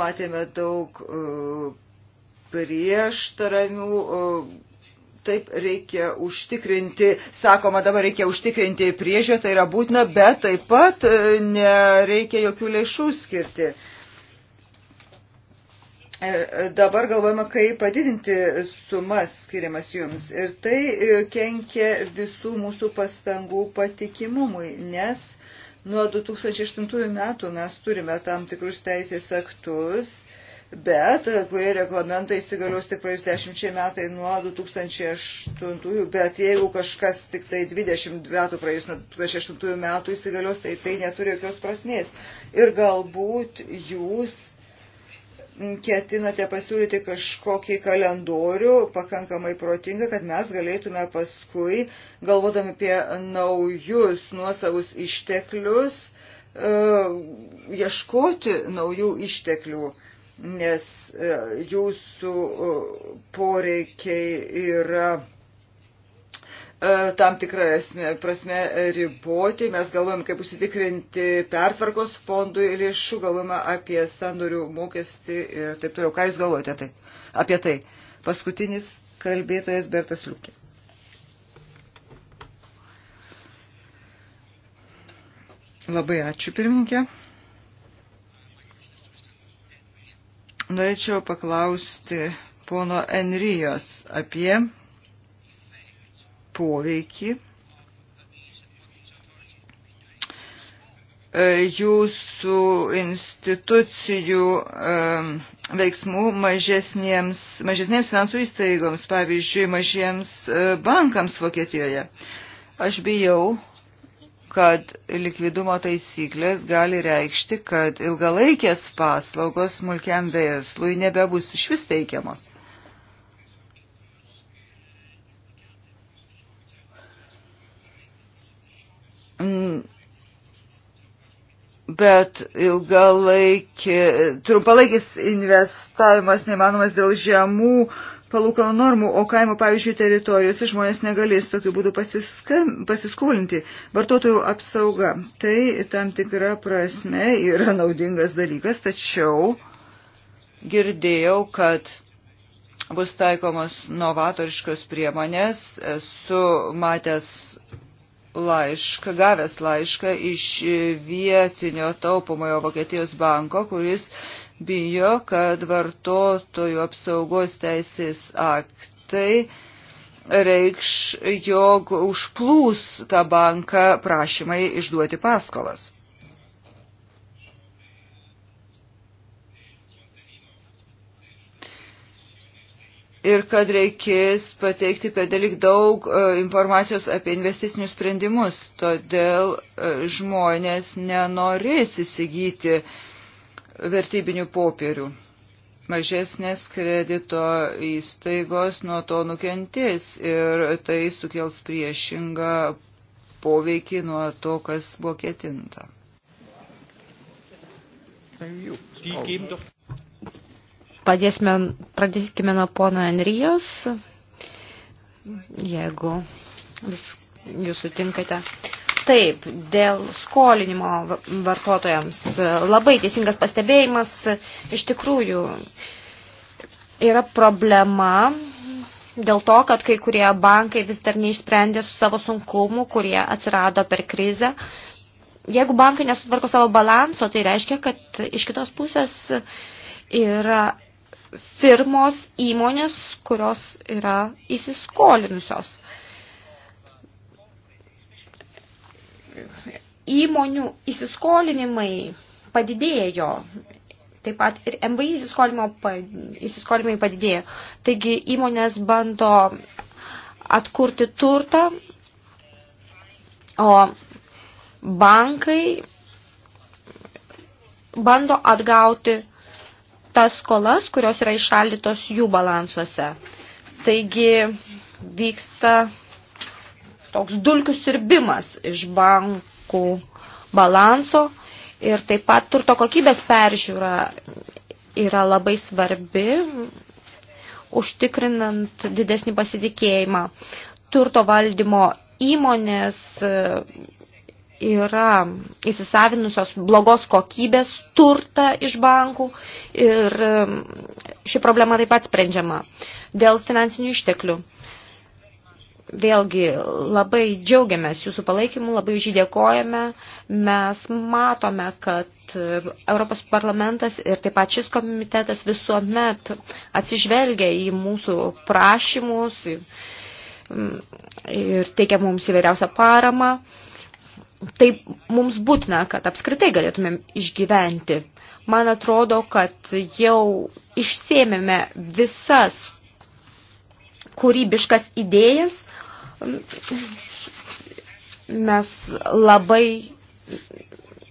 E: matėme daug e, prieštaramių. E, taip reikia užtikrinti, sakoma dabar reikia užtikrinti priežiūrą, tai yra būtina, bet taip pat e, nereikia jokių lėšų skirti. E, dabar galvojama, kaip padidinti sumas skiriamas jums. Ir tai e, kenkia visų mūsų pastangų patikimumui, nes nuo 2008 metų mes turime tam tikrus teisės aktus, bet e, kurie reglamentai įsigalios tik praėjus dešimčiai metai nuo 2008, bet jeigu kažkas tik tai 20 metų praėjus nuo 2008 metų įsigalios, tai tai neturi jokios prasmės. Ir galbūt jūs ketinate pasiūlyti kažkokį kalendorių pakankamai protingą, kad mes galėtume paskui, galvodami apie naujus nuosavus išteklius, e, ieškoti naujų išteklių, nes e, jūsų e, poreikiai yra E, tam tikrą prasme riboti. Mes galvojam, kaip užsitikrinti pertvarkos fondų lėšų, galvojame apie sandorių mokestį ir taip toliau. Ką Jūs galvojate tai, apie tai? Paskutinis kalbėtojas Bertas Liukė. Labai ačiū, pirmininkė. Norėčiau paklausti pono Enrijos apie poveikį. E, jūsų institucijų e, veiksmų mažesniems, mažesniems finansų įstaigoms, pavyzdžiui, mažiems e, bankams Vokietijoje. Aš bijau, kad likvidumo taisyklės gali reikšti, kad ilgalaikės paslaugos smulkiam verslui nebebus iš vis teikiamos. bet ilgalaikį, trumpalaikis investavimas neįmanomas dėl žemų palūkanų normų, o kaimo, pavyzdžiui, teritorijose žmonės negalės tokiu būdu pasiskolinti. Vartotojų apsauga tai tam tikra prasme yra naudingas dalykas, tačiau girdėjau, kad bus taikomos novatoriškos priemonės, esu matęs laišką, gavęs laišką iš vietinio taupomojo Vokietijos banko, kuris bijo, kad vartotojų apsaugos teisės aktai reikš, jog užplūs tą banką prašymai išduoti paskolas. ir kad reikės pateikti pedelik daug e, informacijos apie investicinius sprendimus. Todėl e, žmonės nenorės įsigyti vertybinių popierių. Mažesnės kredito įstaigos nuo to nukentės ir tai sukels priešingą poveikį nuo to, kas buvo ketinta. Die geben doch
D: Padėsime, pradėsime nuo pono Enrijos, jeigu vis jūs sutinkate. Taip, dėl skolinimo vartotojams labai teisingas pastebėjimas. Iš tikrųjų, yra problema dėl to, kad kai kurie bankai vis dar neišsprendė su savo sunkumu, kurie atsirado per krizę. Jeigu bankai nesutvarko savo balanso, tai reiškia, kad iš kitos pusės yra firmos įmonės, kurios yra įsiskolinusios. Įmonių įsiskolinimai padidėjo, taip pat ir MVI įsiskolinimai padidėjo. Taigi įmonės bando atkurti turtą, o bankai bando atgauti tas skolas, kurios yra išaldytos jų balansuose. Taigi vyksta toks dulkių sirbimas iš bankų balanso ir taip pat turto kokybės peržiūra yra labai svarbi, užtikrinant didesnį pasitikėjimą. Turto valdymo įmonės yra įsisavinusios blogos kokybės turtą iš bankų ir um, ši problema taip pat sprendžiama dėl finansinių išteklių. Vėlgi labai džiaugiamės jūsų palaikymu, labai už jį dėkojame. Mes matome, kad um, Europos parlamentas ir taip pat šis komitetas visuomet atsižvelgia į mūsų prašymus um, ir teikia mums įvairiausią paramą tai mums būtina, kad apskritai galėtumėm išgyventi. Man atrodo, kad jau išsėmėme visas kūrybiškas idėjas. Mes labai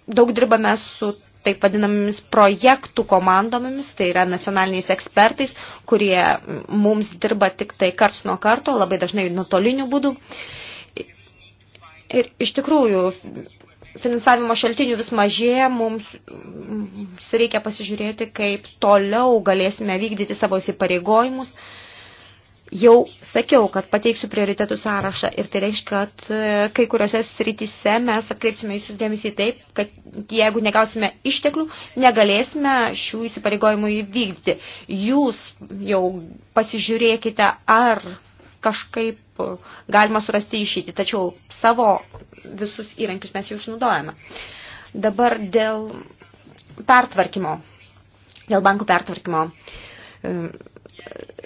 D: daug dirbame su taip vadinamomis projektų komandomis, tai yra nacionaliniais ekspertais, kurie mums dirba tik tai karts nuo karto, labai dažnai nuotoliniu būdu. Uh, Ir iš tikrųjų, finansavimo šaltinių vis mažėja, mums,
C: mums
D: reikia pasižiūrėti, kaip toliau galėsime vykdyti savo įsipareigojimus. Jau sakiau, kad pateiksiu prioritetų sąrašą ir tai reiškia, kad e, kai kuriuose srityse mes atkreipsime jūsų dėmesį taip, kad jeigu negausime išteklių, negalėsime šių įsipareigojimų įvykdyti. Jūs jau pasižiūrėkite, ar kažkaip galima surasti išeitį, tačiau savo visus įrankius mes jau išnaudojame. Dabar dėl pertvarkymo, dėl bankų pertvarkymo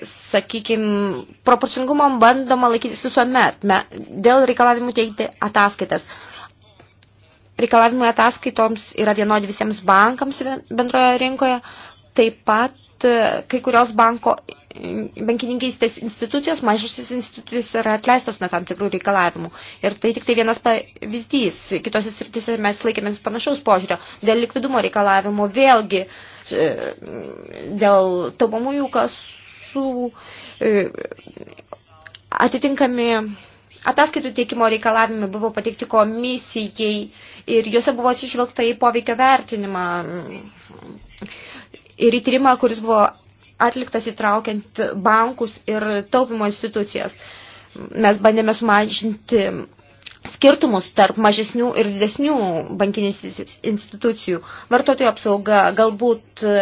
D: sakykime, proporcingumo bandoma laikytis visuomet, me, dėl reikalavimų teikti ataskaitas. Reikalavimai ataskaitoms yra vienodi visiems bankams bendroje rinkoje, Taip pat e, kai kurios banko bankininkystės institucijos, mažosios institucijos yra atleistos nuo tam tikrų reikalavimų. Ir tai tik tai vienas pavyzdys. Kitose srityse mes laikėmės panašaus požiūrio. Dėl likvidumo reikalavimo vėlgi e, dėl taupomųjų kasų e, atitinkami ataskaitų teikimo reikalavimai buvo pateikti komisijai ir juose buvo atsižvelgta į poveikio vertinimą ir į tyrimą, kuris buvo atliktas įtraukiant bankus ir taupimo institucijas. Mes bandėme sumažinti skirtumus tarp mažesnių ir didesnių bankinės institucijų. Vartotojų apsauga, galbūt e,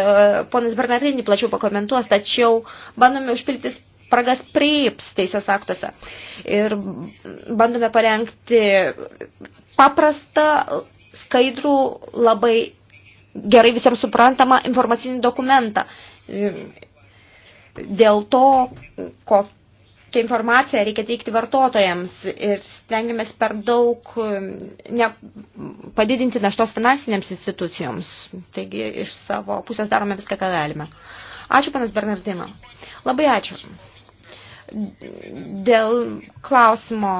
D: ponas Bernardinį plačiau pakomentuos, tačiau bandome užpilti spragas prieips teisės aktuose. Ir bandome parengti paprastą, skaidrų, labai gerai visiems suprantamą informacinį dokumentą. Dėl to, kokią informaciją reikia teikti vartotojams ir stengiamės per daug um, ne, padidinti naštos finansinėms institucijoms. Taigi iš savo pusės darome viską, ką galime. Ačiū, panas Bernardino. Labai ačiū dėl klausimo,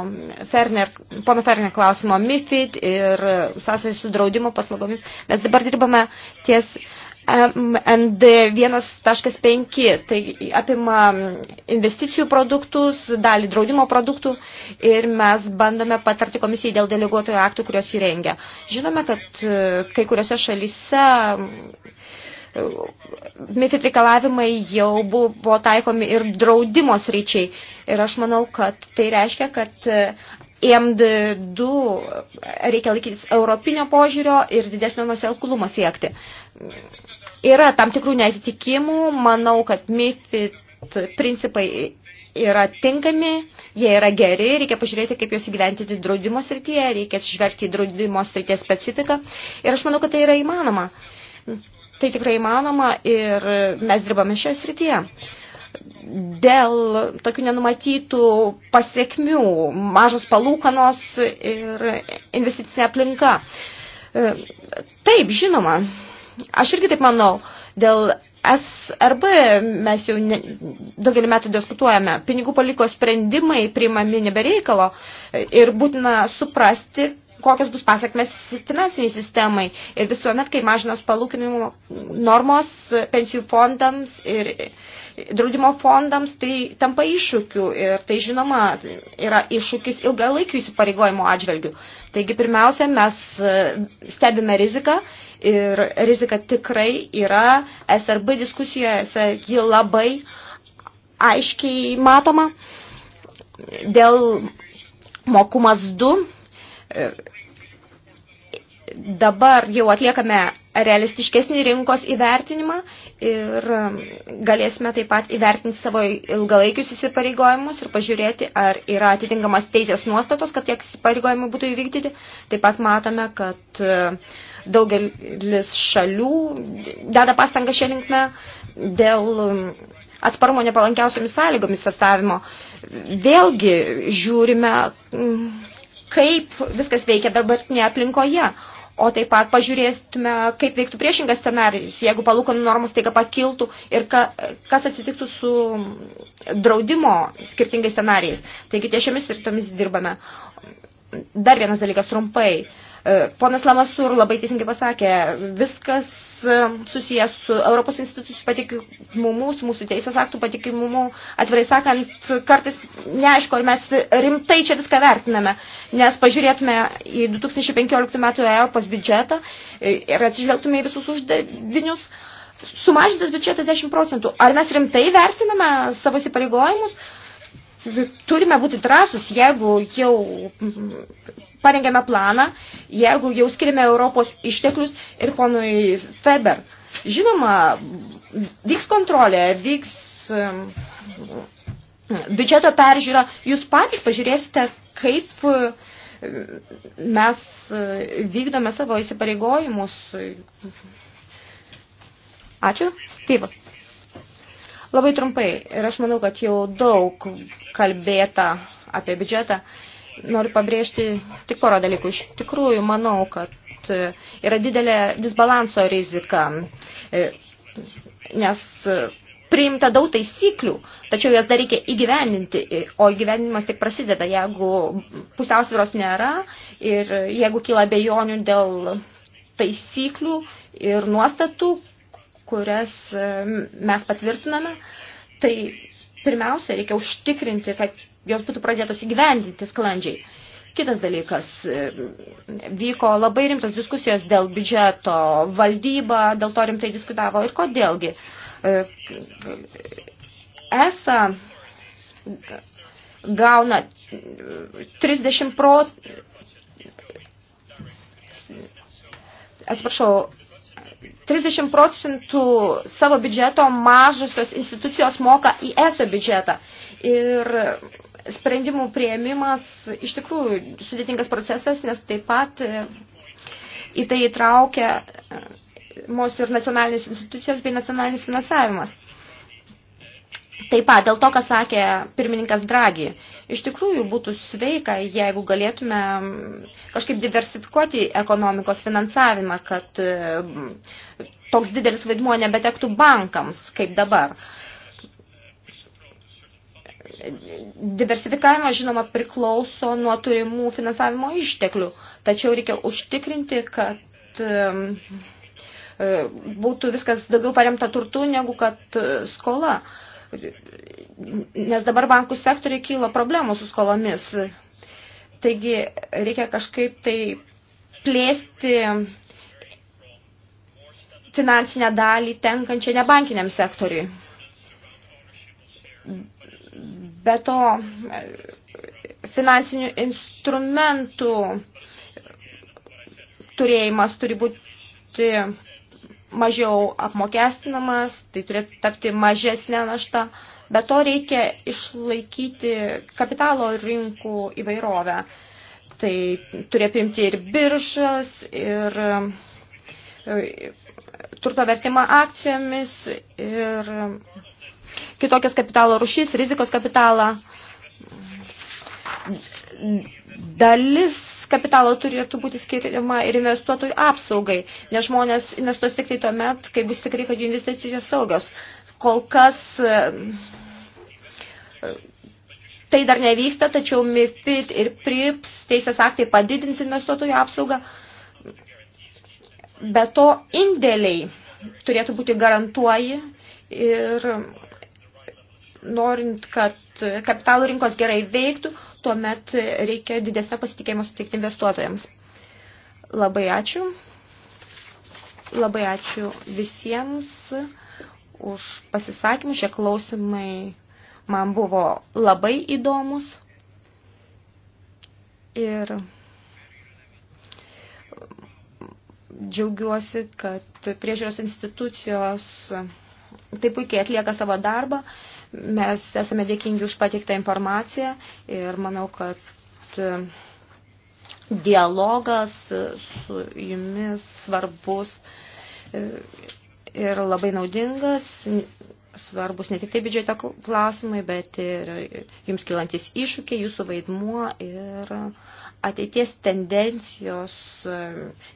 D: Ferner, pono Ferner klausimo MIFID ir sąsajų su draudimo paslaugomis. Mes dabar dirbame ties MD 1.5, tai apima investicijų produktus, dalį draudimo produktų ir mes bandome patarti komisijai dėl deleguotojų aktų, kurios įrengia. Žinome, kad kai kuriuose šalyse
E: MIFID
D: reikalavimai jau buvo taikomi ir draudimo sryčiai. Ir aš manau, kad tai reiškia, kad EMD2 reikia laikytis europinio požiūrio ir didesnio nuselkulumo siekti. Yra tam tikrų netitikimų, manau, kad MIFID principai yra tinkami, jie yra geri, reikia pažiūrėti, kaip juos įgyventinti draudimo srityje, reikia atsižvelgti į draudimo srities specifiką ir aš manau, kad tai yra įmanoma. Tai tikrai įmanoma ir mes dirbame šioje srityje. Dėl tokių nenumatytų pasiekmių, mažos palūkanos ir investicinė aplinka. E, taip, žinoma, aš irgi taip manau, dėl SRB mes jau ne, daugelį metų diskutuojame, pinigų paliko sprendimai priimami nebereikalo ir būtina suprasti, kokios bus pasiekmes finansiniai sistemai. Ir visuomet, kai mažinos palūkinimo normos pensijų fondams ir draudimo fondams, tai tampa iššūkiu. Ir tai, žinoma, yra iššūkis ilgalaikių įsipareigojimo atžvelgių. Taigi, pirmiausia, mes e, stebime riziką ir rizika tikrai yra. SRB diskusijose ji labai aiškiai matoma. Dėl mokumas 2 dabar jau atliekame realistiškesnį rinkos įvertinimą ir um, galėsime taip pat įvertinti savo ilgalaikius įsipareigojimus ir pažiūrėti, ar yra atitinkamas teisės nuostatos, kad tiek įsipareigojimai būtų įvykdyti. Taip pat matome, kad uh, daugelis šalių deda pastangą šią linkmę dėl um, atsparumo nepalankiausiomis sąlygomis testavimo. Vėlgi žiūrime, um, kaip viskas veikia dabartinėje aplinkoje. O taip pat pažiūrėsime, kaip veiktų priešingas scenarijus, jeigu palūkanų normos taiga pakiltų ir ka, kas atsitiktų su draudimo skirtingais scenarijais. Taigi ties šiomis ir tomis dirbame. Dar vienas dalykas trumpai. E, ponas Lamasur labai teisingai pasakė, viskas e, susijęs su Europos institucijų patikimumu, su mūsų teisės aktų patikimumu. Atvirai sakant, kartais neaišku, ar mes rimtai čia viską vertiname, nes pažiūrėtume į 2015 metų Europos biudžetą e, ir atsižvelgtume į visus uždavinius sumažintas biudžetas 10 procentų. Ar mes rimtai vertiname savo įsipareigojimus? turime būti drąsus, jeigu jau parengėme planą, jeigu jau skirime Europos išteklius ir ponui Feber. Žinoma, vyks kontrolė, vyks biudžeto peržiūra, jūs patys pažiūrėsite, kaip mes vykdome savo įsipareigojimus. Ačiū, Steve. Labai trumpai, ir aš manau, kad jau daug kalbėta apie biudžetą, noriu pabrėžti tik porą dalykų. Iš tikrųjų, manau, kad e, yra didelė disbalanso rizika, e, nes e, priimta daug taisyklių, tačiau jas dar reikia įgyvendinti, o įgyvendinimas tik prasideda, jeigu pusiausvyros nėra ir jeigu kyla bejonių dėl taisyklių ir nuostatų, kurias e, mes patvirtiname, tai pirmiausia, reikia užtikrinti, kad jos būtų pradėtos įgyvendinti sklandžiai. Kitas dalykas, e, vyko labai rimtos diskusijos dėl biudžeto, valdyba dėl to rimtai diskutavo ir kodėlgi. E, ESA gauna 30 pro... Atsiprašau, 30 procentų savo biudžeto mažosios institucijos moka į ESO biudžetą. Ir sprendimų prieimimas iš tikrųjų sudėtingas procesas, nes taip pat e, į tai įtraukia e, mūsų ir nacionalinės institucijos bei nacionalinis finansavimas. Taip pat dėl to, ką sakė pirmininkas Dragi, iš tikrųjų būtų sveika, jeigu galėtume kažkaip diversifikuoti ekonomikos finansavimą, kad toks didelis vaidmuo nebetektų bankams, kaip dabar. Diversifikavimas, žinoma, priklauso nuo turimų finansavimo išteklių, tačiau reikia užtikrinti, kad e, būtų viskas daugiau paremta turtu negu kad skola nes dabar bankų sektoriai kyla problemų su skolomis. Taigi reikia kažkaip tai plėsti finansinę dalį tenkančią nebankiniam sektoriui. Be to, finansinių instrumentų turėjimas turi būti mažiau apmokestinamas, tai turėtų tapti mažesnė našta. Be to reikia išlaikyti kapitalo rinkų įvairovę. Tai turėtų imti ir biržas, ir e, turto vertimą akcijomis, ir kitokias kapitalo rušys, rizikos kapitalą dalis kapitalo turėtų būti skiriama ir investuotojų apsaugai, nes žmonės investuos tik tai tuomet, kai bus tikrai, kad jų investicijos saugios. Kol kas e, tai dar nevyksta, tačiau MIFID ir PRIPS teisės aktai padidins investuotojų apsaugą. Be to, indėliai turėtų būti garantuoji ir norint, kad kapitalo rinkos gerai veiktų, tuomet reikia didesnio pasitikėjimo suteikti investuotojams. Labai ačiū. Labai ačiū visiems už pasisakymus. Šie klausimai man buvo labai įdomus. Ir džiaugiuosi, kad priežiūros institucijos taip puikiai atlieka savo darbą. Mes esame dėkingi už pateiktą informaciją ir manau, kad e, dialogas e, su jumis svarbus e, ir labai naudingas, svarbus ne tik tai biudžeto klausimai, bet ir jums kilantis iššūkiai, jūsų vaidmuo ir ateities tendencijos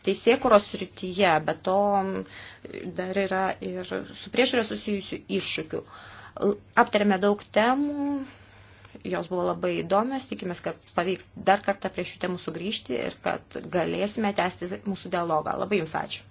D: teisėkuros srityje, bet to dar yra ir su priešarė susijusių iššūkių. Aptarėme daug temų, jos buvo labai įdomios, tikimės, kad pavyks dar kartą prie šių temų sugrįžti ir kad galėsime tęsti mūsų dialogą. Labai Jums ačiū.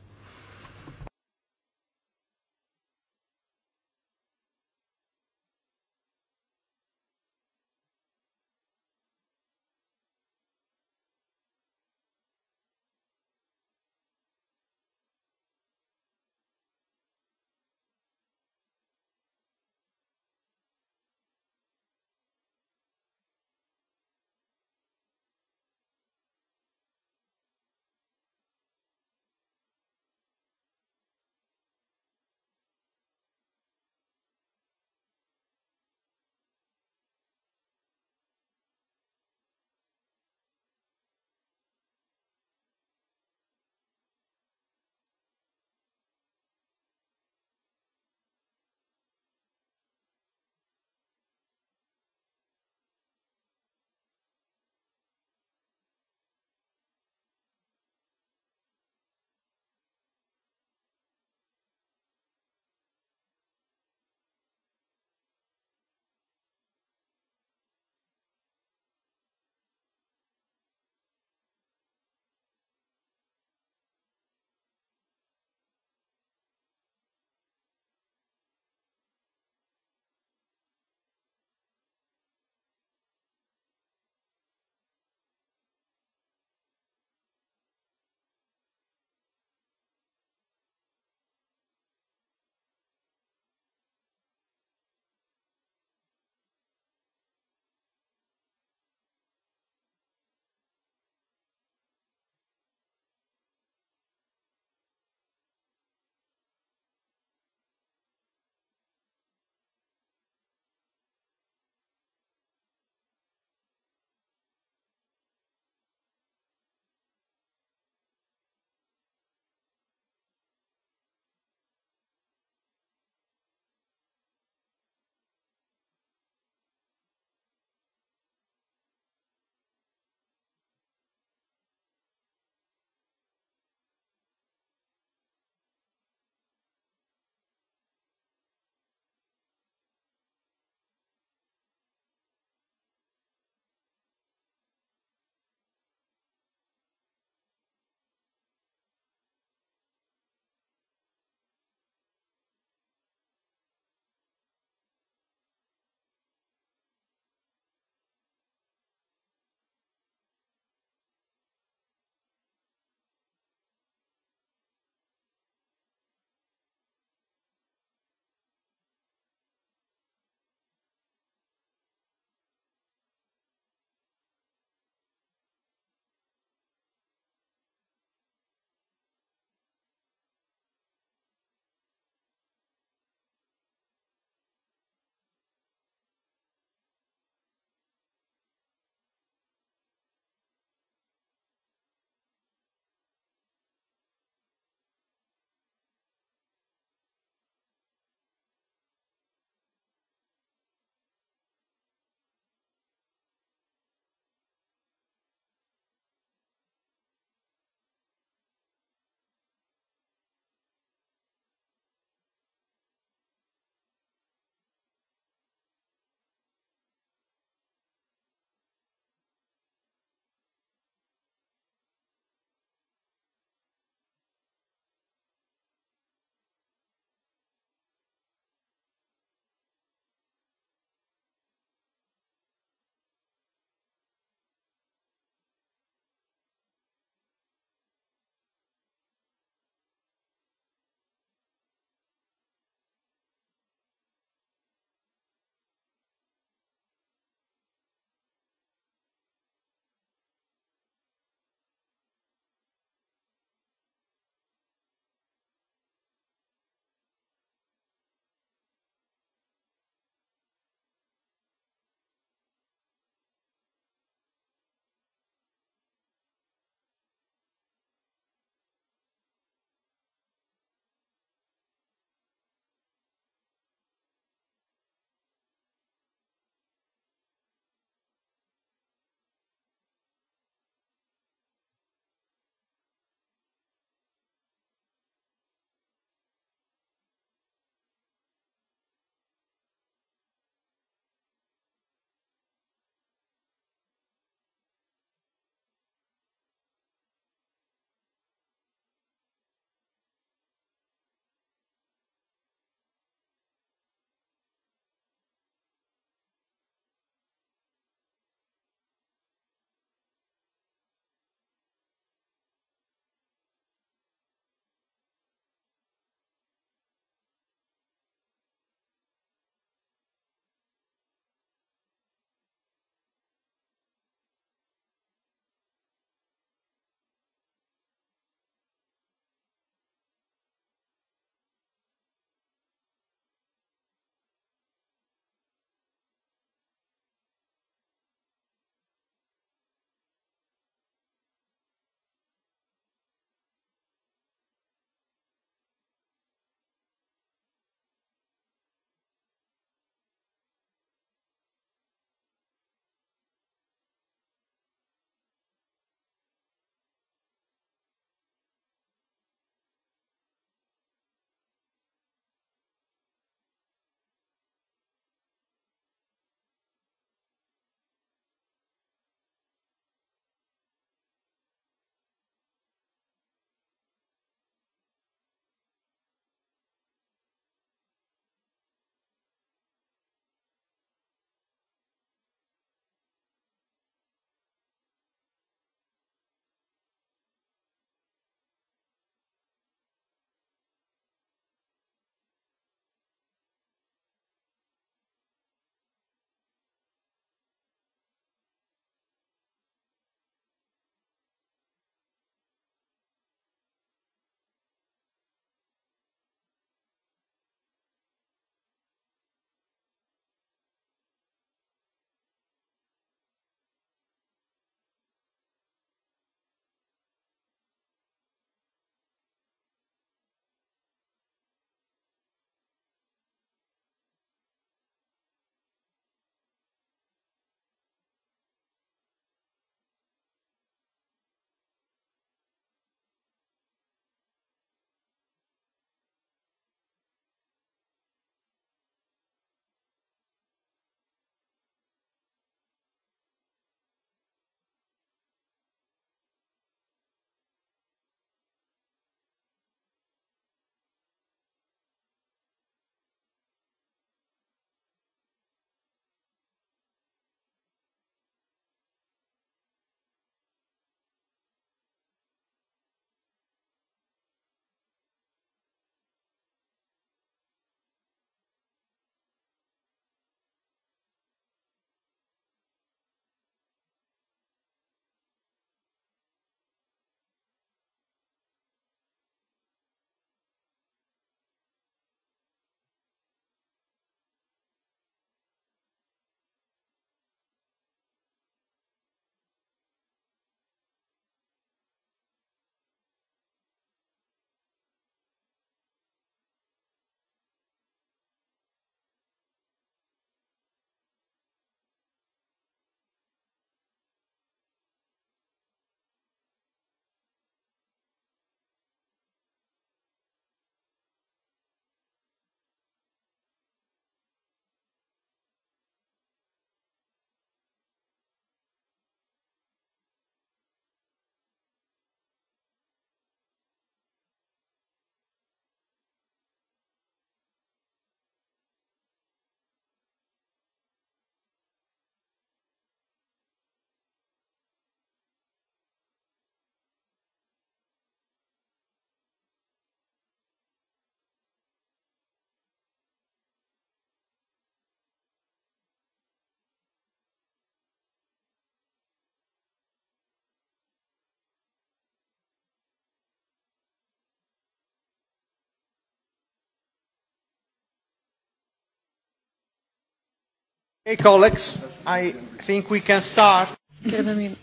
B: Hey, colleagues, I think we can start. Gerbiami.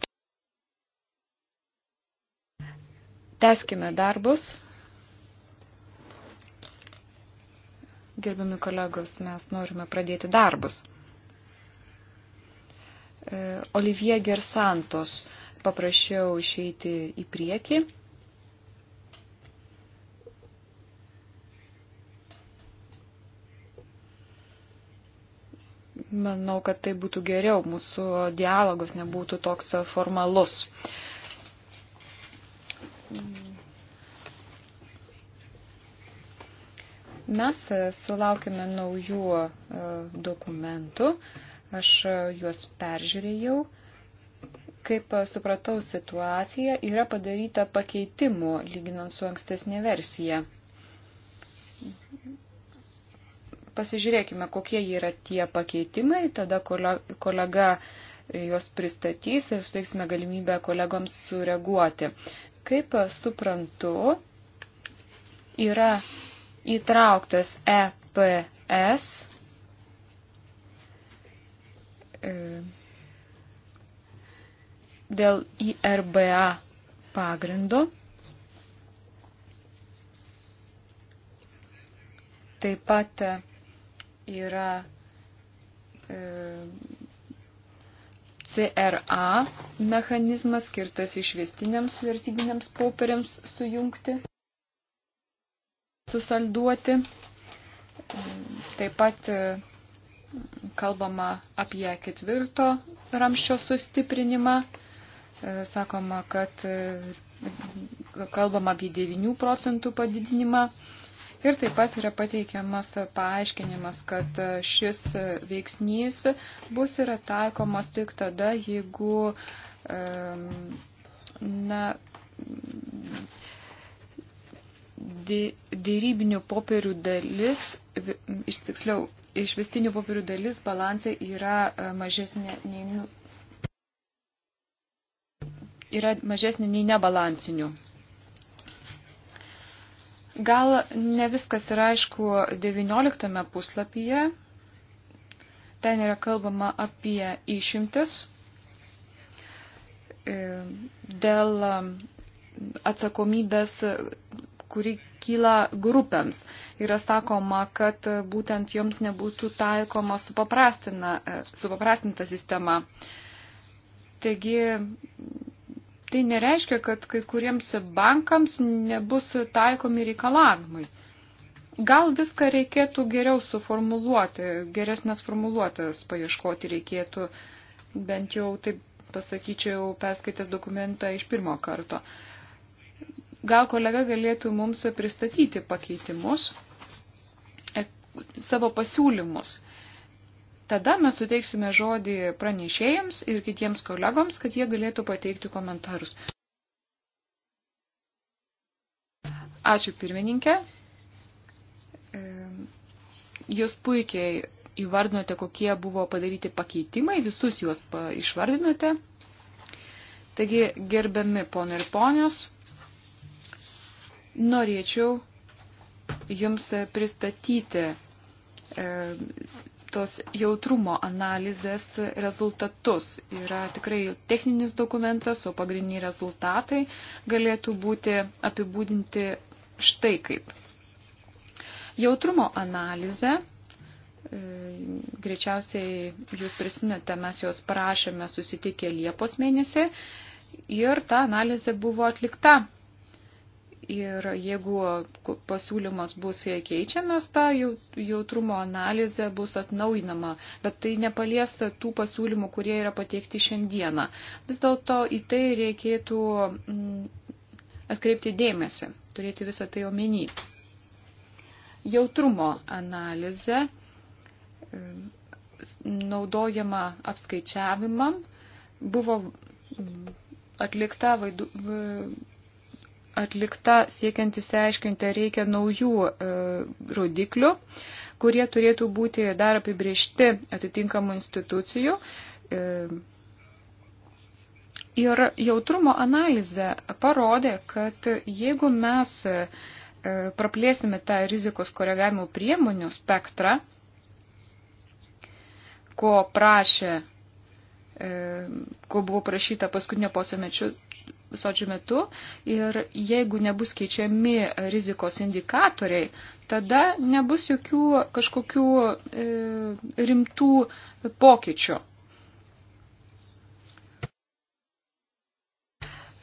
C: Teskime darbus. Gerbiami kolegos, mes norime pradėti darbus. E, Olivier Gersantos paprašiau išeiti į priekį. Manau, kad tai būtų geriau, mūsų dialogas nebūtų toks formalus. Mes e, sulaukime naujų e, dokumentų, aš e, juos peržiūrėjau. Kaip supratau situaciją, yra padaryta pakeitimų lyginant su ankstesnė versija. Pasižiūrėkime, kokie yra tie pakeitimai, tada kolega juos pristatys ir suteiksime galimybę kolegoms sureaguoti. Kaip suprantu, yra įtrauktas EPS. E, dėl IRBA pagrindo taip pat yra e, CRA mechanizmas skirtas išvestiniams vertybiniams popieriams sujungti, susalduoti. Taip pat e, kalbama apie ketvirto ramščio sustiprinimą. E, sakoma, kad e, kalbama apie 9 procentų padidinimą Ir taip pat yra pateikiamas paaiškinimas, kad šis veiksnys bus yra taikomas tik tada, jeigu na, dėrybinių popierių dalis, iš tiksliau, išvestinių popierių dalis balansai yra e, mažesnė nei, nu, yra mažesnė nei nebalansinių. Gal ne viskas yra aišku 19 puslapyje. Ten yra kalbama apie išimtis e, dėl atsakomybės, kuri kyla grupėms. Yra sakoma, kad būtent joms nebūtų taikoma e, supaprastinta sistema. Taigi tai nereiškia, kad kai kuriems bankams nebus taikomi reikalavimai. Gal viską reikėtų geriau suformuluoti, geresnės formuluotės paieškoti reikėtų, bent jau taip pasakyčiau, perskaitęs dokumentą iš pirmo karto. Gal kolega galėtų mums pristatyti pakeitimus, e, savo pasiūlymus Tada mes suteiksime žodį pranešėjams ir kitiems kolegoms, kad jie galėtų pateikti komentarus. Ačiū pirmininkė. E, jūs puikiai įvardinote, kokie buvo padaryti pakeitimai, visus juos išvardinote. Taigi, gerbiami ponai ir ponios, norėčiau Jums pristatyti e, tos jautrumo analizės rezultatus. Yra tikrai techninis dokumentas, o pagrindiniai rezultatai galėtų būti apibūdinti štai kaip. Jautrumo analizė e, greičiausiai jūs prisiminate, mes jos prašėme susitikę Liepos mėnesį ir ta analizė buvo atlikta Ir jeigu pasiūlymas bus keičiamas, ta jautrumo analizė bus atnaujinama, bet tai nepalies tų pasiūlymų, kurie yra pateikti šiandieną. Vis dėlto į tai reikėtų mm, atkreipti dėmesį, turėti visą tai omeny. Jautrumo analizė mm, naudojama apskaičiavimam buvo mm, atlikta vaidu, atlikta siekiant įsiaiškinti, reikia naujų e, rodiklių, kurie turėtų būti dar apibriežti atitinkamų institucijų. E, ir jautrumo analizė parodė, kad jeigu mes e, praplėsime tą rizikos koregavimo priemonių spektrą, ko prašė E, ko buvo prašyta paskutinio posėmečio sočio metu. Ir jeigu nebus keičiami rizikos indikatoriai, tada nebus jokių kažkokių e, rimtų pokyčių.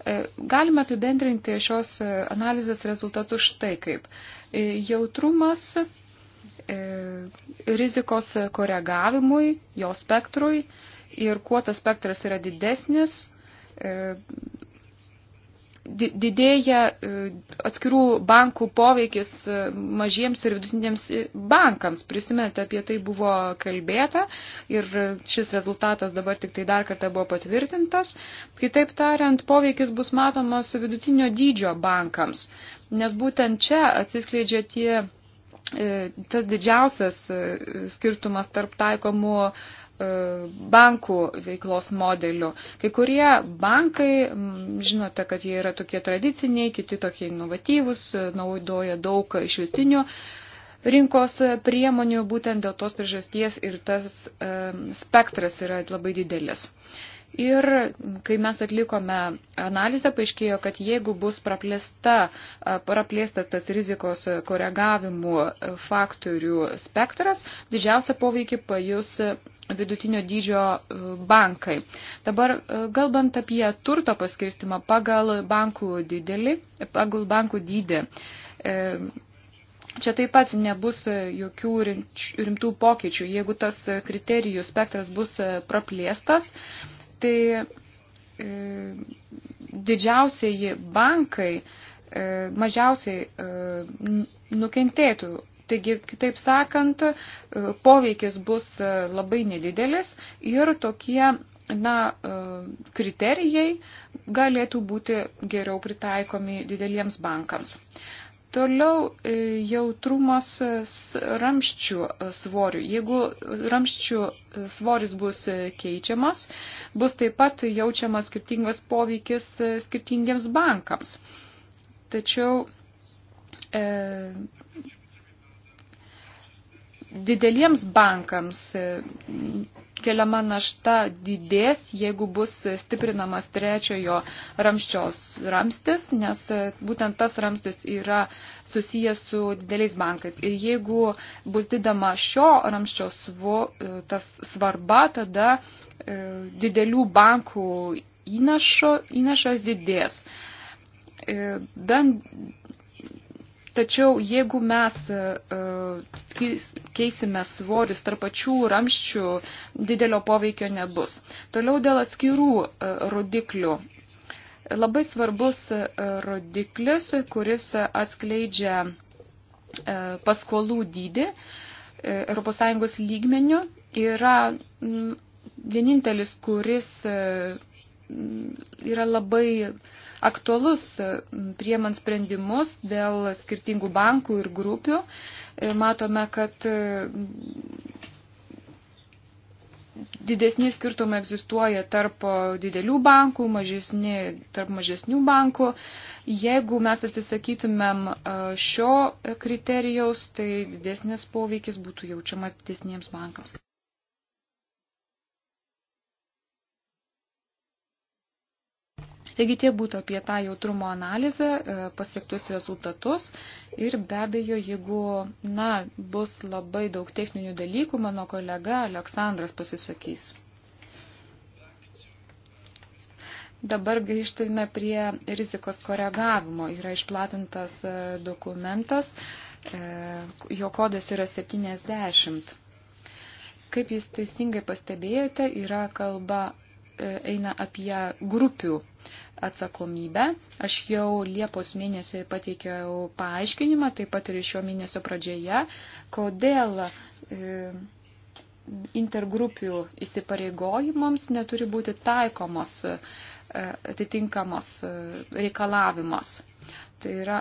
C: E, Galime apibendrinti šios analizės rezultatus štai kaip. E, jautrumas rizikos koregavimui, jo spektrui ir kuo tas spektras yra didesnis, e, didėja e, atskirų bankų poveikis e, mažiems ir vidutiniams bankams. Prisimenate, apie tai buvo kalbėta ir šis rezultatas dabar tik tai dar kartą buvo patvirtintas. Kitaip tariant, poveikis bus matomas vidutinio dydžio bankams, nes būtent čia atsiskleidžia tie tas didžiausias skirtumas tarp taikomų E, bankų veiklos modelių. Kai kurie bankai, žinote, kad jie yra tokie tradiciniai, kiti tokie inovatyvūs, e, naudoja daug išvestinių rinkos priemonių, būtent dėl tos priežasties ir tas e, spektras yra labai didelis. Ir kai mes atlikome analizę, paaiškėjo, kad jeigu bus praplėsta, praplėstas tas rizikos koregavimų faktorių spektras, didžiausia poveikį pajus vidutinio dydžio e, bankai. Dabar, galbant e, apie turto paskirstimą pagal bankų, didelį, pagal bankų dydį, e, čia taip pat nebus jokių rimtų pokyčių. Jeigu tas kriterijų spektras bus praplėstas, tai didžiausiai bankai mažiausiai nukentėtų Taigi, kitaip sakant, poveikis bus e, labai nedidelis ir tokie na, e, kriterijai galėtų būti geriau pritaikomi dideliems bankams. Toliau e, jautrumas ramščių svorių. Jeigu ramščių svoris bus keičiamas, bus taip pat jaučiamas skirtingas poveikis skirtingiems bankams. Tačiau e, dideliems bankams e, keliama našta didės, jeigu bus stiprinamas trečiojo ramščios ramstis, nes e, būtent tas ramstis yra susijęs su dideliais bankais. Ir jeigu bus didama šio ramščio svo, e, tas svarba, tada didelių bankų įnašo, įnašas didės. Bent Tačiau jeigu mes e, e, keisime svorius tarp pačių ramščių, didelio poveikio nebus. Toliau dėl atskirų e, rodiklių. Labai svarbus rodiklis, kuris atskleidžia paskolų dydį ES lygmenių, yra vienintelis, kuris yra labai aktualus e, priemant sprendimus dėl skirtingų bankų ir grupių. E, matome, kad e, didesni skirtumai egzistuoja tarp didelių bankų, mažesni tarp mažesnių bankų. Jeigu mes atsisakytumėm šio kriterijaus, tai didesnis poveikis būtų jaučiamas didesniems bankams. Taigi tie būtų apie tą jautrumo analizę, e, pasiektus rezultatus ir be abejo, jeigu na, bus labai daug techninių dalykų, mano kolega Aleksandras pasisakys. Dabar grįžtame prie rizikos koregavimo. Yra išplatintas e, dokumentas, e, jo kodas yra 70. Kaip jūs teisingai pastebėjote, yra kalba eina apie grupių uh, atsakomybę. Aš jau Liepos mėnesį pateikiau paaiškinimą, taip pat ir šio mėnesio pradžioje, kodėl e, intergrupių įsipareigojimams neturi būti taikomos e, atitinkamos e, reikalavimas. Tai yra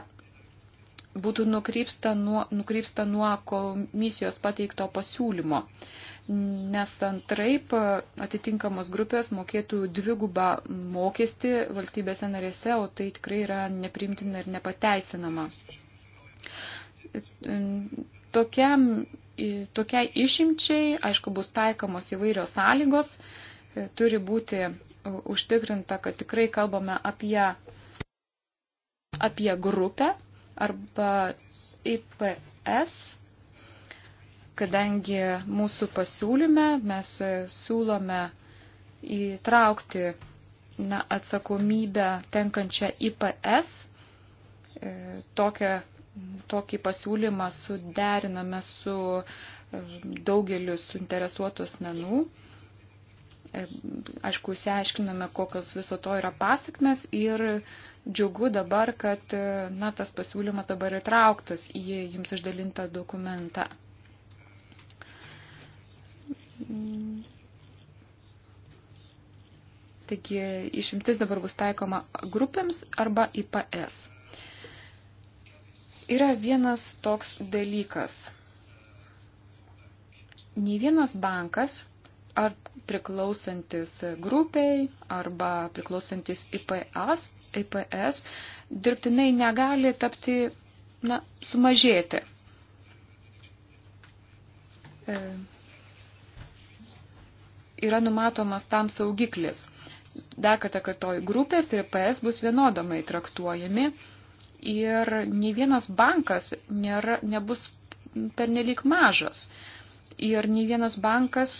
C: būtų nukrypsta nuo, nukrypsta nuo komisijos pateikto pasiūlymo nes antraip atitinkamos grupės mokėtų dvigubą mokestį valstybėse narėse, o tai tikrai yra neprimtina ir nepateisinama. Tokiam, tokiai išimčiai, aišku, bus taikomos įvairios sąlygos, turi būti užtikrinta, kad tikrai kalbame apie, apie grupę arba IPS kadangi mūsų pasiūlyme mes siūlome įtraukti na, atsakomybę tenkančią IPS. E, tokią, tokį pasiūlymą suderiname su e, daugeliu suinteresuotos menų. E, aišku, išsiaiškiname, kokios viso to yra pasakmes ir džiugu dabar, kad na, tas pasiūlymas dabar įtrauktas į jums išdalintą dokumentą. Mm. Taigi išimtis dabar bus taikoma grupėms arba IPS. Yra vienas toks dalykas. Nei vienas bankas ar priklausantis grupiai arba priklausantis IPS, IPS dirbtinai negali tapti, na, sumažėti. E yra numatomas tam saugiklis. Dar kartą kartoju, grupės ir PS bus vienodamai traktuojami ir nei vienas bankas nėra, nebus pernelik mažas. Ir nei vienas bankas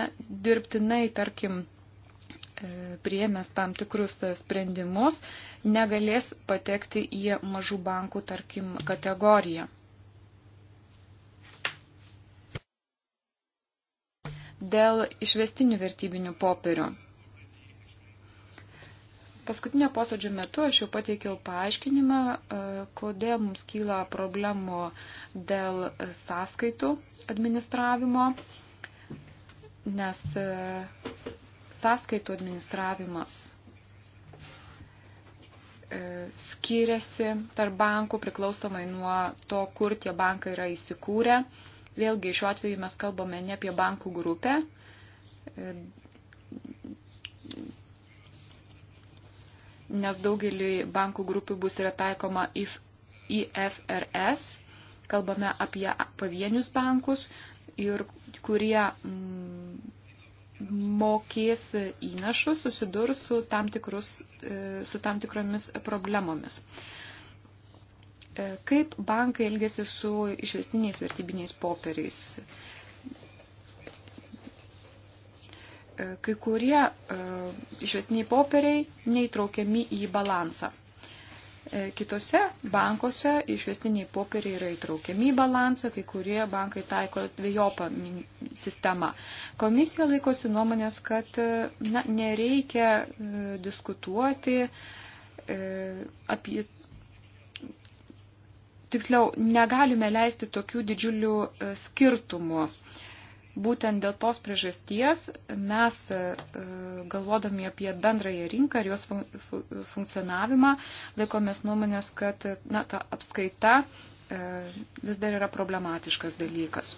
C: na, dirbtinai, tarkim, e, priėmęs tam tikrus sprendimus, negalės patekti į mažų bankų, tarkim, kategoriją. dėl išvestinių vertybinių popierių. Paskutinio posėdžio metu aš jau pateikiau paaiškinimą, e, kodėl mums kyla problemų dėl sąskaitų administravimo, nes e, sąskaitų administravimas e, skiriasi tarp bankų priklausomai nuo to, kur tie bankai yra įsikūrę. Vėlgi šiuo atveju mes kalbame ne apie bankų grupę. Nes daugelį bankų grupių bus yra taikoma IFRS, kalbame apie pavienius bankus ir kurie mm, mokės įnašus susidurs su tam, tikrus, e, su tam tikromis problemomis. E, kaip bankai elgesi su išvestiniais vertybiniais popieriais? E, kai kurie e, išvestiniai popieriai neįtraukiami į balansą. Kitose bankuose išvestiniai popieriai yra įtraukiami į balansą, kai kurie bankai taiko dviejopą sistemą. Komisija laikosi nuomonės, kad na, nereikia diskutuoti apie tiksliau, negalime leisti tokių didžiulių e, skirtumų. Būtent dėl tos priežasties mes, e, e, galvodami apie bendrąją rinką ir jos funkcionavimą, laikomės nuomonės, kad na, ta apskaita vis dar yra problematiškas dalykas.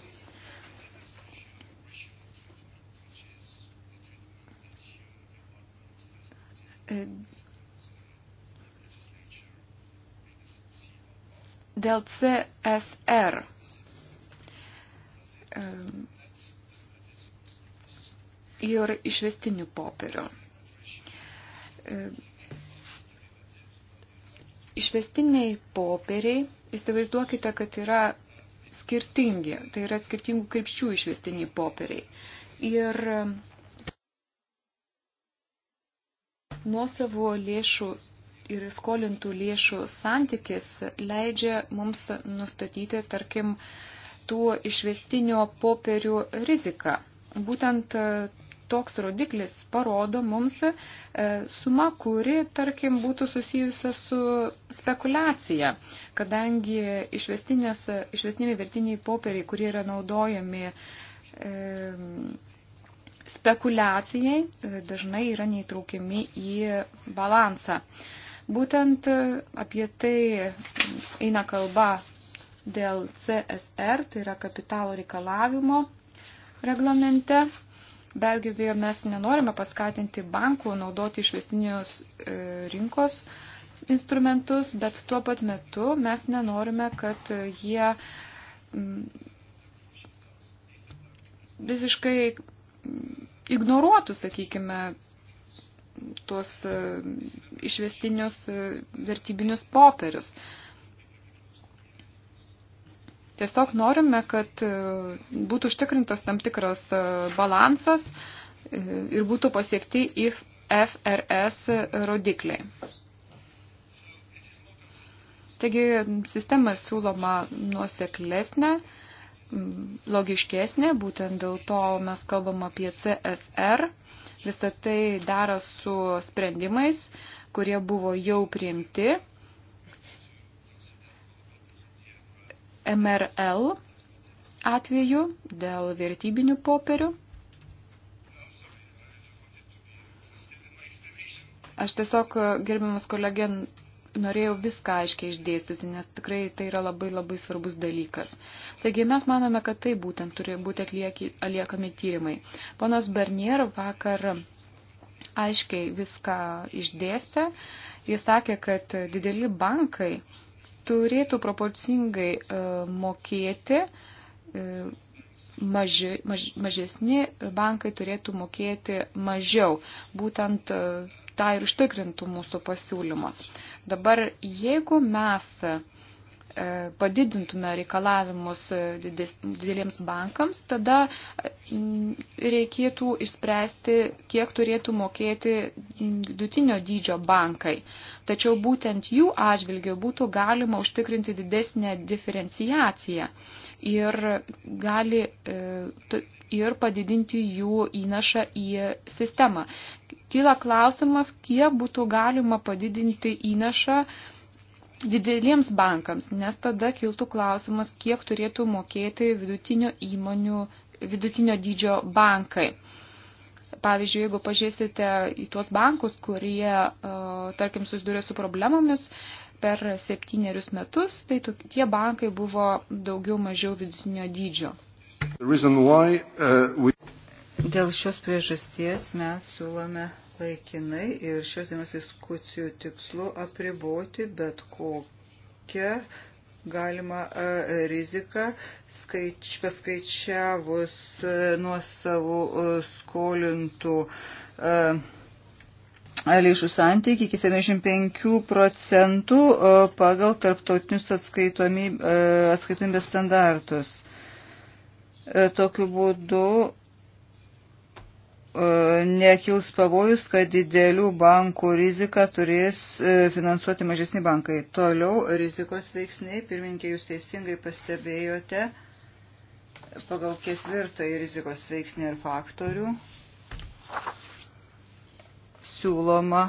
C: E, Dėl CSR. Ir išvestinių popierių. Išvestiniai popieriai, įsivaizduokite, kad yra skirtingi, tai yra skirtingų krypčių išvestiniai popieriai. Ir nuosavo lėšų ir skolintų lėšų santykis leidžia mums nustatyti, tarkim, tų išvestinio popierių riziką. Būtent e, toks rodiklis parodo mums e, sumą, kuri, tarkim, būtų susijusia su spekulacija, kadangi išvestiniai vertiniai popieriai, kurie yra naudojami e, spekulacijai, e, dažnai yra neįtraukiami į balansą. E, Būtent e, apie tai eina kalba dėl CSR, tai yra kapitalo reikalavimo reglamente. Be abejo, mes nenorime paskatinti bankų naudoti išvestinius e, rinkos instrumentus, bet tuo pat metu mes nenorime, kad jie mm, visiškai mm, ignoruotų, sakykime, tuos e, išvestinius e, vertybinius popierius. Tiesiog norime, kad e, būtų užtikrintas tam tikras balansas ir būtų pasiekti if FRS rodikliai. Taigi sistema siūloma nuoseklesnė, logiškesnė, būtent dėl to mes kalbam apie CSR Visą tai dera su sprendimais, kurie buvo jau priimti. MRL atveju dėl vertybinių popierių. Aš tiesiog, gerbiamas kolegė, norėjau viską aiškiai išdėstyti, nes tikrai tai yra labai labai svarbus dalykas. Taigi mes manome, kad tai būtent turi būti atlieki, atliekami tyrimai. Ponas Bernier vakar aiškiai viską išdėstė. Jis sakė, kad dideli bankai turėtų proporcingai uh, mokėti. Uh, maži, maž, mažesni bankai turėtų mokėti mažiau. Būtent uh, tą ir užtikrintų mūsų pasiūlymas. Dabar, jeigu mes e, padidintume reikalavimus dideliems bankams, tada reikėtų išspręsti, kiek turėtų mokėti vidutinio dydžio bankai. Tačiau būtent jų atžvilgiu būtų galima užtikrinti didesnę diferenciaciją ir, gali, e, ir padidinti jų įnašą į sistemą. Kyla klausimas, kiek būtų galima padidinti įnašą dideliems bankams, nes tada kiltų klausimas, kiek turėtų mokėti vidutinio įmonių, vidutinio dydžio bankai. Pavyzdžiui, jeigu pažiūrėsite į tuos bankus, kurie, e, tarkim, susidūrė su problemomis per septynerius metus, tai tie bankai buvo daugiau mažiau vidutinio dydžio.
A: Why, uh, we...
E: Dėl šios priežasties mes siūlome laikinai ir šios dienos diskusijų tikslu apriboti bet kokią galima e, riziką skaič, paskaičiavus e, nuo savo e, skolintų lėšų santykių iki 75 procentų pagal tarptautinius atskaitomybės standartus. Tokiu būdu E, nekils pavojus, kad didelių bankų riziką turės e, finansuoti mažesni bankai. Toliau rizikos veiksniai, pirminkė, jūs teisingai pastebėjote, pagal ketvirtąjį rizikos veiksnį ir faktorių siūloma.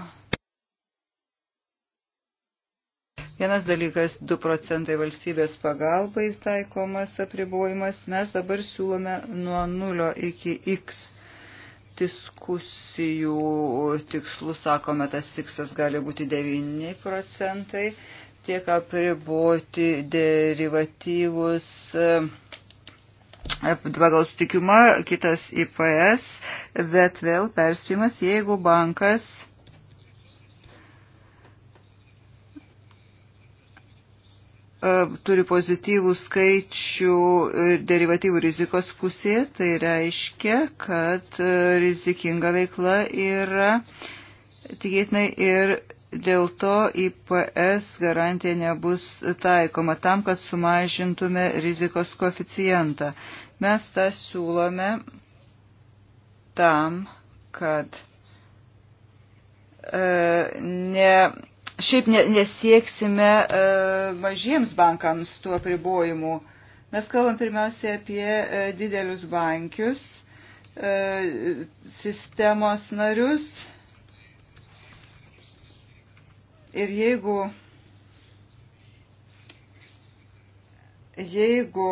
E: Vienas dalykas - 2 procentai valstybės pagalbai taikomas apribojimas. Mes dabar siūlome nuo 0 iki x diskusijų tikslų, sakome, tas tikslas gali būti 9 procentai, tiek apriboti derivatyvus e, pagal sutikimą, kitas IPS, bet vėl perspėjimas, jeigu bankas E, turi pozityvų skaičių e, derivatyvų rizikos pusėje, tai reiškia, kad e, rizikinga veikla yra tikėtinai ir dėl to IPS garantija nebus taikoma tam, kad sumažintume rizikos koeficientą. Mes tą siūlome tam, kad e, ne šiaip nesieksime e, mažiems bankams tuo pribojimu. Mes kalbam pirmiausia apie e, didelius bankius, e, sistemos narius. Ir jeigu, jeigu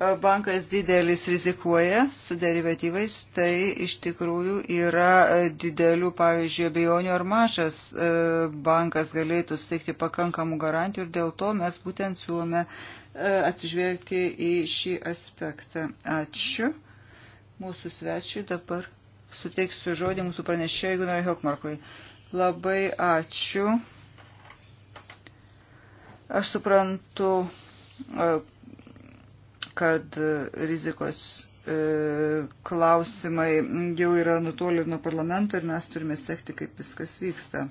E: E, bankas didelis rizikuoja su derivatyvais, tai iš tikrųjų yra e, didelių, pavyzdžiui, abejonių ar mažas e, bankas galėtų suteikti pakankamų garantijų ir dėl to mes būtent siūlome atsižvelgti į šį aspektą. Ačiū. Mūsų svečiui dabar suteiksiu žodį mūsų pranešėjui Gunnar Hokmarkui. Labai ačiū. Aš suprantu kad e, rizikos e, klausimai jau yra nutolę nuo parlamento ir mes turime sekti, kaip viskas vyksta.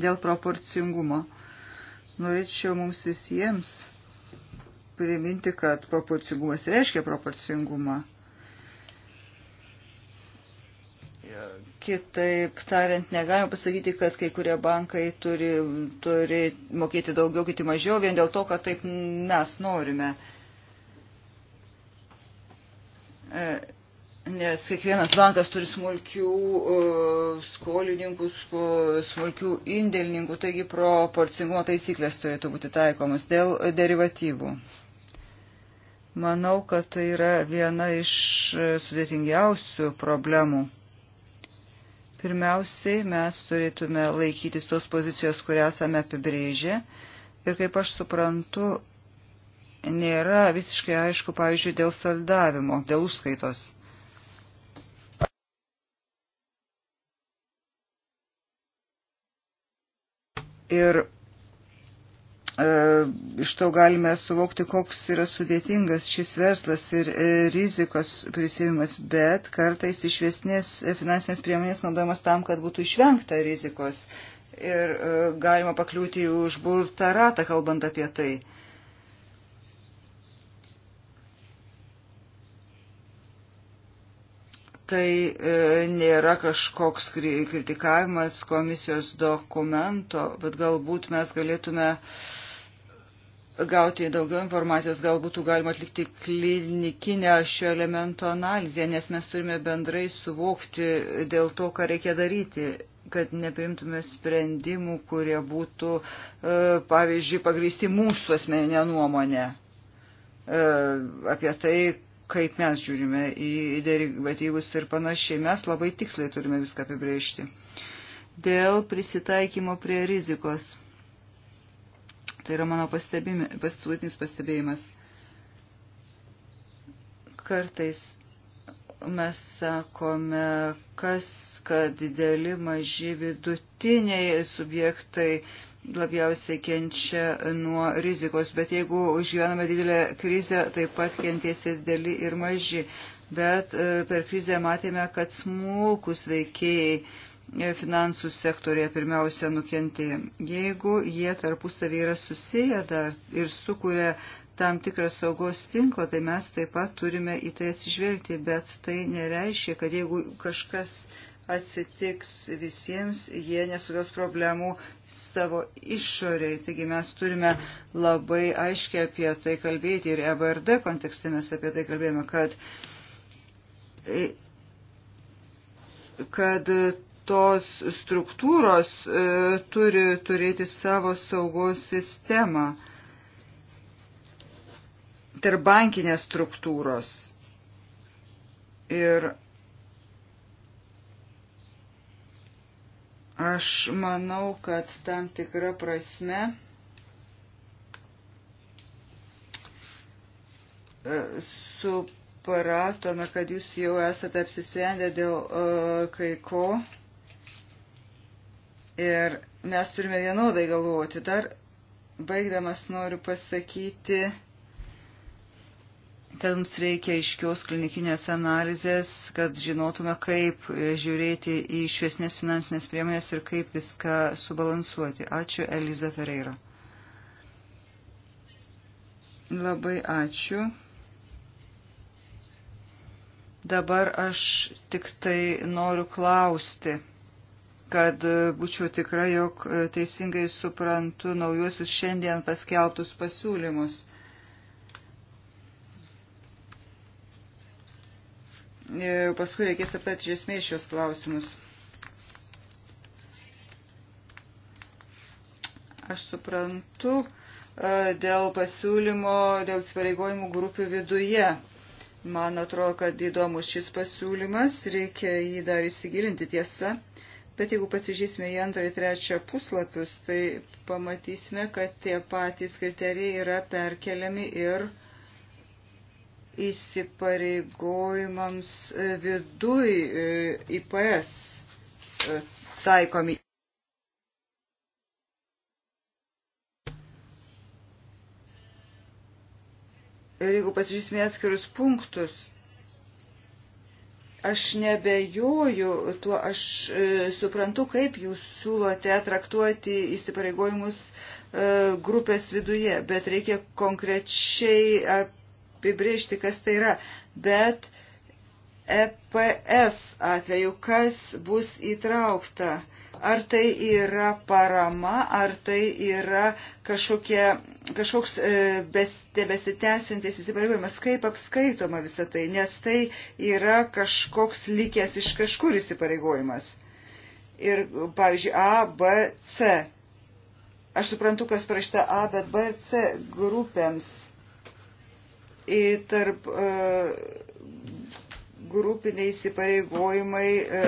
E: Dėl proporcingumo. Norėčiau mums visiems priminti, kad proporcingumas reiškia proporcingumą. Kitaip tariant, negalima pasakyti, kad kai kurie bankai turi, turi mokėti daugiau, kiti mažiau, vien dėl to, kad taip mes norime. Uh, E, nes kiekvienas bankas turi smulkių e, skolininkų, smulkių indėlininkų, taigi proporcingumo taisyklės turėtų būti taikomas dėl derivatyvų. Manau, kad tai yra viena iš e, sudėtingiausių problemų. Pirmiausiai mes turėtume laikytis tos pozicijos, kurią esame apibrėžę. Ir kaip aš suprantu, nėra visiškai aišku, pavyzdžiui, dėl saldavimo, dėl užskaitos. Ir e, iš to galime suvokti, koks yra sudėtingas šis verslas ir e, rizikos prisimimas, bet kartais išvesnės e, finansinės priemonės naudojamas tam, kad būtų išvengta rizikos ir galima pakliūti į užburtą ratą, kalbant apie tai. tai e, nėra kažkoks kritikavimas komisijos dokumento, bet galbūt mes galėtume gauti daugiau informacijos, galbūt galima atlikti klinikinę šio elemento analizę, nes mes turime bendrai suvokti dėl to, ką reikia daryti kad neprimtume sprendimų, kurie būtų, e, pavyzdžiui, pagrįsti mūsų asmeninę nuomonę e, apie tai, kaip mes žiūrime į derivatyvus ir panašiai. Mes labai tiksliai turime viską apibrėžti. Dėl prisitaikymo prie rizikos. Tai yra mano paskutinis pastebėjimas. Kartais mes sakome, kas, kad dideli, maži, vidutiniai subjektai labiausiai kenčia nuo rizikos, bet jeigu išgyvename didelę krizę, taip pat kentėsi dideli ir maži. Bet e, per krizę matėme, kad smulkus veikėjai e, finansų sektorėje pirmiausia nukentėjo. Jeigu jie tarpusavį yra susiję dar ir sukuria tam tikrą saugos tinklą, tai mes taip pat turime į tai atsižvelgti, bet tai nereiškia, kad jeigu kažkas atsitiks visiems, jie nesuvės problemų savo išoriai. Taigi mes turime labai aiškiai apie tai kalbėti ir EBRD kontekste mes apie tai kalbėjome, kad, kad tos struktūros e, turi turėti savo saugos sistemą tarbankinės struktūros. Ir Aš manau, kad tam tikra prasme e, supratome, kad jūs jau esate apsisprendę dėl uh, kai ko ir mes turime vienodai galvoti. Dar baigdamas noriu pasakyti, uh, Ten mums reikia aiškios klinikinės analizės, kad žinotume, kaip e, žiūrėti į šviesnės finansinės priemonės ir kaip viską subalansuoti. Ačiū Eliza Ferreira. Labai ačiū. Dabar aš tik tai noriu klausti, kad e, būčiau tikra, jog e, teisingai suprantu naujuosius šiandien paskelbtus pasiūlymus. E, paskui reikės aptarti iš esmės šios klausimus. Aš suprantu e, dėl pasiūlymo, dėl įsipareigojimų grupių viduje. Man atrodo, kad įdomus šis pasiūlymas, reikia jį dar įsigilinti tiesa. Bet jeigu pasižiūrėsime į antrą ir trečią puslapius, tai pamatysime, kad tie patys kriterijai yra perkeliami ir uh, įsipareigojimams e, viduj e, IPS e, taikomi. Ir jeigu pasižiūrėsime atskirus punktus, aš nebejoju, tuo aš e, suprantu, kaip jūs siūlote traktuoti įsipareigojimus e, grupės viduje, bet reikia konkrečiai ap, apibriežti, kas tai yra, bet EPS atveju, kas bus įtraukta, ar tai yra parama, ar tai yra kažkokie, kažkoks e, bes, besitęsintis įsipareigojimas, kaip apskaitoma visa tai, nes tai yra kažkoks likęs iš kažkur įsipareigojimas. Ir, pavyzdžiui, A, B, C Aš suprantu, kas parašyta A, bet B ir C grupėms į tarp e, grupiniai įsipareigojimai e,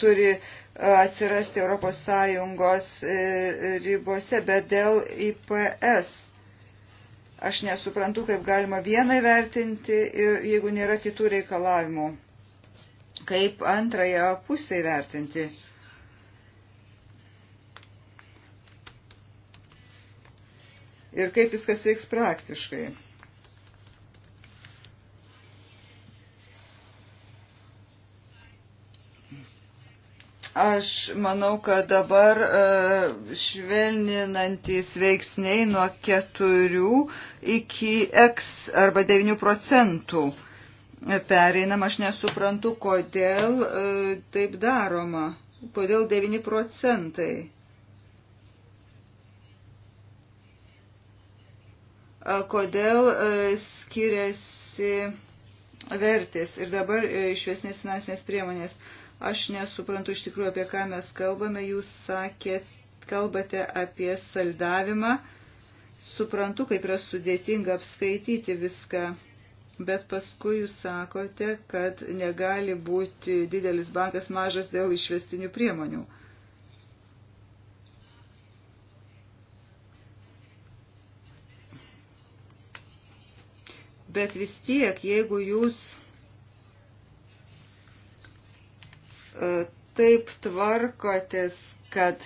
E: turi e, atsirasti ES ribose, bet dėl IPS. Aš nesuprantu, kaip galima vieną vertinti, jeigu nėra kitų reikalavimų. Kaip antrąją pusę vertinti. Ir kaip viskas veiks praktiškai. Aš manau, kad dabar e, švelninantys veiksniai nuo 4 iki X arba 9 procentų pereinam. Aš nesuprantu, kodėl e, taip daroma. Kodėl 9 procentai. E, kodėl skiriasi vertės ir dabar išvesnės finansinės priemonės. Aš nesuprantu iš tikrųjų, apie ką mes kalbame. Jūs sakėt, kalbate apie saldavimą. Suprantu, kaip yra sudėtinga apskaityti viską. Bet paskui jūs sakote, kad negali būti didelis bankas mažas dėl išvestinių priemonių. Bet vis tiek, jeigu jūs E, taip tvarkotės, kad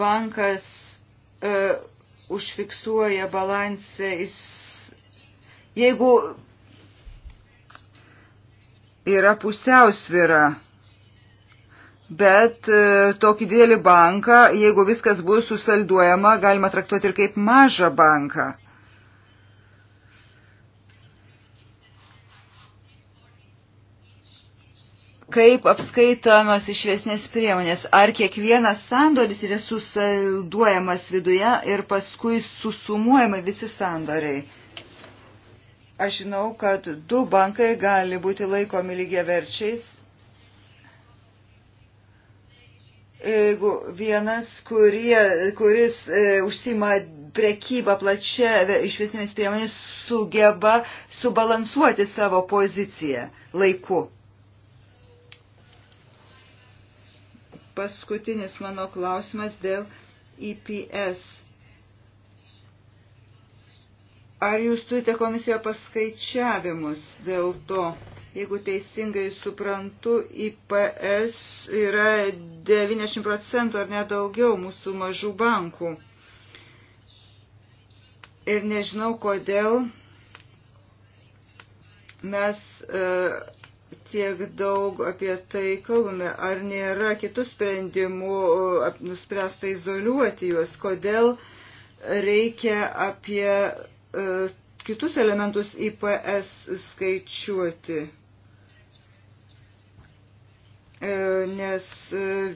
E: bankas uh, užfiksuoja balansę, jis, jeigu yra pusiausvyra, bet uh, tokį didelį banką, jeigu viskas bus susalduojama, galima traktuoti ir kaip mažą banką. kaip apskaitomos išvesnės priemonės. Ar kiekvienas sandoris yra susalduojamas viduje ir paskui susumuojama visi sandoriai. Aš žinau, kad du bankai gali būti laikomi lygiai verčiais. Jeigu vienas, kurie, kuris e, užsima prekybą plačia išvesnėmis priemonėmis, sugeba subalansuoti savo poziciją laiku paskutinis mano klausimas dėl IPS. E ar jūs turite komisijoje paskaičiavimus dėl to? Jeigu teisingai suprantu, IPS e yra 90 procentų ar nedaugiau mūsų mažų bankų. Ir nežinau, kodėl mes e, tiek daug apie tai kalbame. Ar nėra kitų sprendimų uh, nuspręsta izoliuoti juos? Kodėl reikia apie uh, kitus elementus IPS skaičiuoti? Uh, nes uh,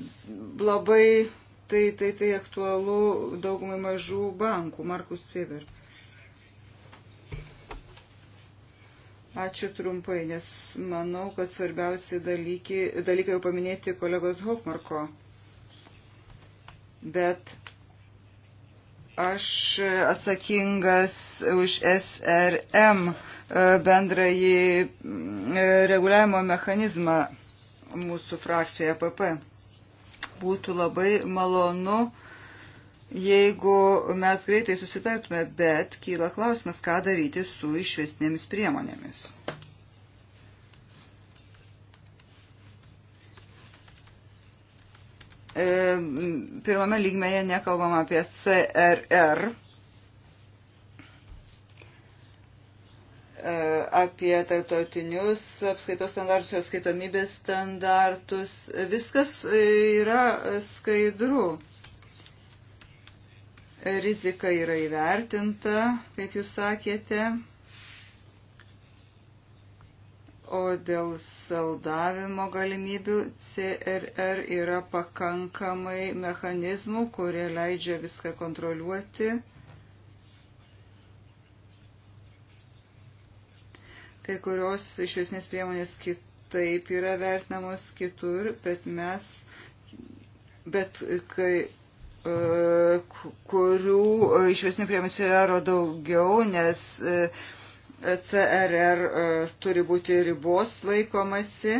E: labai tai, tai, tai aktualu daugumai mažų bankų. Markus Weber. Ačiū trumpai, nes manau, kad svarbiausi dalykai, dalykai jau paminėti kolegos Hopmarko. Bet aš atsakingas už SRM e, bendrąjį e, reguliavimo mechanizmą mūsų frakcijoje PP. Būtų labai malonu uh, jeigu mes greitai susitartume, bet kyla klausimas, ką daryti su išvestinėmis priemonėmis. E, pirmame lygmeje nekalbam apie CRR, e, apie tarptautinius apskaitos standartus ir skaitomybės standartus. Viskas yra skaidru Rizika yra įvertinta, kaip jūs sakėte. O dėl saldavimo galimybių CRR yra pakankamai mechanizmų, kurie leidžia viską kontroliuoti. kai kurios išvesnės priemonės kitaip yra vertinamos kitur, bet mes, bet kai E, kurių e, išvesnių priemonių yra daugiau, nes e, CRR turi būti ribos laikomasi.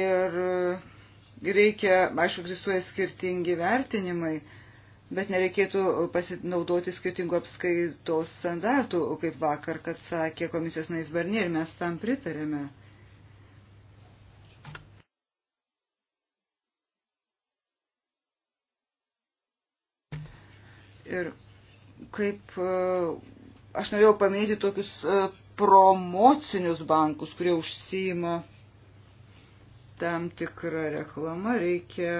E: Ir reikia, aišku, egzistuoja skirtingi vertinimai, bet nereikėtų pasinaudoti skirtingų apskaitos standartų, kaip vakar, kad sakė komisijos naisbarnė ir mes tam pritarėme. Ir kaip e, aš norėjau paminėti tokius e, promocinius bankus, kurie užsijima tam tikrą reklamą, reikia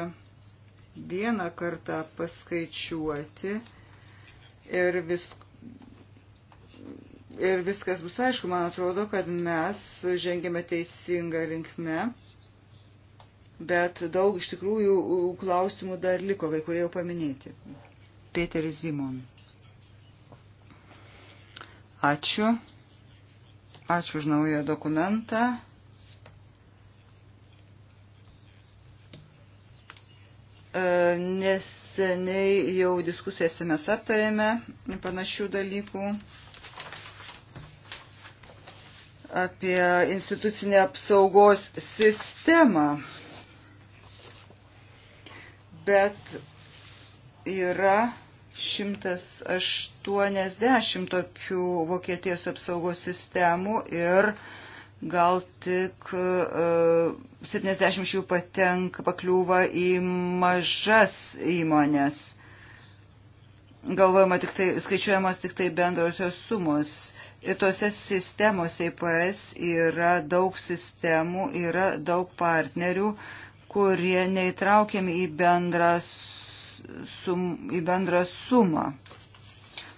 E: vieną kartą paskaičiuoti ir, vis, ir viskas bus aišku. Man atrodo, kad mes žengėme teisingą linkme, bet daug iš tikrųjų klausimų dar liko, kai kurie jau paminėti. Peter Zimon. Ačiū. Ačiū už naują dokumentą. E, neseniai jau diskusijose mes aptarėme panašių dalykų apie institucinę apsaugos sistemą. Bet yra 180 tokių Vokietijos apsaugos sistemų ir gal tik 70 e, jų patenka, pakliūva į mažas įmonės. Galvojama tik tai, skaičiuojamos tik tai bendrosios sumos. Ir tose sistemose IPS yra daug sistemų, yra daug partnerių, kurie neįtraukiami į bendras sum, į bendrą sumą,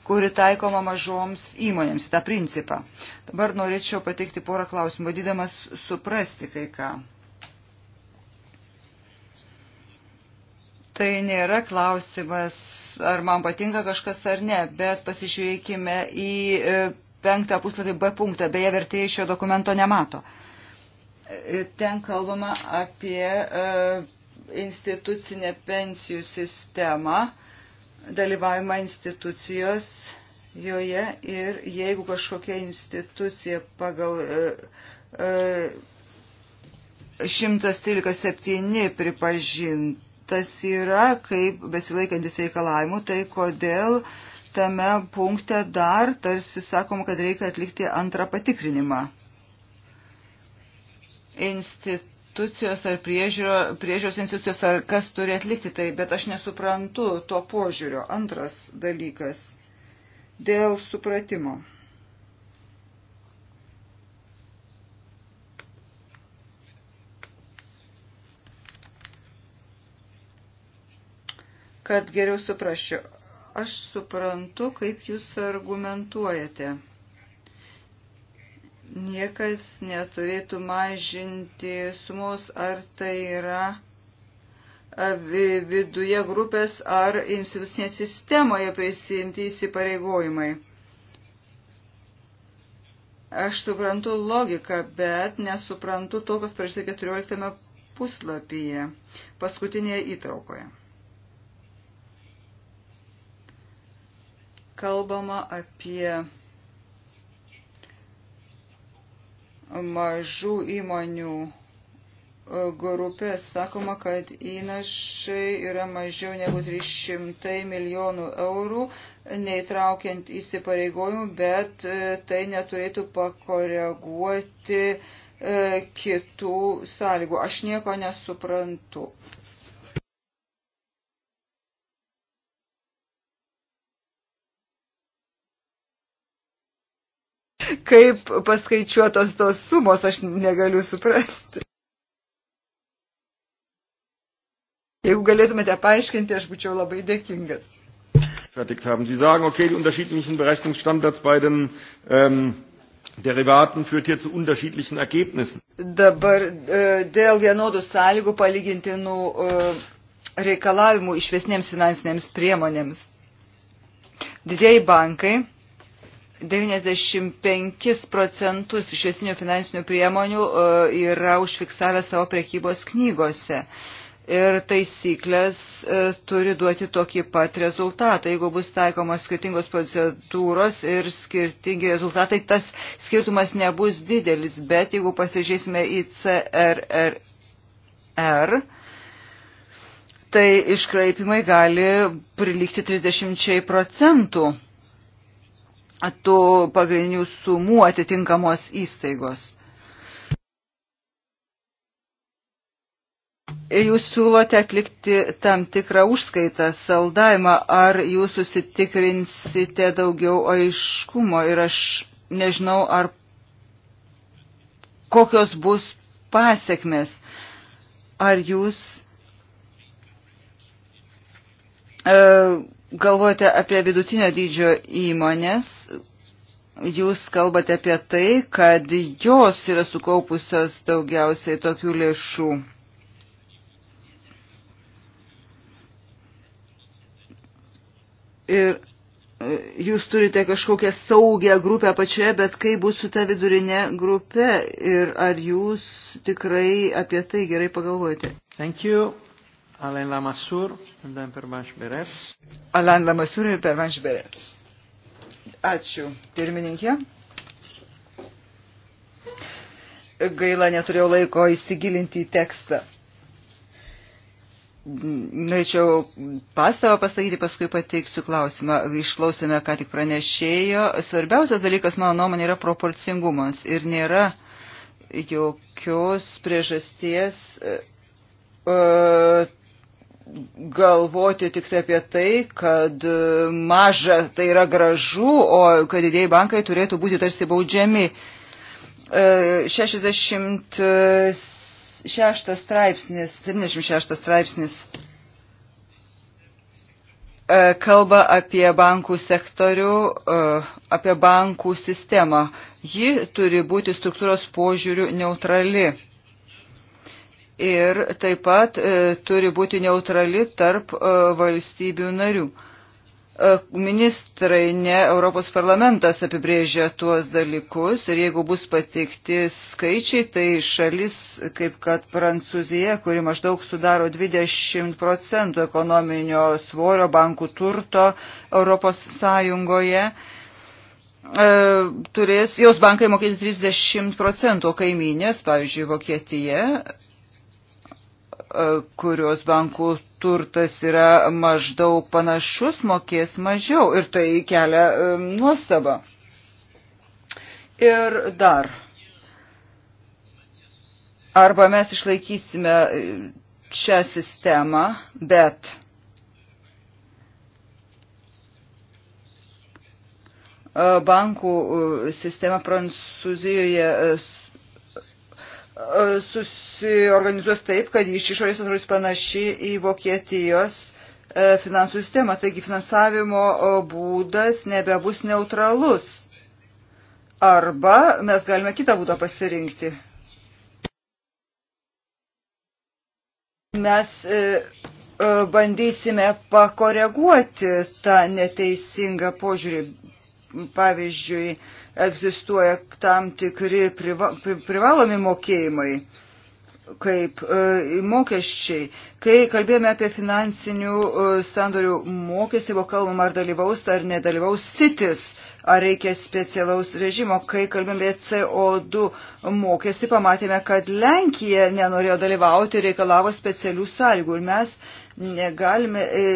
E: kuri taikoma mažoms įmonėms, tą principą. Dabar norėčiau pateikti porą klausimų, vadydamas suprasti kai ką. Tai nėra klausimas, ar man patinka kažkas ar ne, bet pasižiūrėkime į e, penktą puslapį B punktą, beje vertėjai šio dokumento nemato. E, ten kalbama apie e, institucinę pensijų sistemą, dalyvavimą institucijos joje ir jeigu kažkokia institucija pagal e, e, 113.7 pripažintas yra kaip besilaikantis reikalavimų, tai kodėl tame punkte dar tarsi sakoma, kad reikia atlikti antrą patikrinimą. Institucija institucijos ar priežiūro, priežiūros institucijos ar kas turi atlikti tai, bet aš nesuprantu to požiūrio. Antras dalykas - dėl supratimo. Kad geriau suprasčiau, aš suprantu, kaip jūs argumentuojate niekas neturėtų mažinti sumos, ar tai yra viduje grupės ar institucinėje sistemoje prisimti įsipareigojimai. Aš suprantu logiką, bet nesuprantu to, kas parašyta 14 puslapyje, paskutinėje įtraukoje. Kalbama apie mažų įmonių e, grupės sakoma, kad įnašai yra mažiau negu 300 milijonų eurų, neįtraukiant įsipareigojimų, bet e, tai neturėtų pakoreguoti e, kitų sąlygų. Aš nieko nesuprantu. kaip paskaičiuotos tos sumos, aš negaliu suprasti. Jeigu galėtumėte paaiškinti, aš būčiau labai dėkingas.
A: Fertigt haben. Sie sagen, okay, die unterschiedlichen Berechnungsstandards bei den ähm, Derivaten führt hier zu unterschiedlichen Ergebnissen.
E: Dabar äh, dėl vienodų sąlygų palygintinų äh, reikalavimų išvesnėms finansinėms priemonėms. Didieji bankai 95 procentus išvesinių finansinių priemonių e, yra užfiksavę savo prekybos knygose. Ir taisyklės e, turi duoti tokį pat rezultatą. Jeigu bus taikomos skirtingos procedūros ir skirtingi rezultatai, tas skirtumas nebus didelis. Bet jeigu pasižiūrėsime į CRRR, tai iškraipimai gali prilygti 30 procentų tų pagrindinių sumų atitinkamos įstaigos. Jūs siūlote atlikti tam tikrą užskaitą, saldavimą, ar jūs susitikrinsite daugiau aiškumo ir aš nežinau, ar kokios bus pasiekmes, ar jūs uh, e, galvojate apie vidutinio dydžio įmonės, jūs kalbate apie tai, kad jos yra sukaupusios daugiausiai tokių lėšų. Ir e, jūs turite kažkokią saugią grupę pačioje, bet kaip bus su ta vidurinė grupė ir ar jūs tikrai apie tai gerai pagalvojate? Thank you. Alain Lamassur, and then Permash Beres. Alain Lamassur ir Permash Beres. Ačiū, pirmininkė. Gaila, neturėjau laiko įsigilinti į tekstą. Norėčiau pastavą pasakyti, paskui pateiksiu klausimą. Išklausėme, ką tik pranešėjo. Svarbiausias dalykas, mano nuomonė, yra proporcingumas ir nėra jokios priežasties. Uh, e, e, galvoti tik tai apie tai, kad maža tai yra gražu, o kad didėjai bankai turėtų būti tarsi baudžiami. 66 e, straipsnis, 76 straipsnis e, kalba apie bankų sektorių, e, apie bankų sistemą. Ji turi būti struktūros požiūrių neutrali ir taip pat e, turi būti neutrali tarp e, valstybių narių. E, ministrai, ne Europos parlamentas apibrėžia tuos dalykus ir jeigu bus patikti skaičiai, tai šalis kaip kad Prancūzija, kuri maždaug sudaro 20 procentų ekonominio svorio bankų turto Europos Sąjungoje, e, turės, jos bankai mokės 30 procentų, o kaimynės, pavyzdžiui, Vokietija, E, kurios bankų turtas yra maždaug panašus, mokės mažiau ir tai kelia e, nuostabą. Ir dar. Arba mes išlaikysime šią sistemą, bet bankų e, sistema Prancūzijoje susiorganizuos taip, kad iš išorės atrodys panaši į Vokietijos e, finansų sistemą. Taigi finansavimo būdas nebebus neutralus. Arba mes galime kitą būdą pasirinkti. Mes e, e, bandysime pakoreguoti tą neteisingą požiūrį. Pavyzdžiui, egzistuoja tam tikri priva, privalomi mokėjimai kaip e, mokesčiai. Kai kalbėjome apie finansinių e, sandorių mokestį, buvo kalbama, ar dalyvaus ar nedalyvaus sitis, ar reikia specialaus režimo. Kai kalbėjome apie CO2 mokestį, pamatėme, kad Lenkija nenorėjo dalyvauti, reikalavo specialių sąlygų. Ir mes negalime e,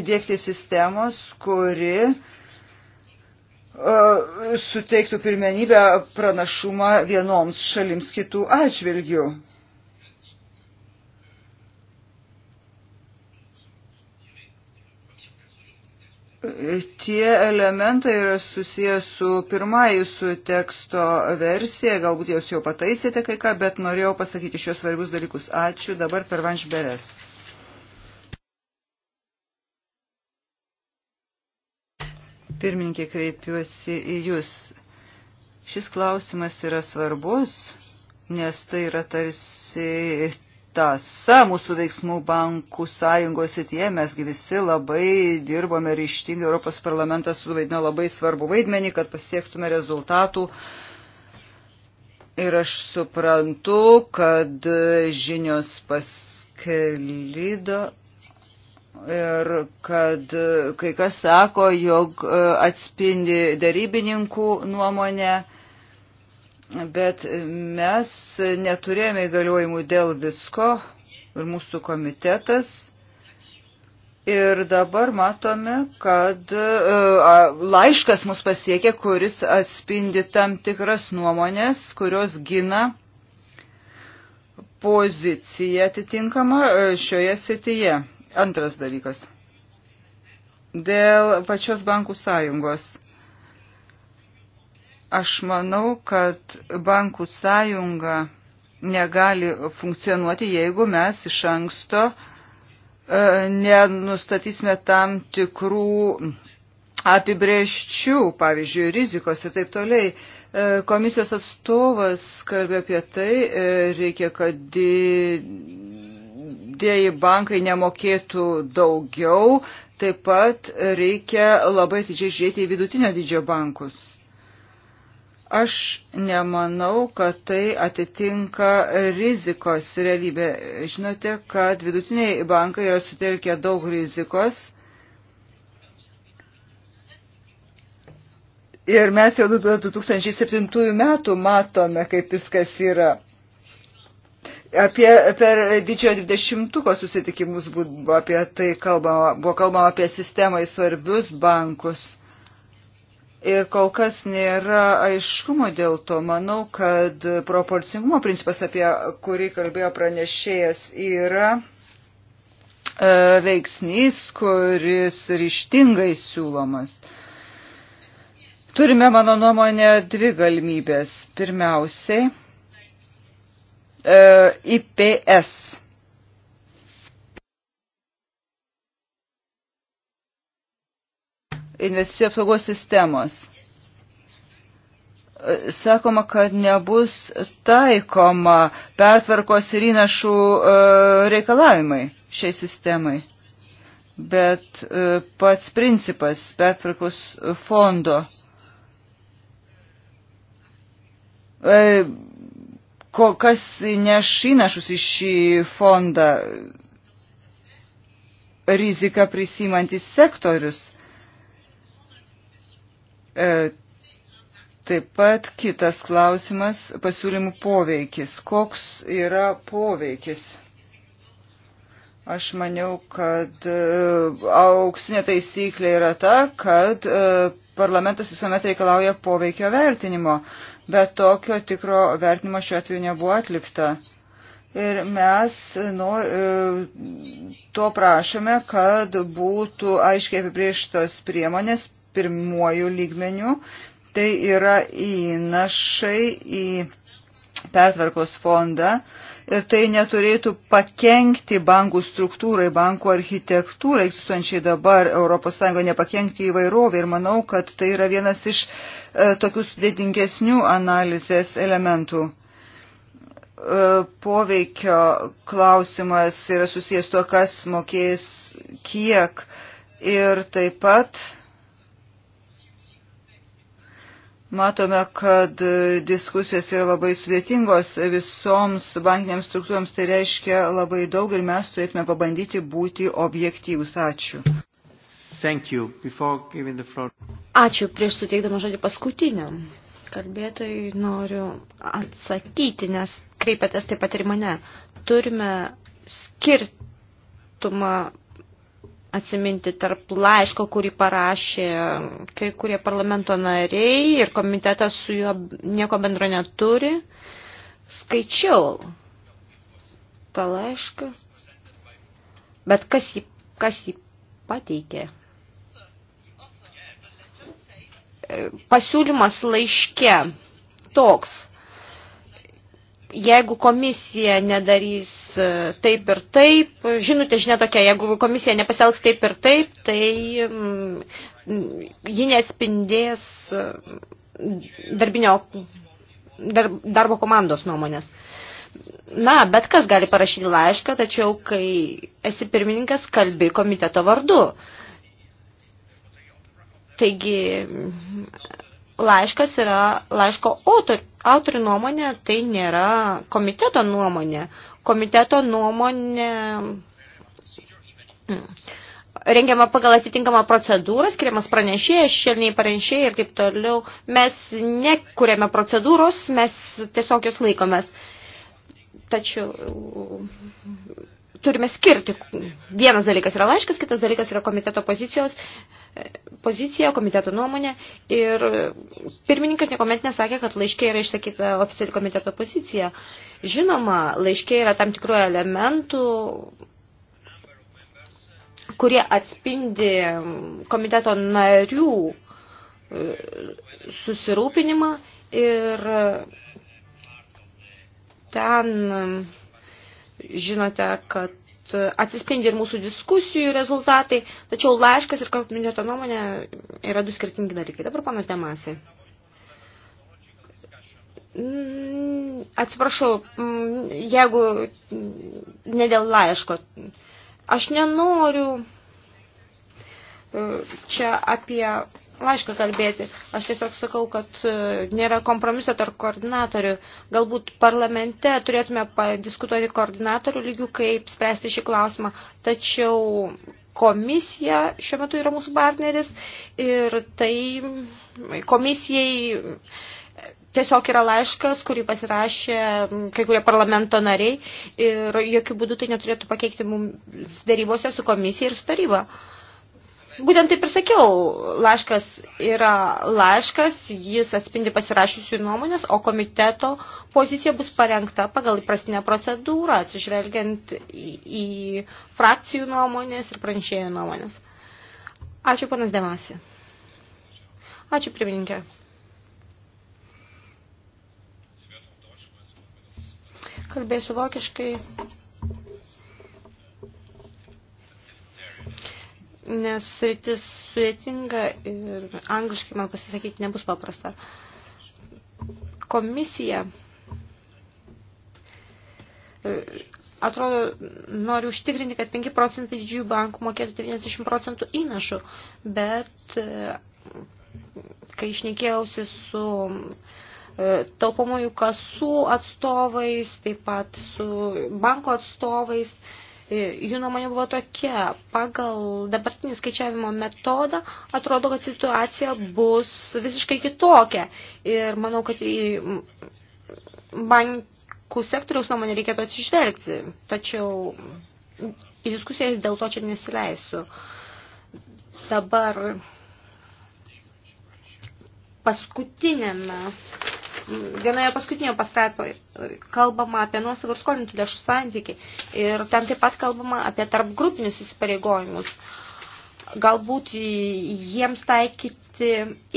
E: įdėkti sistemos, kuri e, E, suteiktų pirmenybę pranašumą vienoms šalims kitų atžvilgių. Tie elementai yra susijęs su pirmąjį su teksto versija, galbūt jūs jau pataisėte kai ką, bet norėjau pasakyti šios svarbius dalykus. Ačiū, dabar per Vanšberes. Pirmininkė, kreipiuosi į Jūs. Šis klausimas yra svarbus, nes tai yra tarsi tasa mūsų veiksmų bankų sąjungos sityje. Mesgi visi labai dirbome ryštingai. Europos parlamentas suvaidino labai svarbu vaidmenį, kad pasiektume rezultatų. Ir aš suprantu, kad žinios pasklydo Ir kad kai kas sako, jog e, atspindi darybininkų nuomonę, bet mes neturėjome įgaliojimų dėl visko ir mūsų komitetas. Ir dabar matome, kad e, laiškas mus pasiekė, kuris atspindi tam tikras nuomonės, kurios gina poziciją atitinkamą e, šioje srityje. Antras dalykas. Dėl pačios bankų sąjungos. Aš manau, kad bankų sąjunga negali funkcionuoti, jeigu mes iš anksto e, nenustatysime tam tikrų apibrėžčių, pavyzdžiui, rizikos ir taip toliai. E, komisijos atstovas kalbė apie tai, e, reikia, kad didieji bankai nemokėtų daugiau, taip pat reikia labai atidžiai žiūrėti į vidutinio dydžio bankus. Aš nemanau, kad tai atitinka rizikos realybė. Žinote, kad vidutiniai bankai yra sutelkę daug rizikos. Ir mes jau 2007 metų matome, kaip viskas yra. Apie, per didžiojo dvidešimtuko susitikimus buvo apie tai kalbama, buvo kalbama apie sistemai svarbius bankus. Ir kol kas nėra aiškumo dėl to. Manau, kad proporcingumo principas, apie kurį kalbėjo pranešėjas, yra e, veiksnys, kuris ryštingai siūlomas. Turime, mano nuomonė, dvi galimybės. Pirmiausiai, E, IPS. Investicijų apsaugos sistemos. E, sakoma, kad nebus taikoma pertvarkos ir įnašų e, reikalavimai šiai sistemai, bet pats principas pertvarkos fondo ko, kas neš įnašus į šį fondą, rizika prisimantis sektorius. E, taip pat kitas klausimas - pasiūlymų poveikis. Koks yra poveikis? Aš maniau, kad e, auksinė taisyklė yra ta, kad e, parlamentas visuomet reikalauja poveikio vertinimo bet tokio tikro vertinimo šiuo atveju nebuvo atlikta. Ir mes nu, e, to prašome, kad būtų aiškiai apibrieštos priemonės pirmuoju lygmeniu. Tai yra įnašai į pertvarkos fondą, ir tai neturėtų pakengti bankų struktūrai, bankų architektūrai, egzistuojančiai dabar ES, nepakengti įvairovį. Ir manau, kad tai yra vienas iš e, tokių sudėtingesnių analizės elementų. E, poveikio klausimas yra susijęs tuo, kas mokės kiek ir taip pat Matome, kad diskusijos yra labai sudėtingos visoms bankinėms struktūroms, tai reiškia labai daug ir mes turėtume pabandyti būti objektyvus.
B: Ačiū.
D: Ačiū prieš suteikdama žodį paskutiniam. Kalbėtojai noriu atsakyti, nes kreipiatės taip pat ir mane. Turime skirtumą atsiminti tarp laiško, kurį parašė kai kurie parlamento nariai ir komitetas su juo nieko bendro neturi. Skaičiau tą laišką, bet kas jį, kas jį pateikė? Pasiūlymas laiške toks jeigu komisija nedarys e, taip ir taip, žinutė žinia tokia, jeigu komisija nepasielgs taip ir taip, tai mm, mm, ji neatspindės e, darbinio, darbo komandos nuomonės. Na, bet kas gali parašyti laišką, tačiau kai esi pirmininkas, kalbi komiteto vardu. Taigi, laiškas yra laiško autorių, autorių nuomonė, tai nėra komiteto nuomonė. Komiteto nuomonė mm, rengiama pagal atitinkamą procedūrą, skiriamas pranešėjas, šelniai pranešėjai ir taip toliau. Mes nekuriame procedūros, mes tiesiog jos laikomės. Tačiau turime skirti. Vienas dalykas yra laiškas, kitas dalykas yra komiteto pozicijos pozicija, komiteto nuomonė ir pirmininkas niekuomet nesakė, kad laiškė yra išsakyta oficiali komiteto pozicija. Žinoma, laiškė yra tam tikrų elementų, kurie atspindi komiteto narių e, susirūpinimą ir ten žinote, kad atsispindi ir mūsų diskusijų rezultatai, tačiau laiškas ir komiteto nuomonė yra du skirtingi dalykai. Dabar panas Demasi. Mm, atsiprašau, mm, jeigu ne dėl laiško, aš nenoriu mm, čia apie laišką kalbėti. Aš tiesiog sakau, kad e, nėra kompromiso tarp koordinatorių. Galbūt parlamente turėtume padiskutuoti koordinatorių lygių, kaip spręsti šį klausimą. Tačiau komisija šiuo metu yra mūsų partneris ir tai komisijai tiesiog yra laiškas, kurį pasirašė kai kurie parlamento nariai ir jokių būdų tai neturėtų pakeikti mums darybose su komisija ir su taryba. Uh, Būtent taip ir sakiau, laiškas yra laiškas, jis atspindi pasirašysių nuomonės, o komiteto pozicija bus parengta pagal įprastinę procedūrą, atsižvelgiant į, į frakcijų nuomonės ir pranešėjų nuomonės. Ačiū, panas Demasi. Ačiū, pirmininkė. Kalbėsiu vokiškai. nes sritis sudėtinga ir angliškai man pasisakyti nebus paprasta. Komisija e, atrodo, noriu užtikrinti, kad 5 procentai didžiųjų bankų mokėtų 90 procentų įnašų, bet e, kai išnekėjausi su e, taupomųjų kasų atstovais, taip pat su banko atstovais, E, jų nuomonė buvo tokia, pagal dabartinį skaičiavimo metodą atrodo, kad situacija bus visiškai kitokia. Ir manau, kad į bankų sektoriaus nuomonė reikėtų atsižvelgti, tačiau į diskusiją dėl to čia nesileisiu. Dabar paskutinėme vienoje paskutinėje pastraipoje kalbama apie nuosavų ir skolintų lėšų santykį ir ten taip pat kalbama apie tarp grupinius įsipareigojimus. Galbūt jiems taikyti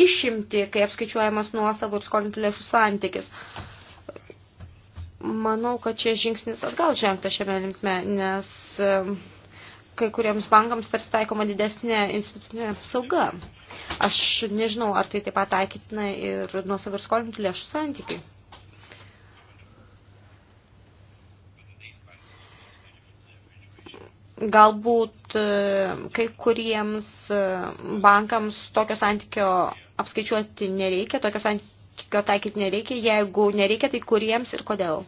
D: išimti, kai apskaičiuojamas nuosavų ir skolintų lėšų santykis. Manau, kad čia žingsnis atgal žengta šiame linkme, nes kai kuriems bankams tarsi taikoma didesnė institucinė apsauga. Aš nežinau, ar tai taip pat taikytina ir nuosavų ir skolintų lėšų santykiai. Galbūt e, kai kuriems e, bankams tokio santykio apskaičiuoti nereikia, tokio santykio taikyti nereikia, jeigu nereikia, tai kuriems ir kodėl.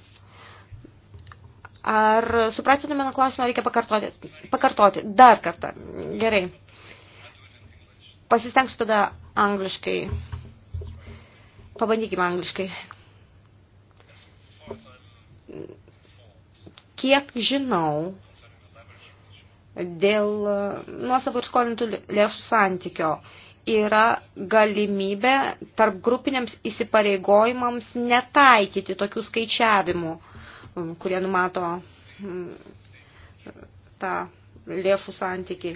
D: Ar supratote mano klausimą, reikia pakartoti? Pakartoti. Dar kartą. Gerai. Pasistengsiu tada angliškai. Pabandykime angliškai. Kiek žinau, dėl nuosavų ir skolintų lėšų santykio yra galimybė tarp grupiniams įsipareigojimams netaikyti tokių skaičiavimų kurie numato tą lėšų santykį.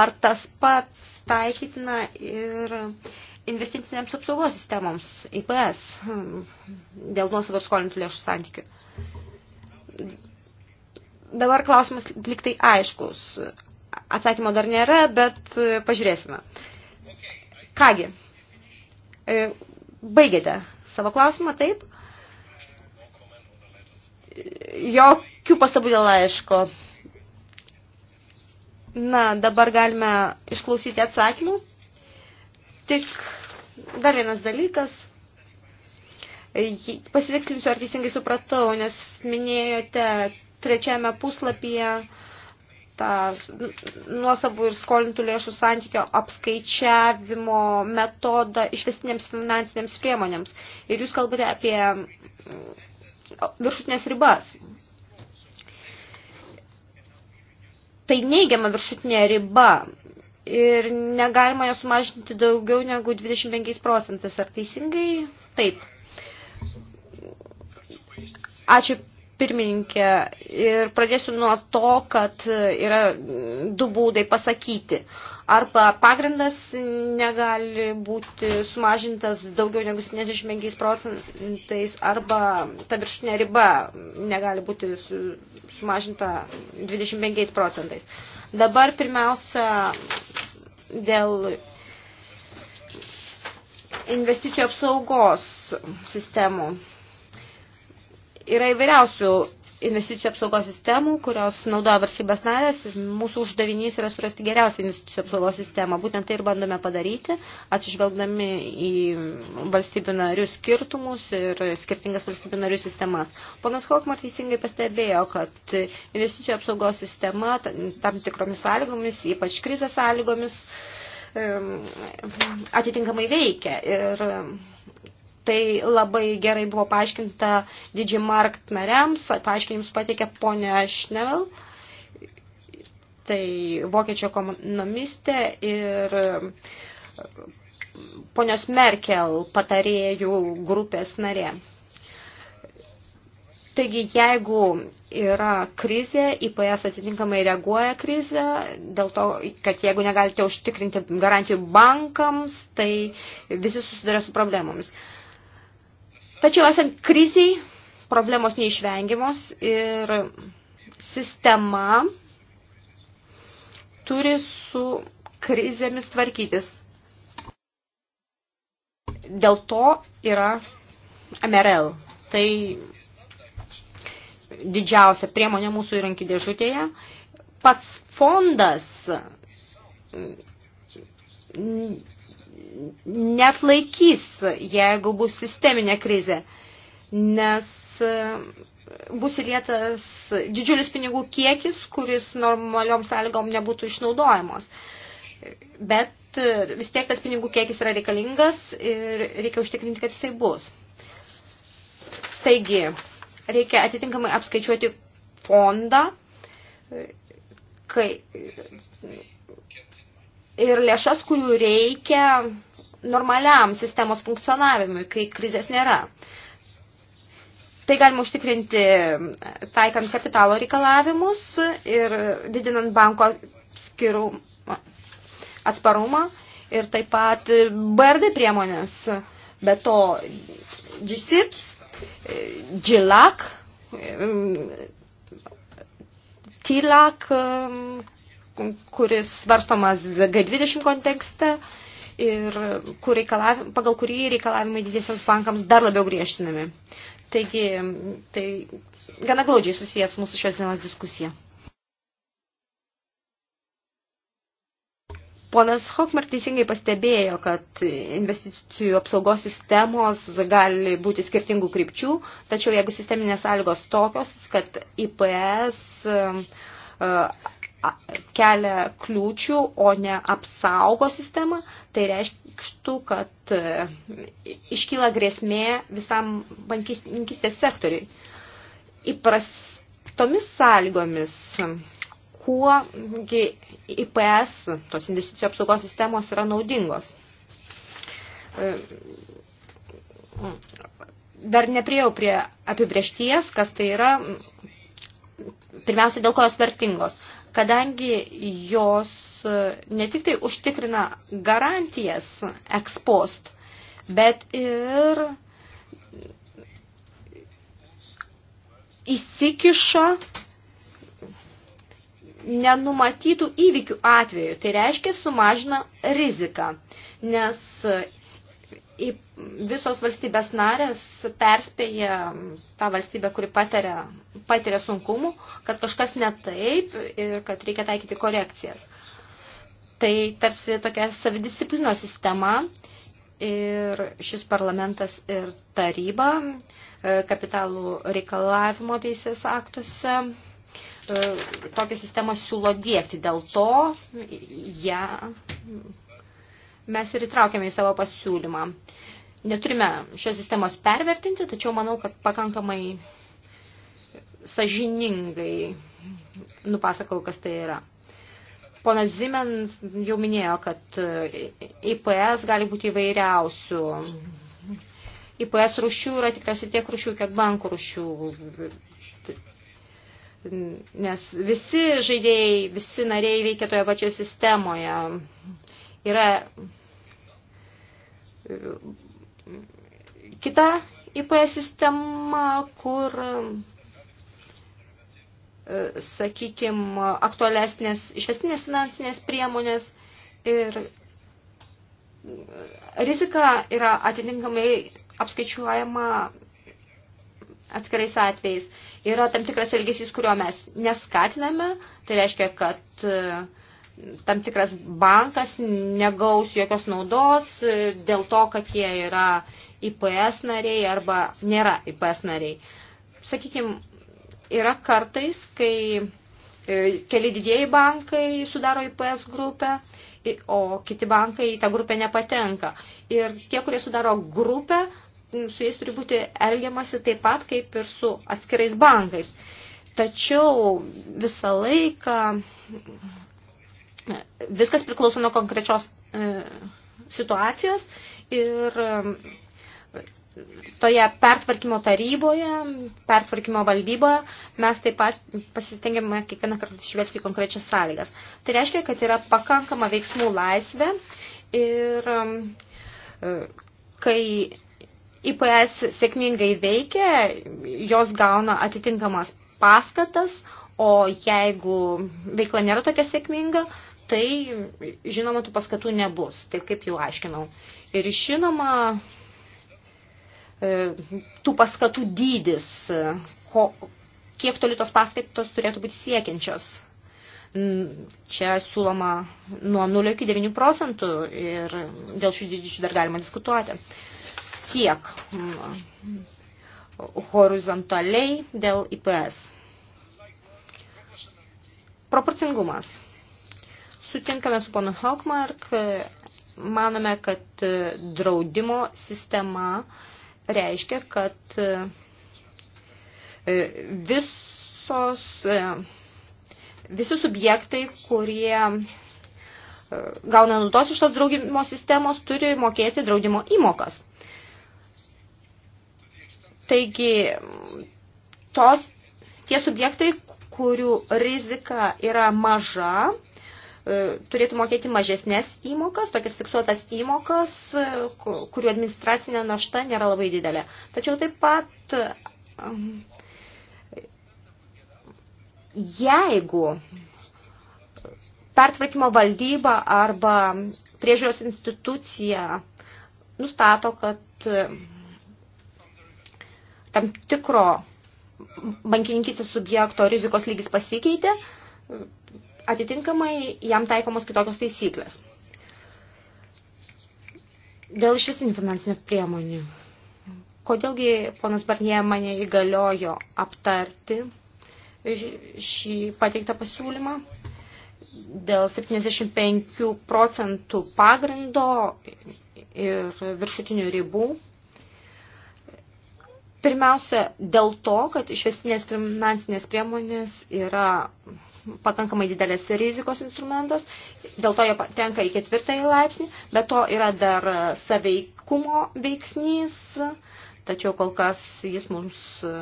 D: Ar tas pats taikytina ir investicinėms apsaugos sistemoms, IPS, dėl nuosavos skolintų lėšų santykių? Dabar klausimas liktai aiškus. Atsakymo dar nėra, bet e, pažiūrėsime. Kągi, e, baigėte savo klausimą, taip? jokių pastabų dėl laiško. Na, dabar galime išklausyti atsakymų. Tik dar vienas dalykas. Pasitikslinsiu, ar teisingai supratau, nes minėjote trečiame puslapyje tą nuosavų ir skolintų lėšų santykio apskaičiavimo metodą išvestinėms finansinėms priemonėms. Ir jūs kalbate apie viršutinės ribas. Tai neigiama viršutinė riba ir negalima jo sumažinti daugiau negu 25 procentais. Ar teisingai? Taip. Ačiū pirmininkė ir pradėsiu nuo to, kad yra du būdai pasakyti arba pagrindas negali būti sumažintas daugiau negu 75 procentais, arba ta viršutinė riba negali būti sumažinta 25 procentais. Dabar pirmiausia dėl investicijų apsaugos sistemų. Yra įvairiausių investicijų apsaugos sistemų, kurios naudoja varsybės narės. Mūsų uždavinys yra surasti geriausią investicijų apsaugos sistemą. Būtent tai ir bandome padaryti, atsižvelgdami į valstybių narių skirtumus ir skirtingas valstybių narių sistemas. Ponas Hokmar teisingai pastebėjo, kad investicijų apsaugos sistema tam tikromis sąlygomis, ypač krizės sąlygomis, atitinkamai veikia. Ir Tai labai gerai buvo paaiškinta Digimarkt nariams, paaiškinimus pateikė ponia Šnevel, tai vokiečio ekonomistė ir e, ponios Merkel patarėjų grupės narė. Taigi, jeigu yra krizė, IPS atitinkamai reaguoja krizę, dėl to, kad jeigu negalite užtikrinti garantijų bankams, tai visi susiduria su problemomis. Uh, Tačiau esant kriziai, problemos neišvengiamos ir sistema turi su krizėmis tvarkytis. Dėl to yra MRL. Tai didžiausia priemonė mūsų įrankių dėžutėje. Pats fondas net laikys, jeigu bus sisteminė krizė, nes e, bus įlietas didžiulis pinigų kiekis, kuris normaliom sąlygom nebūtų išnaudojamos. Bet e, vis tiek tas pinigų kiekis yra reikalingas ir reikia užtikrinti, kad jisai bus. Taigi, reikia atitinkamai apskaičiuoti fondą, e, kai ir lėšas, kurių reikia normaliam sistemos funkcionavimui, kai krizės nėra. Tai galima užtikrinti taikant kapitalo reikalavimus ir didinant banko skirų atsparumą ir taip pat BRD priemonės. Be to GSIPS, GLAC, TILAC kuris svarstomas G20 kontekste ir kur pagal kurį reikalavimai didiesiams bankams dar labiau griežtinami. Taigi, tai gana glaudžiai susijęs mūsų šios dienos diskusija. Ponas Hokmer teisingai pastebėjo, kad investicijų apsaugos sistemos gali būti skirtingų krypčių, tačiau jeigu sisteminės sąlygos tokios, kad IPS um, kelia kliūčių, o ne apsaugo sistemą, tai reikštų, kad e, iškyla grėsmė visam bankistės sektoriui. Įprastomis sąlygomis, kuogi IPS, tos investicijų apsaugos sistemos, yra naudingos. E, dar nepriejau prie apibriešties, kas tai yra, pirmiausia, dėl ko jos vertingos kadangi jos e, ne tik tai užtikrina garantijas ekspost, bet ir įsikiša nenumatytų įvykių atveju. Tai reiškia sumažina riziką, nes visos valstybės narės perspėja tą valstybę, kuri patiria, patiria sunkumų, kad kažkas ne taip ir kad reikia taikyti korekcijas. Tai tarsi tokia savidisciplino sistema ir šis parlamentas ir taryba e, kapitalų reikalavimo teisės aktuose e, tokią sistemą siūlo dėkti. Dėl to ją ja, mes ir įtraukėme į savo pasiūlymą. Neturime šios sistemos pervertinti, tačiau manau, kad pakankamai sažiningai nupasakau, kas tai yra. Ponas Zimen jau minėjo, kad IPS gali būti įvairiausių. IPS rūšių yra tikriausiai tiek rūšių, kiek bankų rūšių. Nes visi žaidėjai, visi nariai veikia toje pačioje sistemoje. Yra kitą IP sistemą, kur, sakykime, aktualesnės išvestinės finansinės priemonės ir rizika yra atitinkamai apskaičiuojama atskirais atvejais. Yra tam tikras elgesys, kurio mes neskatiname, tai reiškia, kad tam tikras bankas negaus jokios naudos e, dėl to, kad jie yra IPS nariai arba nėra IPS nariai. Sakykime, yra kartais, kai e, keli didieji bankai sudaro IPS grupę, o kiti bankai į tą grupę nepatenka. Ir tie, kurie sudaro grupę, su jais turi būti elgiamasi taip pat kaip ir su atskirais bankais. Tačiau visą laiką Viskas priklauso nuo konkrečios e, situacijos ir e, toje pertvarkymo taryboje, pertvarkymo valdyboje mes taip pat pasistengiame kiekvieną kartą išvelgti konkrečias sąlygas. Tai reiškia, kad yra pakankama veiksmų laisvė ir e, kai IPS sėkmingai veikia, jos gauna atitinkamas paskatas, o jeigu veikla nėra tokia sėkminga, tai žinoma tų paskatų nebus, taip kaip jau aiškinau. Ir žinoma, e, tų paskatų dydis, e, ko, kiek toli tos paskaitos turėtų būti siekiančios. Čia siūloma nuo 0 iki 9 procentų ir dėl šių dydžių dar galima diskutuoti. Tiek mm, horizontaliai dėl IPS. Proporcingumas. Sutinkame su ponu Haukmark, manome, kad e, draudimo sistema reiškia, kad e, e, visos, visi subjektai, kurie gauna nutos iš tos draudimo sistemos, turi mokėti draudimo įmokas. Taigi, tos, tie subjektai, kurių rizika yra maža, E, turėtų mokėti mažesnės įmokas, tokias fiksuotas įmokas, e, kurių administracinė našta nėra labai didelė. Tačiau taip pat, e, jeigu pertvarkymo valdyba arba priežiūros institucija nustato, kad tam tikro bankininkistės subjekto rizikos lygis pasikeitė, atitinkamai jam taikomos kitokios taisyklės. Dėl išvisinių finansinių priemonių. Kodėlgi ponas Barnie mane įgaliojo aptarti šį pateiktą pasiūlymą? Dėl 75 procentų pagrindo ir viršutinių ribų. Pirmiausia, dėl to, kad išvestinės finansinės priemonės yra pakankamai didelės rizikos instrumentas, dėl to jie tenka į ketvirtąjį laipsnį, bet to yra dar saveikumo veiksnys, tačiau kol kas jis mums e,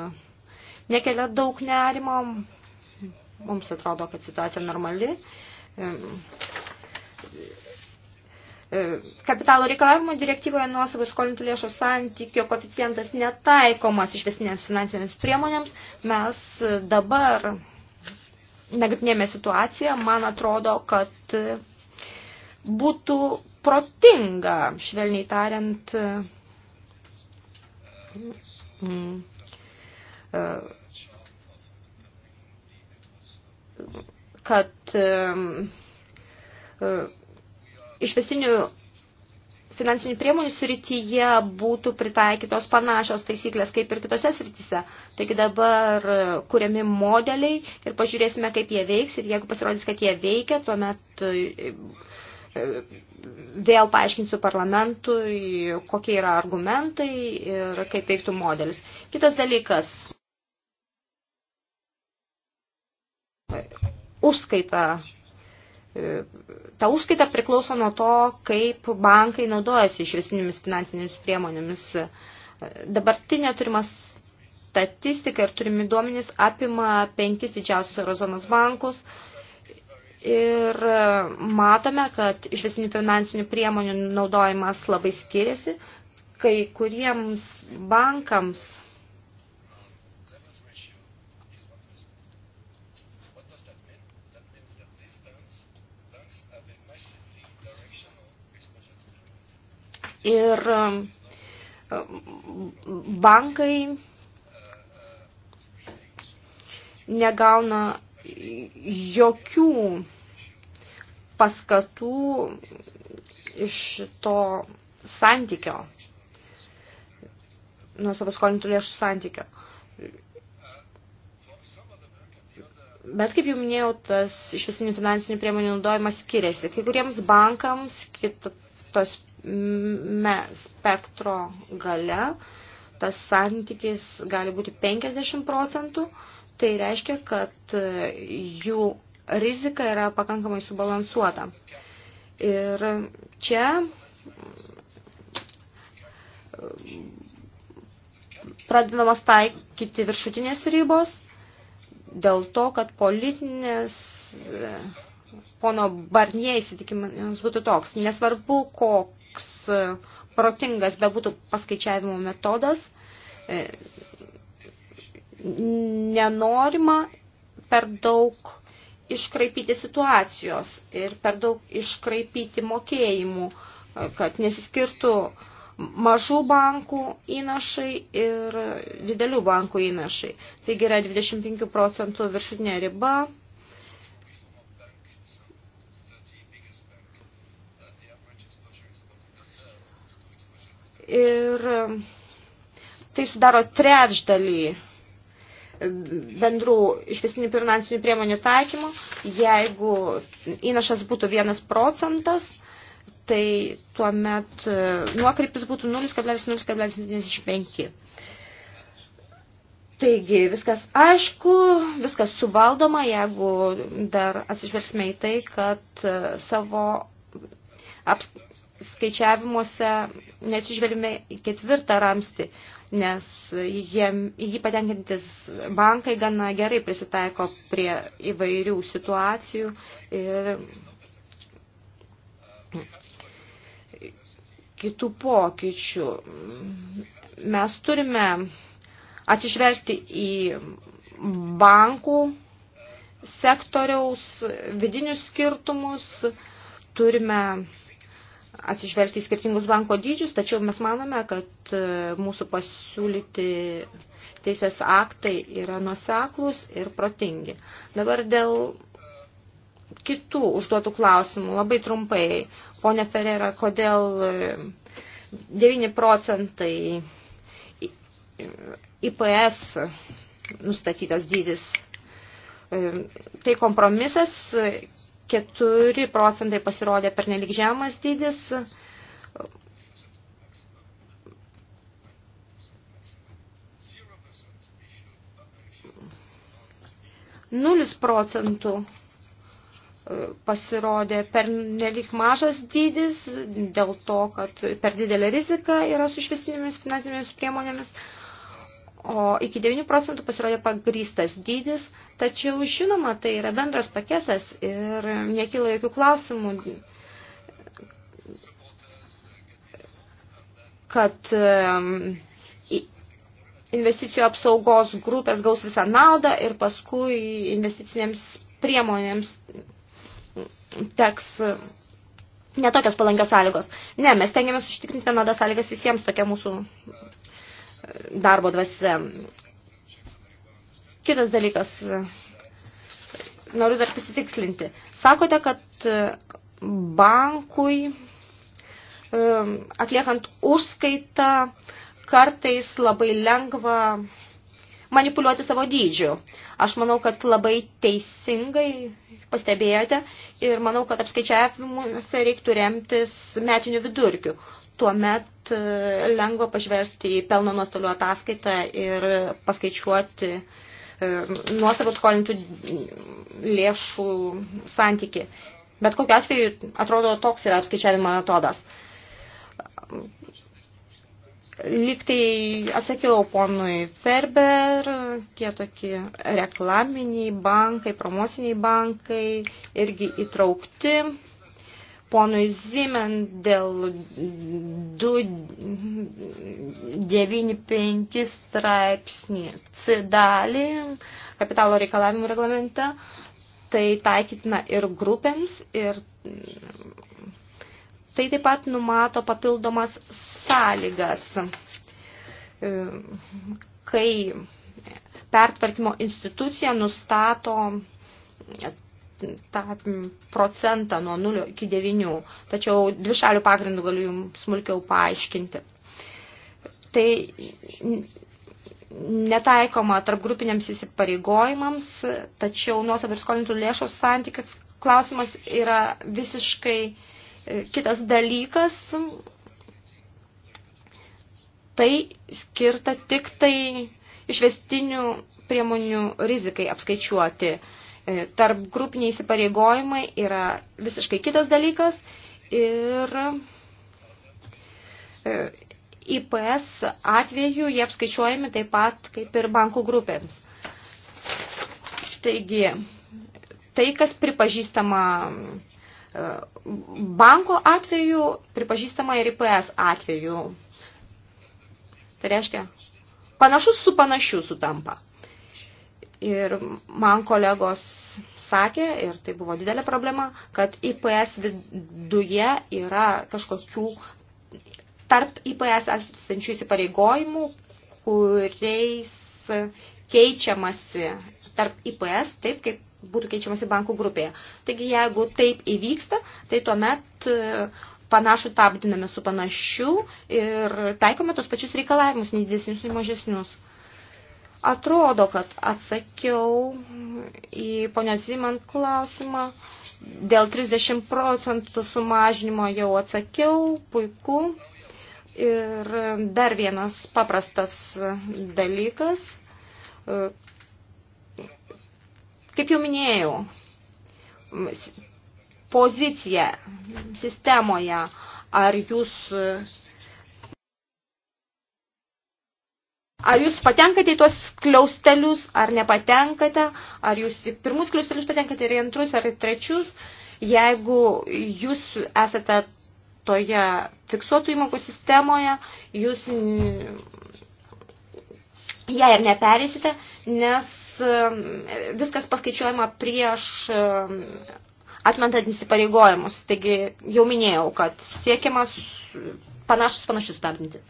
D: nekelia daug nerimo, mums atrodo, kad situacija normali. E, e, kapitalo reikalavimo direktyvoje nuosavų skolintų lėšų santykio koficijantas netaikomas išvesinėms finansinėms priemonėms. Mes dabar nagrinėjame situaciją, man atrodo, kad būtų protinga, švelniai tariant, kad išvestinių finansinių priemonių srityje būtų pritaikytos panašios taisyklės kaip ir kitose srityse. Taigi dabar e, kuriami modeliai ir pažiūrėsime, kaip jie veiks ir jeigu pasirodys, kad jie veikia, tuomet e, e, vėl paaiškinsiu parlamentui, kokie yra argumentai ir kaip veiktų modelis. Kitas dalykas. Užskaita E, ta užskaita priklauso nuo to, kaip bankai naudojasi išvestinėmis finansinėmis priemonėmis. E, dabartinė turimas statistika ir turimi duomenys apima penkis didžiausius eurozonos bankus. Ir e, matome, kad išvesinių finansinių priemonių naudojimas labai skiriasi. Kai kuriems bankams ir e, bankai negauna jokių paskatų iš to santykio, nuo savo skolintų lėšų santykio. Bet, kaip jau minėjau, tas išvesinių finansinių priemonių naudojimas skiriasi. Kai kuriems bankams kitos spektro gale tas santykis gali būti 50 procentų, tai reiškia, kad jų rizika yra pakankamai subalansuota. Ir čia pradedamas taikyti viršutinės ribos dėl to, kad politinės pono Barnie įsitikimams būtų toks. Nesvarbu, ko, koks e, protingas bebūtų paskaičiavimo metodas, e, nenorima per daug iškraipyti situacijos ir per daug iškraipyti mokėjimų, e, kad nesiskirtų mažų bankų įnašai ir didelių bankų įnašai. Taigi yra 25 procentų viršutinė riba, ir tai sudaro trečdalį bendrų išvesinių finansinių priemonių taikymo. Jeigu įnašas būtų 1 procentas, tai tuomet e, nuokrypis būtų 0,0,95. Taigi, viskas aišku, viskas suvaldoma, jeigu dar atsižvelgsime į tai, kad e, savo aps, skaičiavimuose neatsižvelgime į ketvirtą ramstį, nes jie, jį patenkintis bankai gana gerai prisitaiko prie įvairių situacijų ir kitų pokyčių. Mes turime atsižvelgti į bankų sektoriaus vidinius skirtumus, turime atsižvelgti į skirtingus banko dydžius, tačiau mes manome, kad e, mūsų pasiūlyti teisės aktai yra nuseklus ir protingi. Dabar dėl kitų užduotų klausimų, labai trumpai, ponė Ferrera, kodėl 9 e, procentai IPS nustatytas dydis. E, tai kompromisas 4 procentai pasirodė per nelik žemas dydis. Nulis procentų e, pasirodė per nelik mažas dydis dėl to, kad per didelė rizika yra su išvestinėmis finansinėmis priemonėmis o iki 9 procentų pasirodė pagrystas dydis, tačiau žinoma, tai yra bendras paketas ir nekyla jokių klausimų, kad investicijų apsaugos grupės gaus visą naudą ir paskui investicinėms priemonėms teks netokios palankios sąlygos. Ne, mes tengiamės užtikrinti vienodas sąlygas visiems, tokia mūsų darbo dvasia. Kitas dalykas, noriu dar pasitikslinti. Sakote, kad e, bankui e, atliekant užskaitą kartais labai lengva manipuliuoti savo dydžiu. Aš manau, kad labai teisingai pastebėjote ir manau, kad apskaičiavimuose reiktų remtis metiniu vidurkiu tuomet e, lengva pažvelgti į pelno nuostolių ataskaitą ir paskaičiuoti e, nuosavų skolintų lėšų santyki. Bet kokiu atveju, atrodo, toks yra apskaičiavimo metodas. Liktai atsakiau ponui Ferber, tie tokie reklaminiai bankai, promociniai bankai irgi įtraukti ponui Zimen dėl 295 straipsnį C dalį kapitalo reikalavimų reglamente, tai taikytina ir grupėms ir tai taip pat numato papildomas sąlygas, e, kai pertvarkymo institucija nustato tą procentą nuo 0 iki 9, tačiau dvišalių pagrindų galiu jums smulkiau paaiškinti. Tai netaikoma tarp grupiniams įsipareigojimams, tačiau nuosavų ir skolintų lėšos santykis klausimas yra visiškai e, kitas dalykas. Tai skirta tik tai išvestinių priemonių rizikai apskaičiuoti. Uh, E, tarp grupiniai įsipareigojimai yra visiškai kitas dalykas ir e, IPS atveju jie apskaičiuojami taip pat kaip ir bankų grupėms. Taigi, tai, kas pripažįstama e, banko atveju, pripažįstama ir IPS atveju. Tai reiškia, panašus su panašiu sutampa. Ir man kolegos sakė, ir tai buvo didelė problema, kad IPS viduje yra kažkokių tarp IPS esančių įsipareigojimų, kuriais keičiamasi tarp IPS taip, kaip būtų keičiamasi bankų grupėje. Taigi, jeigu taip įvyksta, tai tuomet e, panašų tabdiname su panašiu ir taikome tos pačius reikalavimus, nei didesnius, nei mažesnius. Atrodo, kad atsakiau į ponios Zimant klausimą. Dėl 30 procentų sumažinimo jau atsakiau, puiku. Ir dar vienas paprastas dalykas. Kaip jau minėjau, pozicija sistemoje, ar jūs Ar jūs patenkate į tuos kliaustelius, ar nepatenkate, ar jūs į pirmus kliaustelius patenkate, ir į antrus, ar į trečius. Jeigu jūs esate toje fiksuotų įmokų sistemoje, jūs ją ir neperėsite, nes viskas paskaičiuojama prieš atmentant įsipareigojimus. Taigi jau minėjau, kad siekiamas panašus panašius darbinti.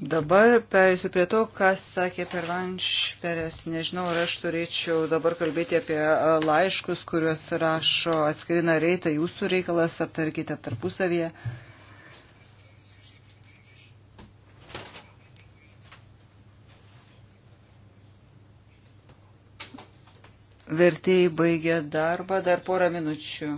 E: Dabar perėsiu prie to, kas sakė Pervanšperės. Nežinau, ar aš turėčiau dabar kalbėti apie laiškus, kuriuos rašo atskiri nariai, tai jūsų reikalas, aptarkite tarpusavyje. Vertėjai baigė darbą, dar porą minučių.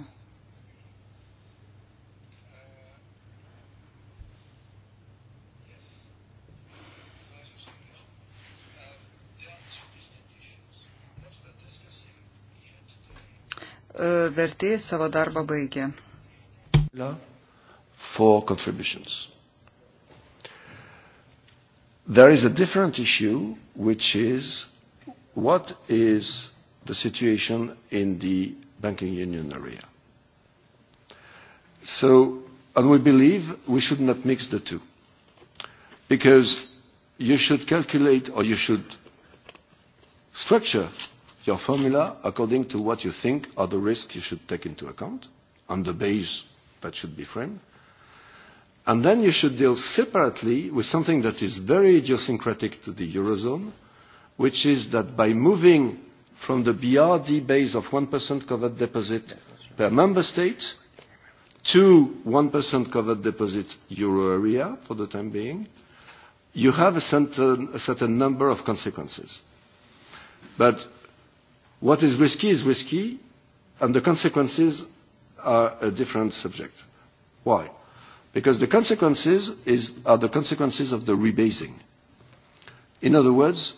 E: E, vertėjai savo darbą baigė.
A: For contributions. There is a different issue, which is what is the situation in the banking union area. So, and we believe we should not mix the two, because you should calculate or you should structure your formula according to what you think are the risks you should take into account and the base that should be framed. And then you should deal separately with something that is very idiosyncratic to the Eurozone, which is that by moving from the BRD base of 1% covered deposit per member state to 1% covered deposit euro area for the time being, you have a certain, a certain number of consequences. But What is risky is risky, and the consequences are a different subject. Why? Because the consequences is, are the consequences of the rebasing. In other words,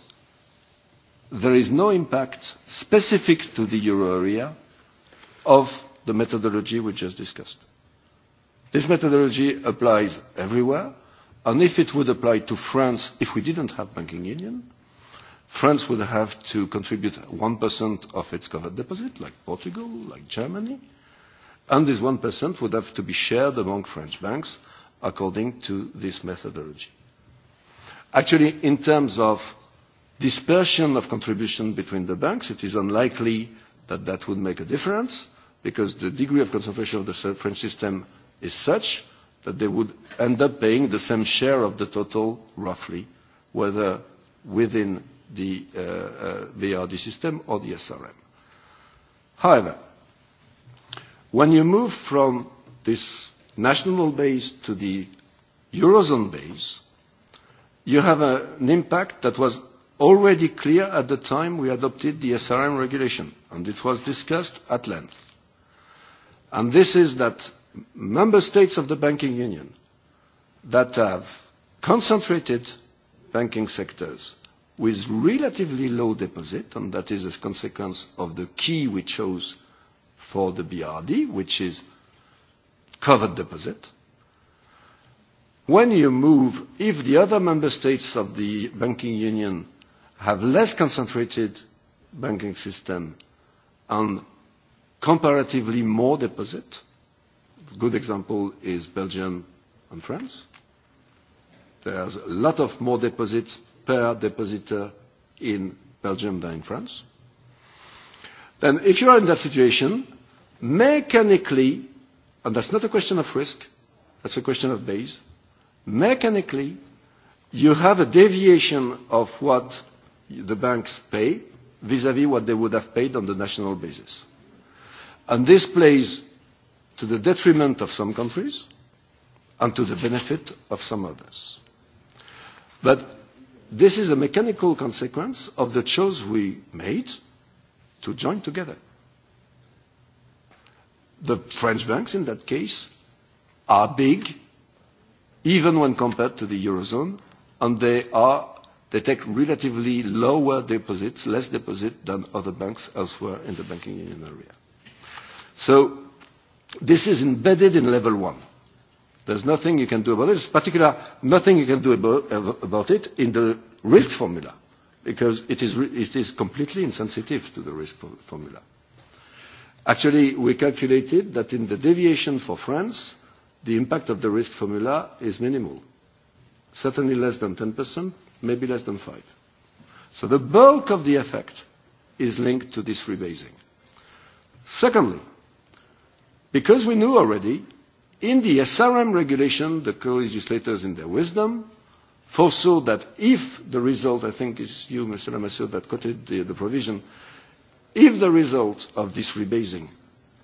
A: there is no impact specific to the euro area of the methodology we just discussed. This methodology applies everywhere, and if it would apply to France if we didn't have banking union, France would have to contribute 1% of its covered deposit, like Portugal, like Germany, and this 1% would have to be shared among French banks according to this methodology. Actually, in terms of dispersion of contribution between the banks, it is unlikely that that would make a difference because the degree of concentration of the French system is such that they would end up paying the same share of the total roughly, whether within the uh, uh, BRD system or the SRM. However, when you move from this national base to the Eurozone base, you have a, an impact that was already clear at the time we adopted the SRM regulation, and it was discussed at length. And this is that member states of the banking union that have concentrated banking sectors with relatively low deposit, and that is a consequence of the key we chose for the BRD, which is covered deposit. When you move, if the other member states of the banking union have less concentrated banking system and comparatively more deposit, good example is Belgium and France. There's a lot of more deposits per depositor in Belgium than in France. Then if you are in that situation, mechanically, and that's not a question of risk, that's a question of base, mechanically, you have a deviation of what the banks pay vis-à-vis -vis what they would have paid on the national basis. And this plays to the detriment of some countries and to the benefit of some others. But This is a mechanical consequence of the choice we made to join together. The French banks, in that case, are big, even when compared to the Eurozone, and they, are, they take relatively lower deposits, less deposit than other banks elsewhere in the banking union area. So this is embedded in level one There's nothing you can do about it. It's particular, nothing you can do about, about it in the risk formula, because it is, it is completely insensitive to the risk formula. Actually, we calculated that in the deviation for France, the impact of the risk formula is minimal. Certainly less than 10%, maybe less than 5%. So the bulk of the effect is linked to this rebasing. Secondly, because we knew already In the SRM regulation, the co-legislators, in their wisdom, foresaw that if the result, I think it's you, Mr. Lamassoure, that quoted the, the provision, if the result of this rebasing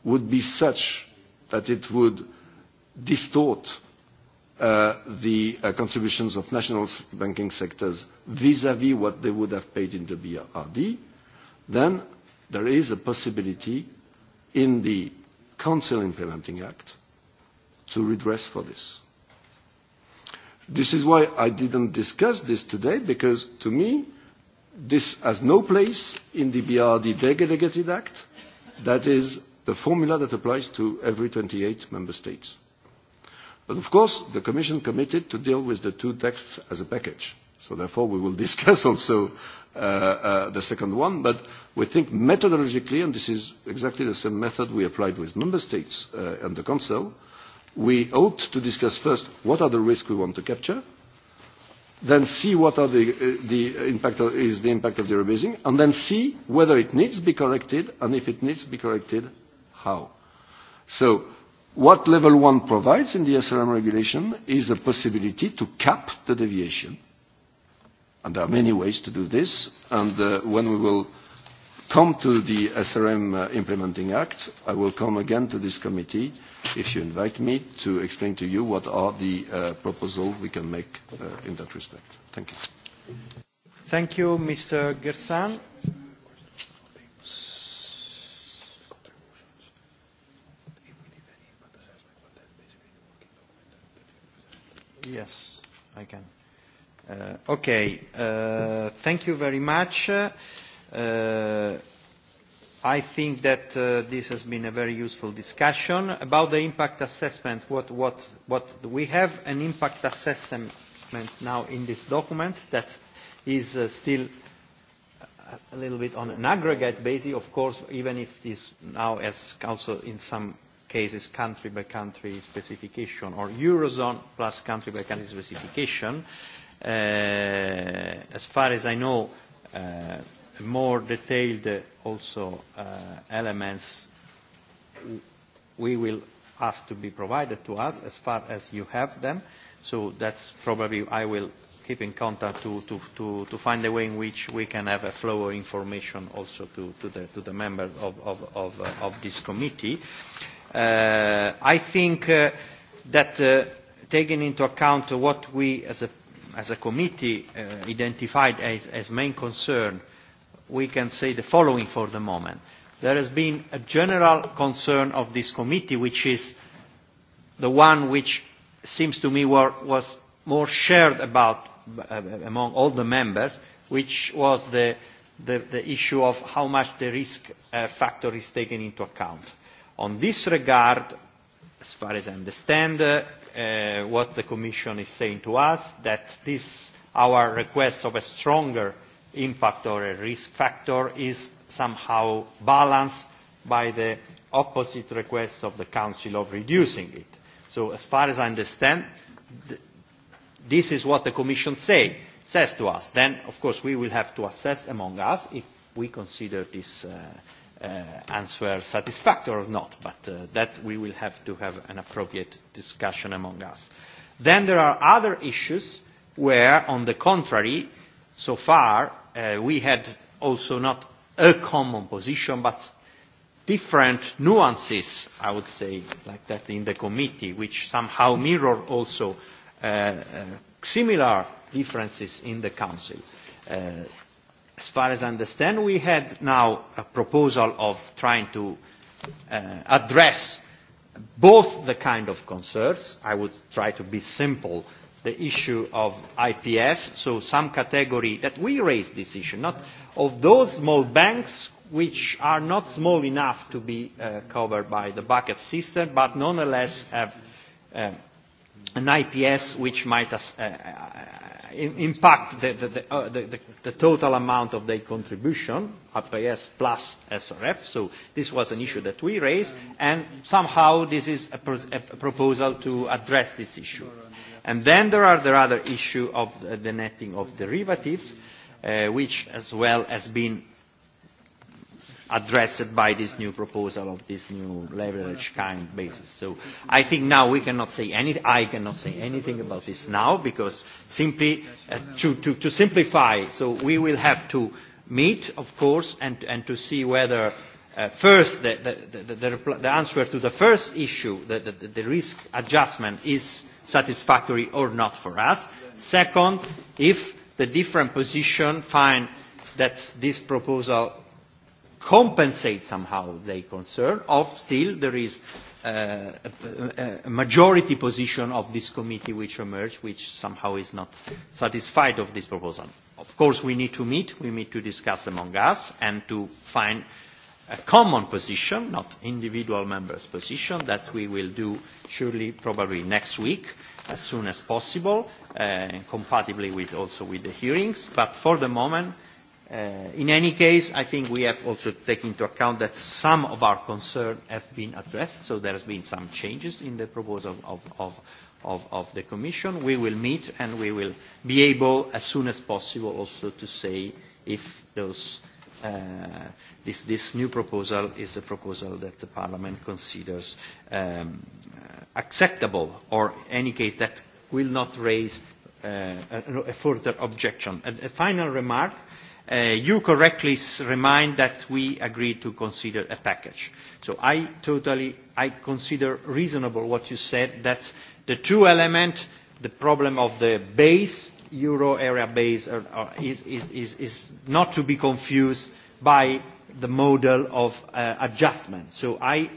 A: would be such that it would distort uh, the uh, contributions of national banking sectors vis-à-vis -vis what they would have paid in the BRD, then there is a possibility in the Council Implementing Act to redress for this. This is why I didn't discuss this today, because to me, this has no place in the BRD Delegated Act. That is the formula that applies to every 28 member states. But of course, the Commission committed to deal with the two texts as a package. So therefore, we will discuss also uh, uh, the second one. But we think methodologically, and this is exactly the same method we applied with member states uh, and the Council, uh, we ought to discuss first what are the risks we want to capture, then see what are the, uh, the impact of, is the impact of the rebasing, and then see whether it needs to be corrected, and if it needs to be corrected, how. So what level one provides in the SRM regulation is a possibility to cap the deviation. And there are many ways to do this, and uh, when we will uh, come to the SRM uh, Implementing Act. I will come again to this committee if you invite me to explain to you what are the uh, proposals we can make uh, in that respect. Thank you.
B: Thank you, Mr. Gersan. Yes, I can. Uh, okay, uh, thank you very much. Uh, Uh, I think that uh, this has been a very useful discussion. About the impact assessment, what, what, what we have an impact assessment now in this document that is uh, still a little bit on an aggregate basis, of course, even if this now has also in some cases country by country specification or Eurozone plus country by country specification. Uh, as far as I know, uh, more detailed uh, also uh, elements we will ask to be provided to us as far as you have them. So that's probably I will keep in contact to, to, to, to find a way in which we can have a flow of information also to, to, the, to the members of, of, of, uh, of this committee. Uh, I think uh, that uh, taking into account what we as a, as a committee uh, identified as, as main concern uh, we can say the following for the moment. There has been a general concern of this committee, which is the one which seems to me were, was more shared about uh, among all the members, which was the, the, the issue of how much the risk uh, factor is taken into account. On this regard, as far as I understand, uh, uh, what the Commission is saying to us, that this, our request of a stronger impact or a risk factor is somehow balanced by the opposite request of the Council of reducing it. So as far as I understand, th this is what the Commission say, says to us. Then, of course, we will have to assess among us if we consider this uh, uh, answer satisfactory or not, but uh, that we will have to have an appropriate discussion among us. Then there are other issues where, on the contrary, so far uh, we had also not a common position, but different nuances, I would say, like that in the committee, which somehow mirror also uh, uh, similar differences in the Council. Uh, as far as I understand, we had now a proposal of trying to uh, address both the kind of concerns. I would try to be simple. Uh, the issue of IPS, so some category that we raised this issue, not of those small banks which are not small enough to be uh, covered by the bucket system, but nonetheless have um, an IPS which might as, uh, uh in, impact the, the, the, uh, the, the, the total amount of their contribution, IPS plus SRF. So this was an issue that we raised, and somehow this is a, pro a proposal to address this issue. Uh, And then there are the other issue of the netting of derivatives, uh, which as well has been addressed by this new proposal of this new leverage kind basis. So I think now we cannot say anything, I cannot say anything about this now because simply uh, to, to, to simplify, so we will have to meet, of course, and, and to see whether uh, first the, the, the, the, the answer to the first issue, the, the, the risk adjustment is satisfactory or not for us. Second, if the different positions find that this proposal compensates somehow their concern, or still there is uh, a, a majority position of this committee which emerged, which somehow is not satisfied of this proposal. Of course, we need to meet, we need to discuss among us and to find uh, a common position, not individual members' position, that we will do surely probably next week as soon as possible, uh, compatibly with also with the hearings. But for the moment, uh, in any case, I think we have also taken into account that some of our concerns have been addressed, so there has been some changes in the proposal of, of, of, of the Commission. We will meet and we will be able, as soon as possible, also to say if those uh, uh, this, this new proposal is a proposal that the Parliament considers um, uh, acceptable or any case that will not raise uh, a, a further objection. A, a final remark. Uh, you correctly remind that we agreed to consider a package. So I totally, I consider reasonable what you said, that the two elements, the problem of the base euro area base or, uh, or uh, is, is, is, is not to be confused by the model of uh, adjustment. So I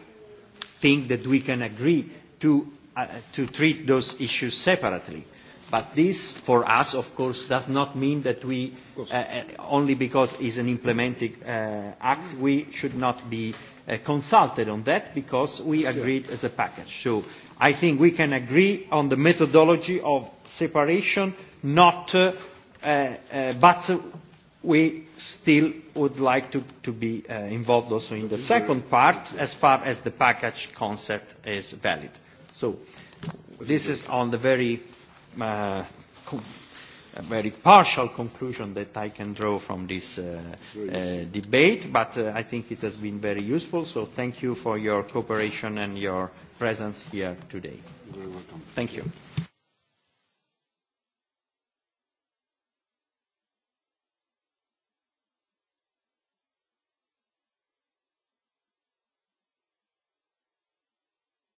B: think that we can agree to, uh, to treat those issues separately. But this, for us, of course, does not mean that we, uh, uh, only because it's an implementing uh, act, we should not be uh, consulted on that because we agreed as a package. So I think we can agree on the methodology of separation uh, not, uh, uh, uh, but we still would like to, to be uh, involved also in the second part as far as the package concept is valid. So this is on the very, uh, a very partial conclusion that I can draw from this uh, uh, debate, but uh, I think it has been very useful, so thank you for your cooperation and your presence here today. You're
A: very welcome. Thank you.